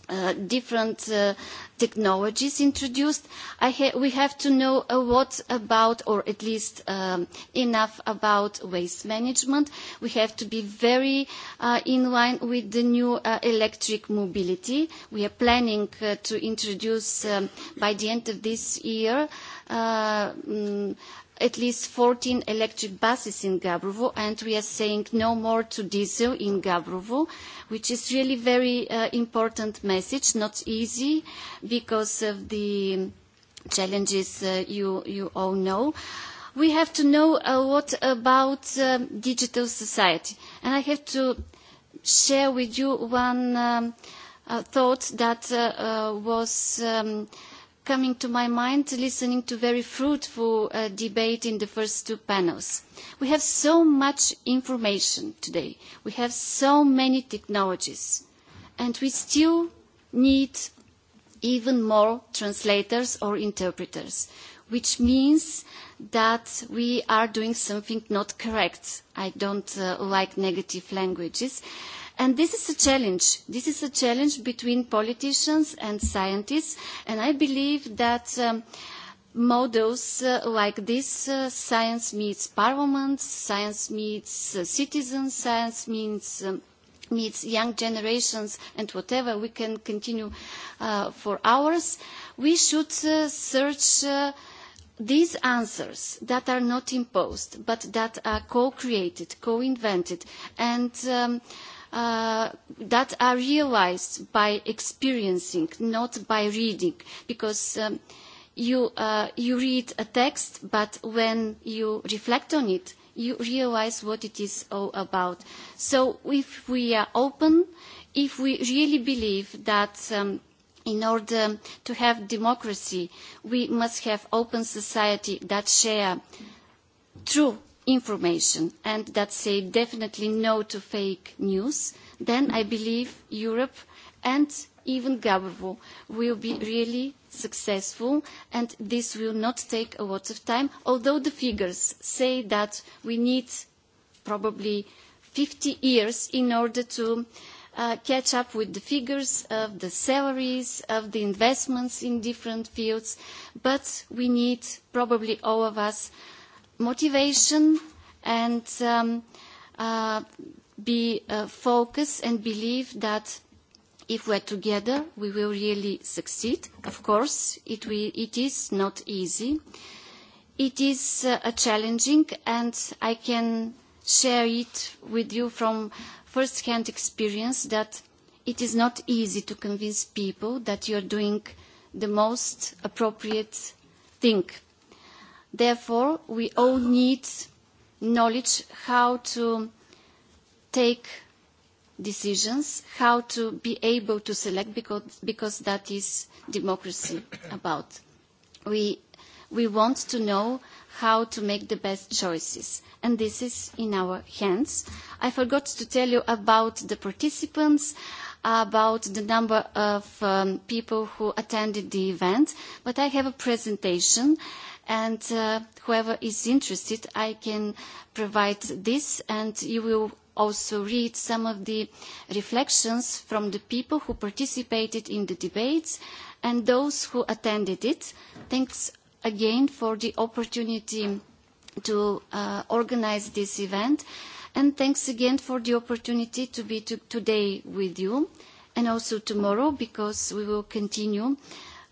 uh, different uh, technologies introduced. I ha we have to know a lot about, or at least um, enough about waste management. We have to be very uh, in line with the new uh, electric mobility. We are planning uh, to introduce um, by the end of this year uh, um, at least 14 electric buses in Gabrovo, and we are saying no more to diesel in Gabrovo, which is really very uh, important message, not easy because of the challenges uh, you, you all know. We have to know uh, a lot about um, digital society, and I have to share with you one um, uh, thought that uh, uh, was um, – coming to my mind listening to very fruitful uh, debate in the first two panels. We have so much information today. We have so many technologies. And we still need even more translators or interpreters, which means that we are doing something not correct. I don't uh, like negative languages. Uh, And this is a challenge. This is a challenge between politicians and scientists. And I believe that um, models uh, like this, uh, science meets parliament, science meets uh, citizens, science meets um, meets young generations and whatever, we can continue uh, for hours, we should uh, search uh, these answers that are not imposed, but that are co-created, co-invented, and um, uh, that are realized by experiencing, not by reading, because um, you, uh, you read a text, but when you reflect on it, you realize what it is all about. So if we are open, if we really believe that um, in order to have democracy, we must have open society that share true information and that say definitely no to fake news, then I believe Europe and even Gabavo will be really successful and this will not take a lot of time, although the figures say that we need probably 50 years in order to uh, catch up with the figures of the salaries, of the investments in different fields, but we need probably all of us motivation and um, uh, be uh, focused and believe that if we're together, we will really succeed. Of course, it, will, it is not easy. It is uh, challenging, and I can share it with you from first-hand experience that it is not easy to convince people that you're doing the most appropriate thing Therefore, we all need knowledge how to take decisions, how to be able to select, because, because that is democracy about. We, we want to know how to make the best choices, and this is in our hands. I forgot to tell you about the participants, about the number of um, people who attended the event, but I have a presentation, and uh, whoever is interested, I can provide this and you will also read some of the reflections from the people who participated in the debates and those who attended it. Thanks again for the opportunity to uh, organize this event and thanks again for the opportunity to be to today with you and also tomorrow because we will continue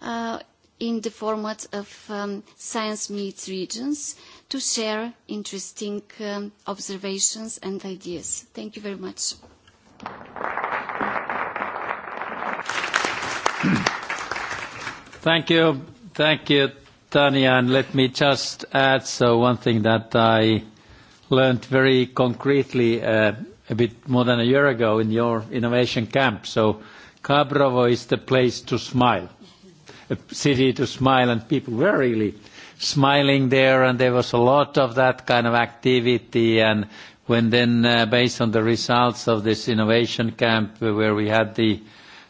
uh, in the format of um, Science Meets Regions to share interesting um, observations and ideas. Thank you very much. Thank you. Thank you, Tania. And let me just add so one thing that I learned very concretely uh, a bit more than a year ago in your innovation camp. So Kabrovo is the place to smile a city to smile, and people were really smiling there, and there was a lot of that kind of activity. And when then, uh, based on the results of this innovation camp, uh, where we had the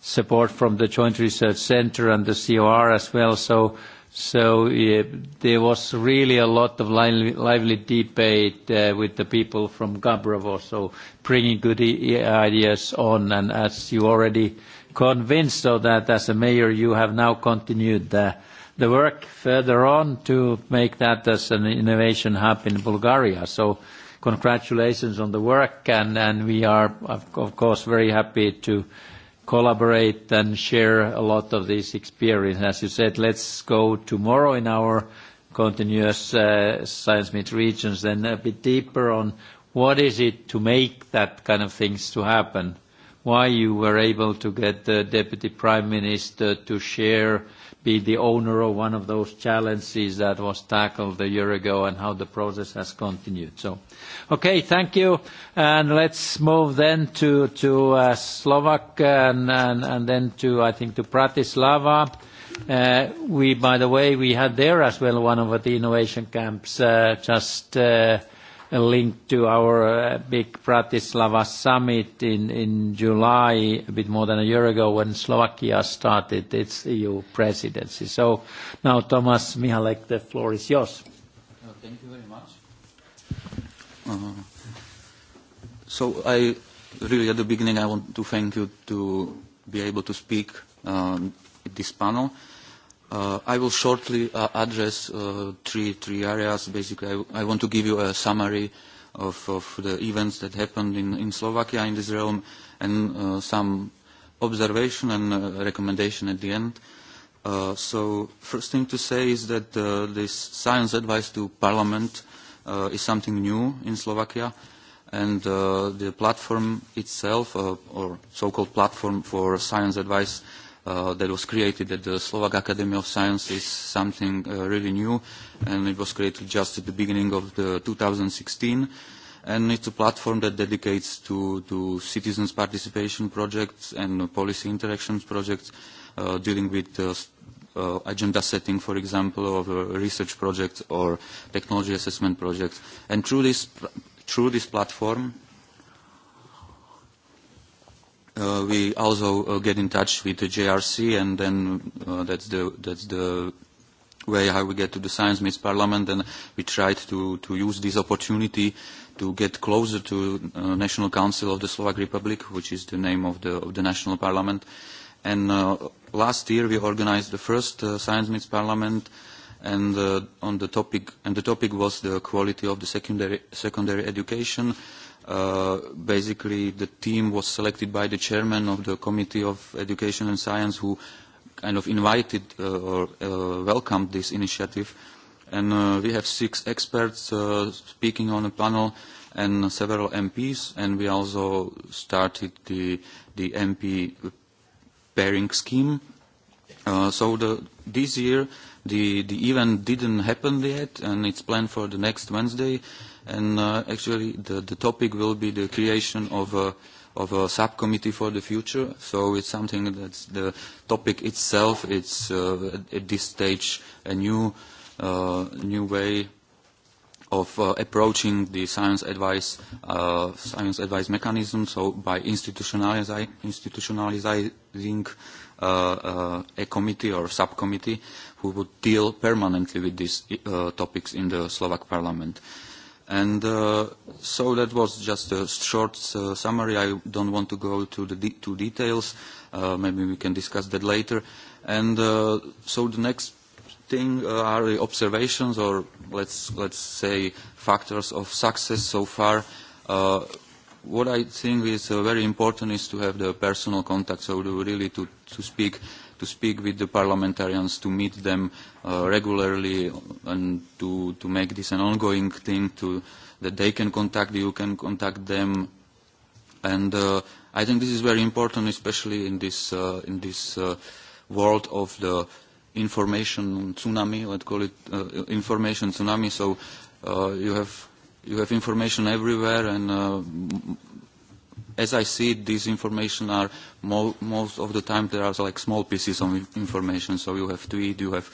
support from the Joint Research Center and the COR as well, so so uh, there was really a lot of lively, lively debate uh, with the people from Gabrovo, so bringing good I ideas on. And as you already convinced of that as a mayor you have now continued the, the work further on to make that as an innovation hub in Bulgaria. So congratulations on the work and, and we are of course very happy to collaborate and share a lot of this experience. As you said, let's go tomorrow in our continuous uh, science meet regions then a bit deeper on what is it to make that kind of things to happen why you were able to get the Deputy Prime Minister to share, be the owner of one of those challenges that was tackled a year ago and how the process has continued. So, okay, thank you. And let's move then to, to uh, Slovak and, and, and then to, I think, to Bratislava. Uh, we, by the way, we had there as well one of the innovation camps uh, just uh, link to our uh, big Bratislava summit in, in July, a bit more than a year ago, when Slovakia started its EU presidency. So now, Thomas Mihalek, the floor is yours. Well, oh, thank you very much. Uh, so I really, at the beginning, I want to thank you to be able to speak um, at this panel. Uh, I will shortly uh, address uh, three, three areas. Basically, I, I want to give you a summary of, of the events that happened in, in Slovakia in this realm and uh, some observation and uh, recommendation at the end. Uh, so first thing to say is that uh, this science advice to parliament uh, is something new in Slovakia and uh, the platform itself uh, or so-called platform for science advice uh, that was created at the Slovak Academy of Sciences, is something uh, really new and it was created just at the beginning of the 2016 and it's a platform that dedicates to, to citizens participation projects and policy interactions projects uh, dealing with uh, uh, agenda setting, for example, of a uh, research project or technology assessment project. And through this, through this platform, uh, we also uh, get in touch with the JRC and then uh, that's the that's the way how we get to the science meets parliament and we tried to to use this opportunity to get closer to uh, National Council of the Slovak Republic which is the name of the of the national parliament and uh, last year we organized the first uh, science meets parliament and uh, on the topic and the topic was the quality of the secondary secondary education Uh, basically, the team was selected by the chairman of the Committee of Education and Science who kind of invited uh, or uh, welcomed this initiative. And uh, we have six experts uh, speaking on a panel and several MPs, and we also started the, the MP pairing scheme. Uh, so the, this year, the, the event didn't happen yet, and it's planned for the next Wednesday and uh, actually the, the topic will be the creation of a, of a subcommittee for the future. So it's something that the topic itself, it's uh, at this stage a new, uh, new way of uh, approaching the science advice, uh, science advice mechanism, so by institutionalizing, institutionalizing uh, uh, a committee or subcommittee who would deal permanently with these uh, topics in the Slovak parliament. Uh, And uh, so that was just a short uh, summary. I don't want to go to the de to details. Uh, maybe we can discuss that later. And uh, so the next thing uh, are the observations or let's, let's say factors of success so far. Uh, what I think is uh, very important is to have the personal contact, so to really to, to speak to speak with the parliamentarians, to meet them uh, regularly and to, to make this an ongoing thing to, that they can contact you, can contact them. And uh, I think this is very important, especially in this, uh, in this uh, world of the information tsunami, let's call it uh, information tsunami. So uh, you have you have information everywhere and uh, as I see it, these information are mo most of the time there are like small pieces of information. So you have tweet, you have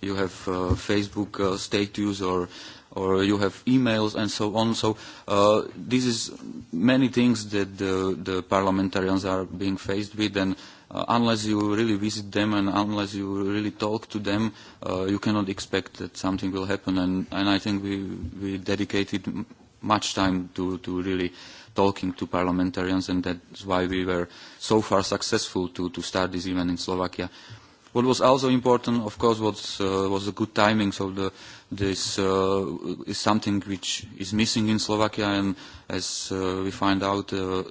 you have uh, Facebook uh, status, or or you have emails and so on. So uh, this is many things that the, the parliamentarians are being faced with, and uh, unless you really visit them and unless you really talk to them, uh, you cannot expect that something will happen. And, and I think we we dedicated much time to to really talking to parliamentarians, and that's why we were so far successful to, to start this event in Slovakia. What was also important, of course, was, uh, was the good timing. So the, this uh, is something which is missing in Slovakia, and as uh, we find out, uh,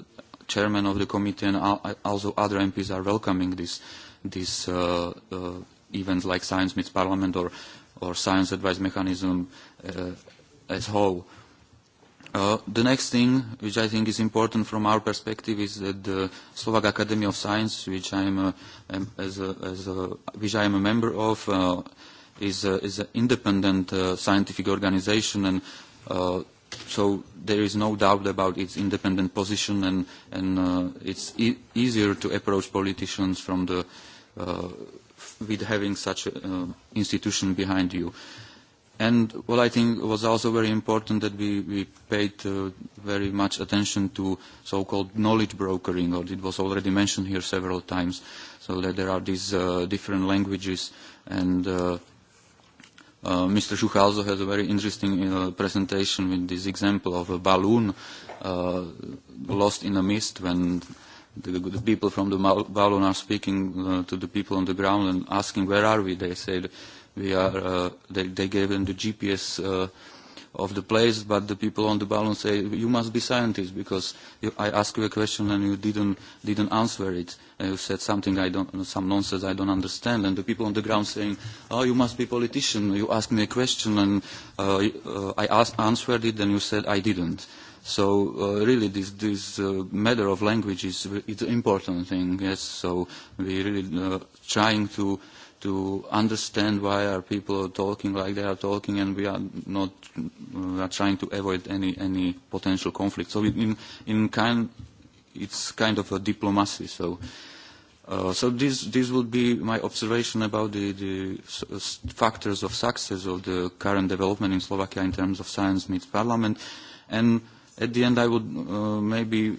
chairman of the committee and also other MPs are welcoming this, this uh, uh, events like Science Meets Parliament or, or Science Advice Mechanism uh, as whole. Uh, the next thing, which I think is important from our perspective, is that the Slovak Academy of Science, which I am, a, uh, am as a, as a, which I am a member of, uh, is a, uh, is an independent uh, scientific organization, and uh, so there is no doubt about its independent position, and, and uh, it's e easier to approach politicians from the uh, with having such an uh, institution behind you. Uh, And well, I think it was also very important that we, we paid uh, very much attention to so-called knowledge brokering, or it was already mentioned here several times, so that there are these uh, different languages. And uh, uh, Mr. Schuch also has a very interesting uh, presentation with this example of a balloon uh, lost in a mist when the, the people from the balloon are speaking uh, to the people on the ground and asking, where are we? They say, we are, uh, they, they gave them the GPS uh, of the place, but the people on the balloon say, you must be scientists because you, I asked you a question and you didn't, didn't answer it. And you said something I don't, some nonsense I don't understand. And the people on the ground saying, oh, you must be politician. You asked me a question and uh, uh, I asked, answered it and you said I didn't. So uh, really this, this uh, matter of language is it's an important thing, yes. So we're really uh, trying to to understand why our people are talking like they are talking and we are not we are trying to avoid any, any potential conflict. So in, in kind, it's kind of a diplomacy. So, uh, so this, this would be my observation about the, the factors of success of the current development in Slovakia in terms of science meets parliament. And at the end I would uh, maybe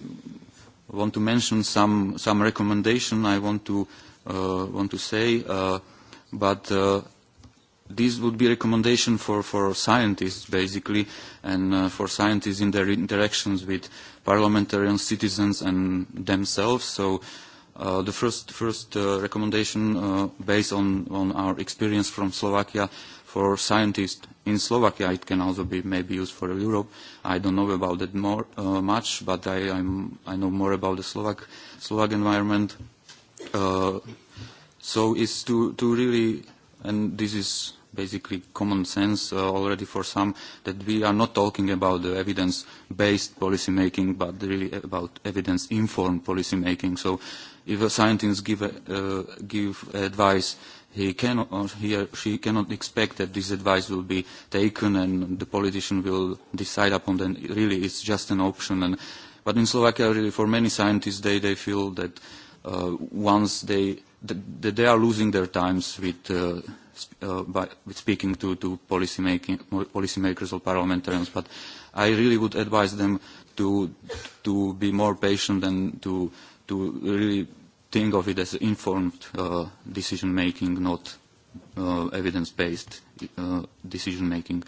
want to mention some, some recommendation I want to uh, uh, want to say, uh, but uh, this would be recommendation for, for scientists, basically, and uh, for scientists in their interactions with parliamentarians, citizens, and themselves. So uh, the first, first uh, recommendation uh, based on, on our experience from Slovakia for scientists in Slovakia, it can also be maybe used for Europe. I don't know about that more, uh, much, but I, I'm, I know more about the Slovak, Slovak environment. Uh, so it's to, to really, and this is basically common sense uh, already for some, that we are not talking about the evidence-based policymaking, but really about evidence-informed policymaking. So if a scientist give, a, uh, give advice, he cannot, or he or she cannot expect that this advice will be taken and the politician will decide upon them. Really, it's just an option. And, but in Slovakia, really, for many scientists, they, they feel that uh, once they, th they are losing their times with, uh, sp uh, by, with speaking to, to policy making, policymakers or parliamentarians. But I really would advise them to, to be more patient and to, to really think of it as informed uh, decision making, not uh, evidence-based uh, decision making.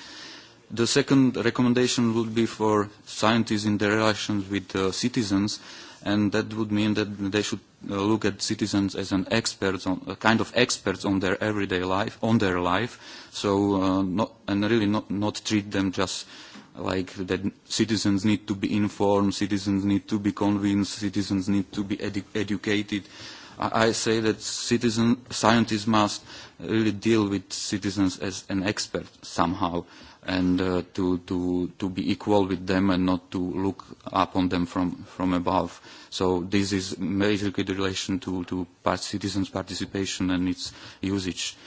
The second recommendation would be for scientists in their relations with uh, citizens. Uh, and that would mean that they should uh, look at citizens as an experts on a kind of experts on their everyday life on their life so uh, not and really not not treat them just like that citizens need to be informed citizens need to be convinced citizens need to be edu educated I, I say that citizen scientists must really deal with citizens as an expert somehow and uh, to, to, to be equal with them and not to look upon them from, from above. So this is major in relation to, to part citizens' participation and its usage.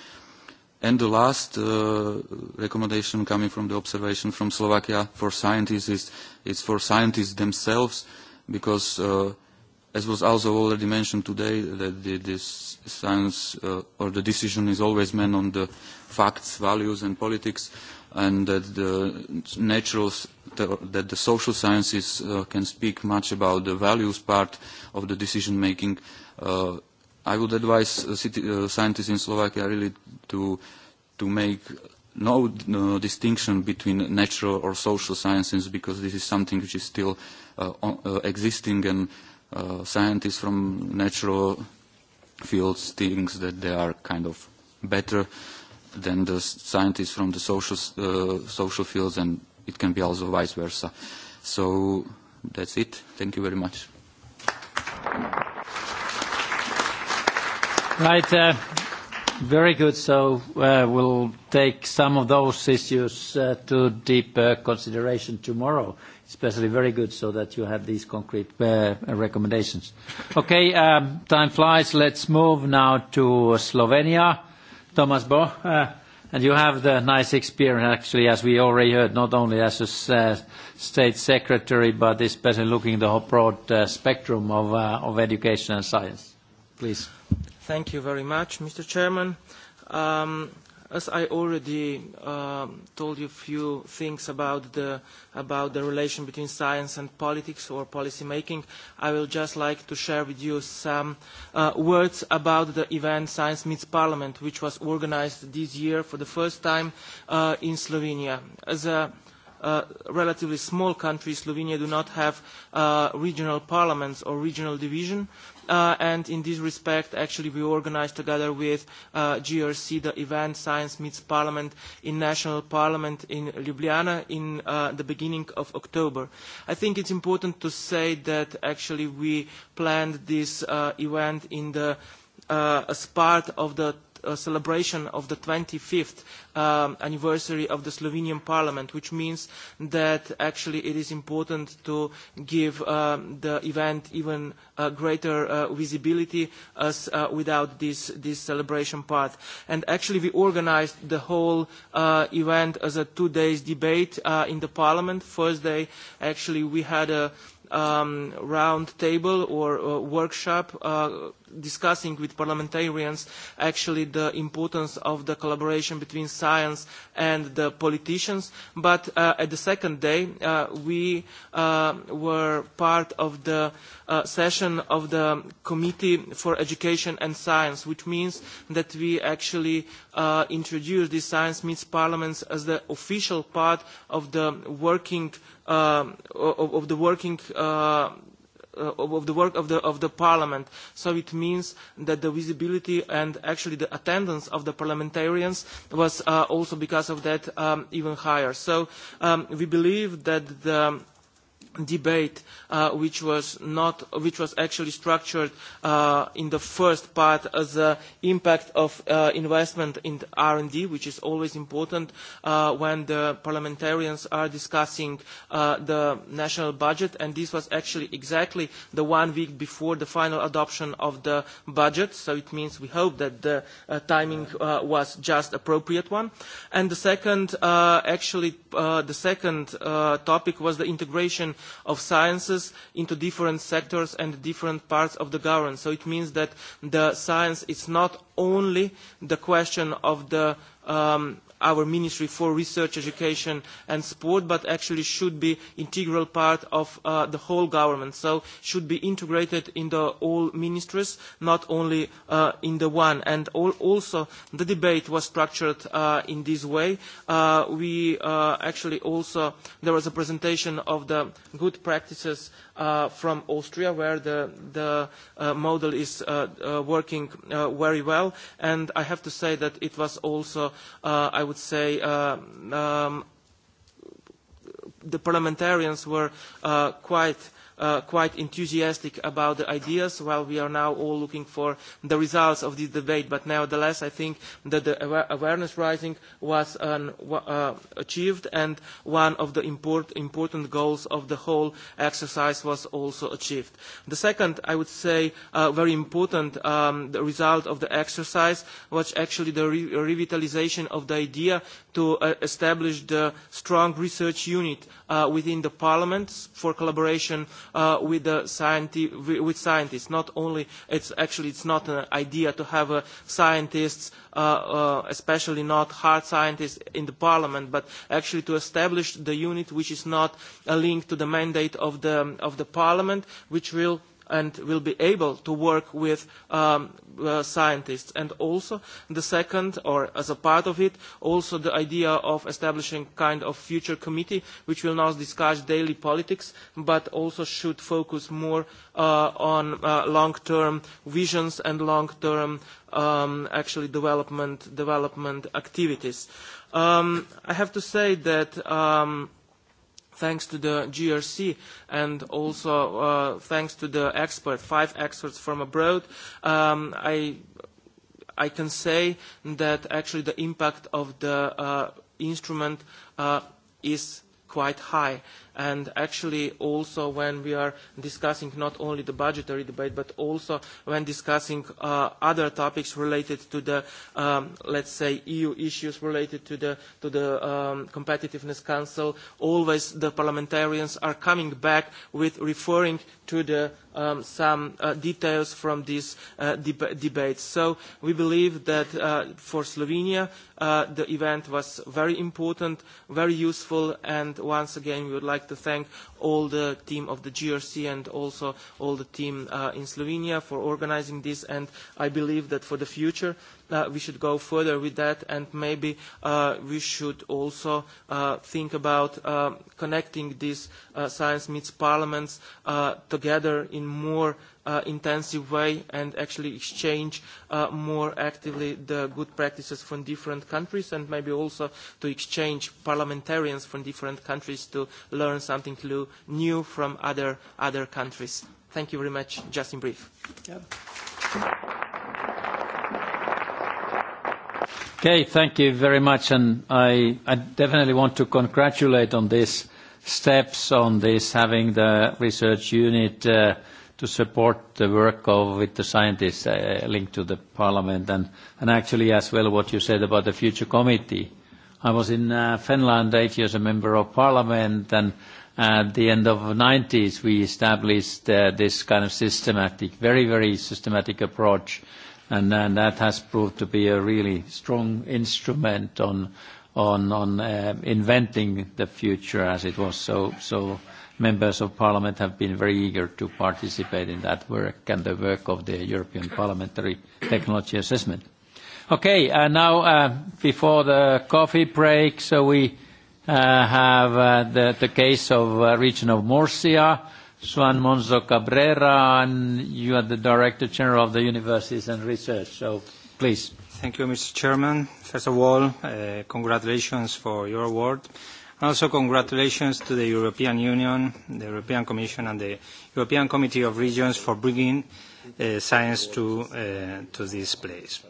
And the last uh, recommendation coming from the observation from Slovakia for scientists is it's for scientists themselves because uh, as was also already mentioned today, that the, this science uh, or the decision is always meant on the facts, values and politics and that the natural that the social sciences uh, can speak much about the values part of the decision making. Uh, I would advise uh, city, uh, scientists in Slovakia really to to make no uh, distinction between natural or social sciences because this is something which is still uh, on, uh, existing and uh, scientists from natural fields think that they are kind of better than the scientists from the social, uh, social fields, and it can be also vice versa. So that's it. Thank you very much. Right. Uh, very good. So uh, we'll take some of those issues uh, to deep uh, consideration tomorrow. Especially very good so that you have these concrete uh, recommendations. Okay, um, time flies. Let's move now to Slovenia. Thomas Bo. Uh, and you have the nice experience, actually, as we already heard, not only as a uh, state secretary, but especially looking at the whole broad uh, spectrum of, uh, of education and science. Please. Thank you very much, Mr. Chairman. Um, as I already um, told you a few things about the, about the relation between science and politics or policy making, I will just like to share with you some uh, words about the event Science Meets Parliament, which was organized this year for the first time uh, in Slovenia. As a uh, relatively small country, Slovenia do not have uh, regional parliaments or regional division, Uh, and in this respect, actually, we organized together with uh, GRC the event Science Meets Parliament in National Parliament in Ljubljana in uh, the beginning of October. I think it's important to say that actually we planned this uh, event in the uh, as part of the uh, celebration of the 25th um, anniversary of the Slovenian parliament, which means that actually it is important to give uh, the event even uh, greater uh, visibility as, uh, without this, this celebration part. And actually we organized the whole uh, event as a two days debate uh, in the parliament. First day, actually we had a um, round table or uh, workshop uh, discussing with parliamentarians actually the importance of the collaboration between science and the politicians. But uh, at the second day, uh, we uh, were part of the uh, session of the Committee for Education and Science, which means that we actually uh, introduced the Science Meets Parliaments as the official part of the working, uh, of, of the working uh, uh, of the work of the, of the parliament. So it means that the visibility and actually the attendance of the parliamentarians was uh, also because of that um, even higher. So um, we believe that the debate uh, which was not which was actually structured uh, in the first part as the impact of uh, investment in R&D which is always important uh, when the parliamentarians are discussing uh, the national budget and this was actually exactly the one week before the final adoption of the budget so it means we hope that the uh, timing uh, was just appropriate one and the second uh, actually uh, the second uh, topic was the integration of sciences into different sectors and different parts of the government. So it means that the science is not only the question of the um, our Ministry for Research, Education and Sport, but actually should be integral part of uh, the whole government. So should be integrated in the all ministries, not only uh, in the one. And all, also the debate was structured uh, in this way. Uh, we uh, actually also, there was a presentation of the good practices uh, from Austria where the, the uh, model is uh, uh, working uh, very well. And I have to say that it was also, uh, I would say, uh, um, the parliamentarians were uh, quite uh, quite enthusiastic about the ideas while we are now all looking for the results of this debate. But nevertheless, I think that the awareness rising was uh, achieved and one of the import important goals of the whole exercise was also achieved. The second, I would say, uh, very important um, the result of the exercise was actually the re revitalization of the idea to uh, establish the strong research unit uh, within the parliament for collaboration uh, with, the scienti with scientists. Not only, it's actually it's not an idea to have uh, scientists, uh, uh, especially not hard scientists in the parliament, but actually to establish the unit which is not linked to the mandate of the, of the parliament, which will and will be able to work with um, uh, scientists. And also the second, or as a part of it, also the idea of establishing kind of future committee which will not discuss daily politics but also should focus more uh, on uh, long-term visions and long-term um, actually development, development activities. Um, I have to say that um, thanks to the GRC and also uh, thanks to the expert, five experts from abroad, um, I, I can say that actually the impact of the uh, instrument uh, is quite high and actually also when we are discussing not only the budgetary debate but also when discussing uh, other topics related to the, um, let's say, EU issues related to the, to the um, Competitiveness Council, always the parliamentarians are coming back with referring to the, um, some uh, details from these uh, deb debates. So we believe that uh, for Slovenia uh, the event was very important, very useful, and once again we would like like to thank all the team of the GRC and also all the team uh, in Slovenia for organizing this and I believe that for the future uh, we should go further with that and maybe uh, we should also uh, think about uh, connecting these uh, science meets parliaments uh, together in more uh, intensive way and actually exchange uh, more actively the good practices from different countries and maybe also to exchange parliamentarians from different countries to learn something new from other, other countries. Thank you very much. Just in brief. Yeah. Okay, thank you very much. And I, I definitely want to congratulate on these steps on this, having the research unit uh, to support the work of with the scientists uh, uh, linked to the parliament and, and actually as well what you said about the future committee. I was in uh, Finland eight years a member of parliament and at the end of the 90s we established uh, this kind of systematic, very, very systematic approach and, and that has proved to be a really strong instrument on, on, on uh, inventing the future as it was. So, so members of parliament have been very eager to participate in that work and the work of the European Parliamentary Technology Assessment. Okay, uh, now uh, before the coffee break, so we uh, have uh, the, the case of uh, region of Murcia, Juan Monzo Cabrera, and you are the Director General of the Universities and Research, so please. Thank you, Mr. Chairman. First of all, uh, congratulations for your award. Also, congratulations to the European Union, the European Commission and the European Committee of Regions for bringing uh, science to, uh, to this place.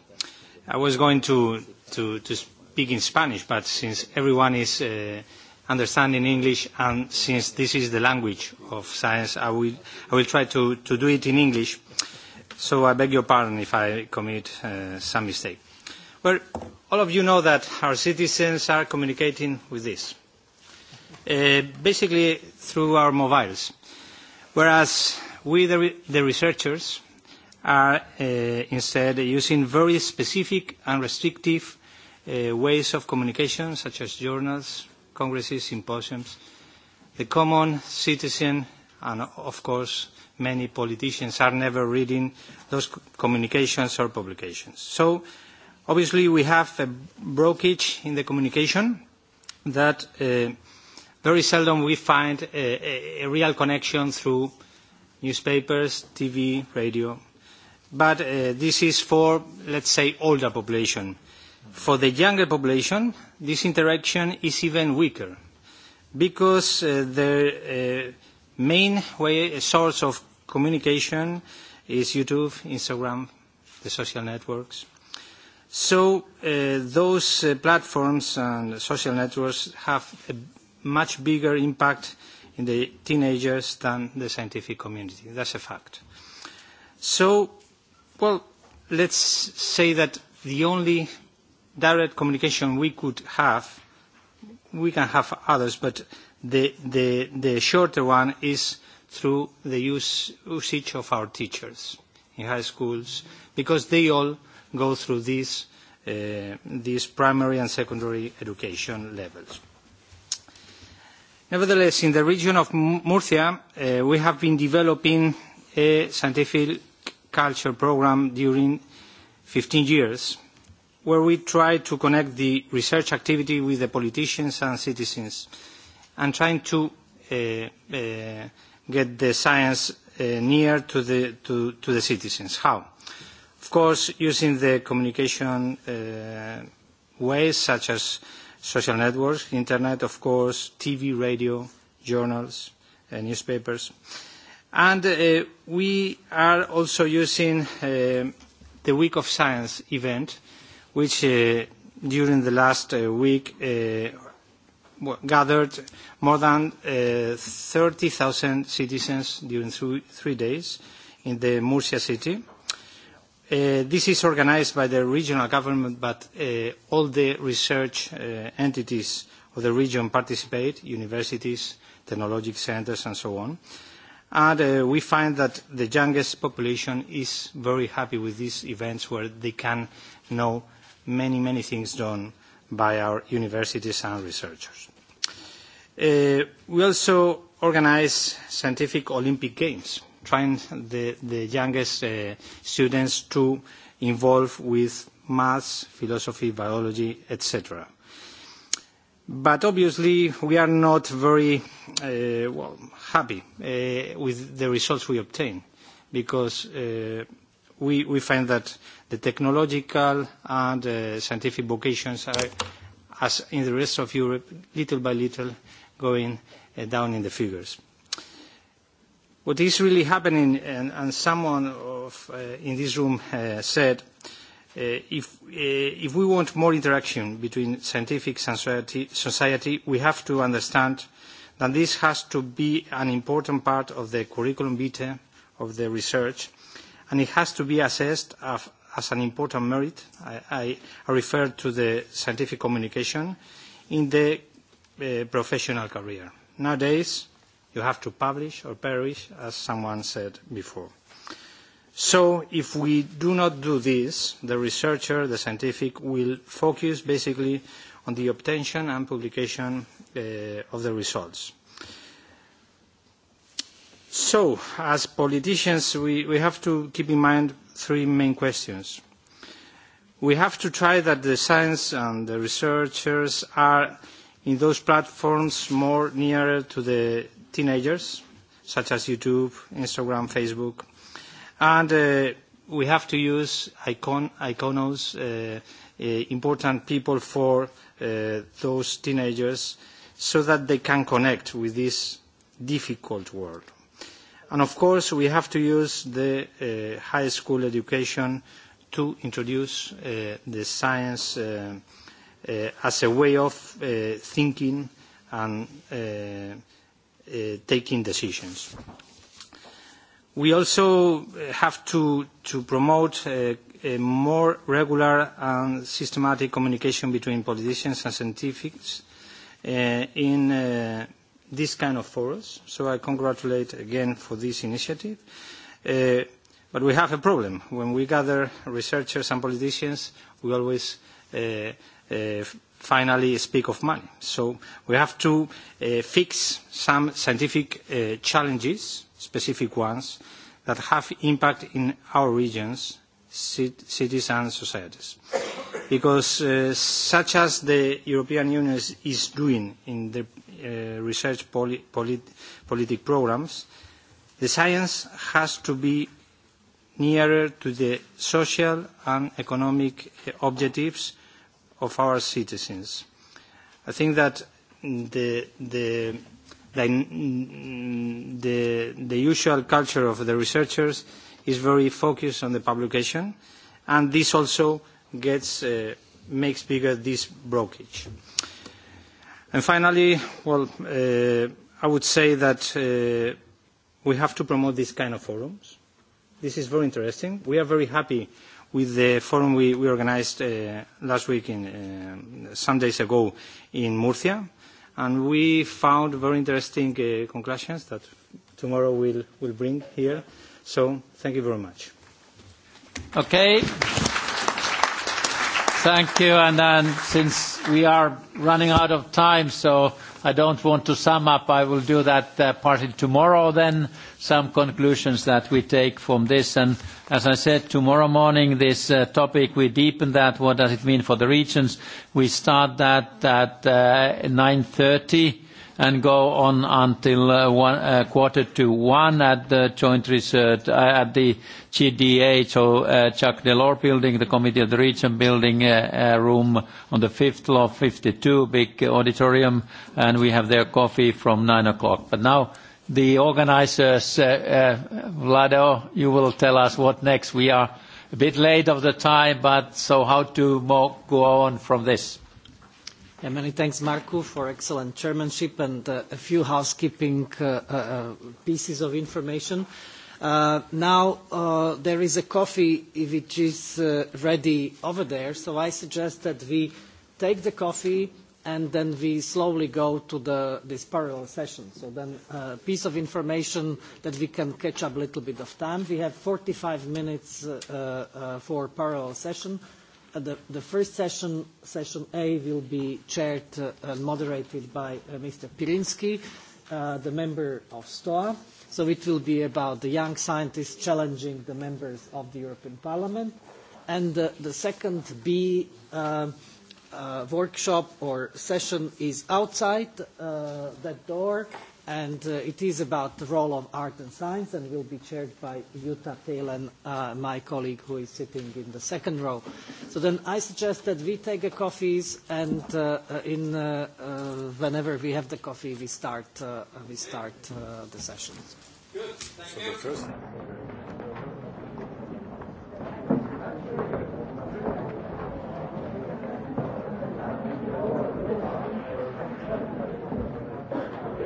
I was going to, to, to speak in Spanish, but since everyone is uh, understanding English and since this is the language of science, I will, I will try to, to do it in English. So I beg your pardon if I commit uh, some mistake. Well, all of you know that our citizens are communicating with this Uh, basically through our mobiles. Whereas we, the, re the researchers, are uh, instead using very specific and restrictive uh, ways of communication, such as journals, congresses, symposiums. The common citizen and, of course, many politicians are never reading those communications or publications. So, obviously, we have a brokerage in the communication that uh, very seldom we find a, a, a real connection through newspapers, TV, radio. But uh, this is for, let's say, older population. For the younger population, this interaction is even weaker because uh, their uh, main way, uh, source of communication is YouTube, Instagram, the social networks. So uh, those uh, platforms and social networks have a much bigger impact in the teenagers than the scientific community. That's a fact. So, well, let's say that the only direct communication we could have, we can have others, but the, the, the shorter one is through the use, usage of our teachers in high schools, because they all go through these, uh, these primary and secondary education levels. Nevertheless, in the region of Murcia, uh, we have been developing a scientific culture program during 15 years, where we try to connect the research activity with the politicians and citizens, and trying to uh, uh, get the science uh, near to the, to, to the citizens. How? Of course, using the communication uh, ways such as uh, social networks, internet, of course, TV, radio, journals, uh, newspapers. And uh, we are also using uh, the Week of Science event, which uh, during the last uh, week uh, gathered more than uh, 30,000 citizens during th three days in the Murcia city Uh, this is organized by the regional government, but uh, all the research uh, entities of the region participate, universities, technologic centers, and so on. And uh, we find that the youngest population is very happy with these events where they can know many, many things done by our universities and researchers. Uh, we also organize scientific Olympic Games trying the, the youngest uh, students to involve with maths, philosophy, biology, etc. But obviously we are not very uh, well, happy uh, with the results we obtain because uh, we, we find that the technological and uh, scientific vocations are, as in the rest of Europe, little by little going uh, down in the figures. What is really happening, and, and someone of, uh, in this room uh, said, uh, if, uh, if we want more interaction between scientific and society, society, we have to understand that this has to be an important part of the curriculum vitae of the research, and it has to be assessed as, as an important merit. I, I, I refer to the scientific communication in the uh, professional career. Nowadays, You have to publish or perish, as someone said before. So if we do not do this, the researcher, the scientific, will focus basically on the obtention and publication uh, of the results. So, as politicians, we, we have to keep in mind three main questions. We have to try that the science and the researchers are in those platforms more nearer to the, teenagers, such as YouTube, Instagram, Facebook. And uh, we have to use icon, iconos, uh, uh, important people for uh, those teenagers, so that they can connect with this difficult world. And of course, we have to use the uh, high school education to introduce uh, the science uh, uh, as a way of uh, thinking and uh, Uh, taking decisions. We also uh, have to, to promote a, uh, a more regular and systematic communication between politicians and scientists uh, in uh, this kind of forums. So I congratulate again for this initiative. Uh, but we have a problem. When we gather researchers and politicians, we always uh, uh, finally speak of money. So we have to uh, fix some scientific uh, challenges, specific ones, that have impact in our regions, cities and societies. Because uh, such as the European Union is, doing in the uh, research poli polit politic programs, the science has to be nearer to the social and economic uh, objectives of our citizens. I think that the, the, the, the, the usual culture of the researchers is very focused on the publication, and this also gets, uh, makes bigger this brokerage. And finally, well, uh, I would say that uh, we have to promote these kind of forums. This is very interesting. We are very happy with the forum we, we organized uh, last week, in, uh, some days ago, in Murcia. And we found very interesting uh, conclusions that tomorrow we'll, we'll bring here. So thank you very much. Okay. Thank you. And then since we are running out of time, so I don't want to sum up. I will do that uh, partly tomorrow then, some conclusions that we take from this. And as I said, tomorrow morning, this uh, topic, we deepen that. What does it mean for the regions? We start that at uh, 9.30 and go on until uh, one, uh, quarter to one at the joint research uh, at the GDA, so uh, Chuck Delors building, the Committee of the Region building uh, uh, room on the fifth floor, 52, big auditorium, and we have their coffee from nine o'clock. But now the organizers, uh, uh, Vlado, you will tell us what next. We are a bit late of the time, but so how to go on from this? Yeah, many thanks, Marco, for excellent chairmanship and uh, a few housekeeping uh, uh, uh, pieces of information. Uh, now, uh, there is a coffee which is uh, ready over there, so I suggest that we take the coffee and then we slowly go to the, this parallel session. So then a uh, piece of information that we can catch up a little bit of time. We have 45 minutes uh, uh, for parallel session. Uh, the, the first session, session A, will be chaired uh, and moderated by uh, Mr. Pirinsky, uh, the member of STOA. So it will be about the young scientists challenging the members of the European Parliament. And uh, the second B uh, uh, workshop or session is outside uh, that door and uh, it is about the role of art and science and will be chaired by Jutta Thelen, uh, my colleague who is sitting in the second row. So then I suggest that we take the coffees and uh, uh, in, uh, uh, whenever we have the coffee we start, uh, we start uh, the sessions. Good, thank so you. The first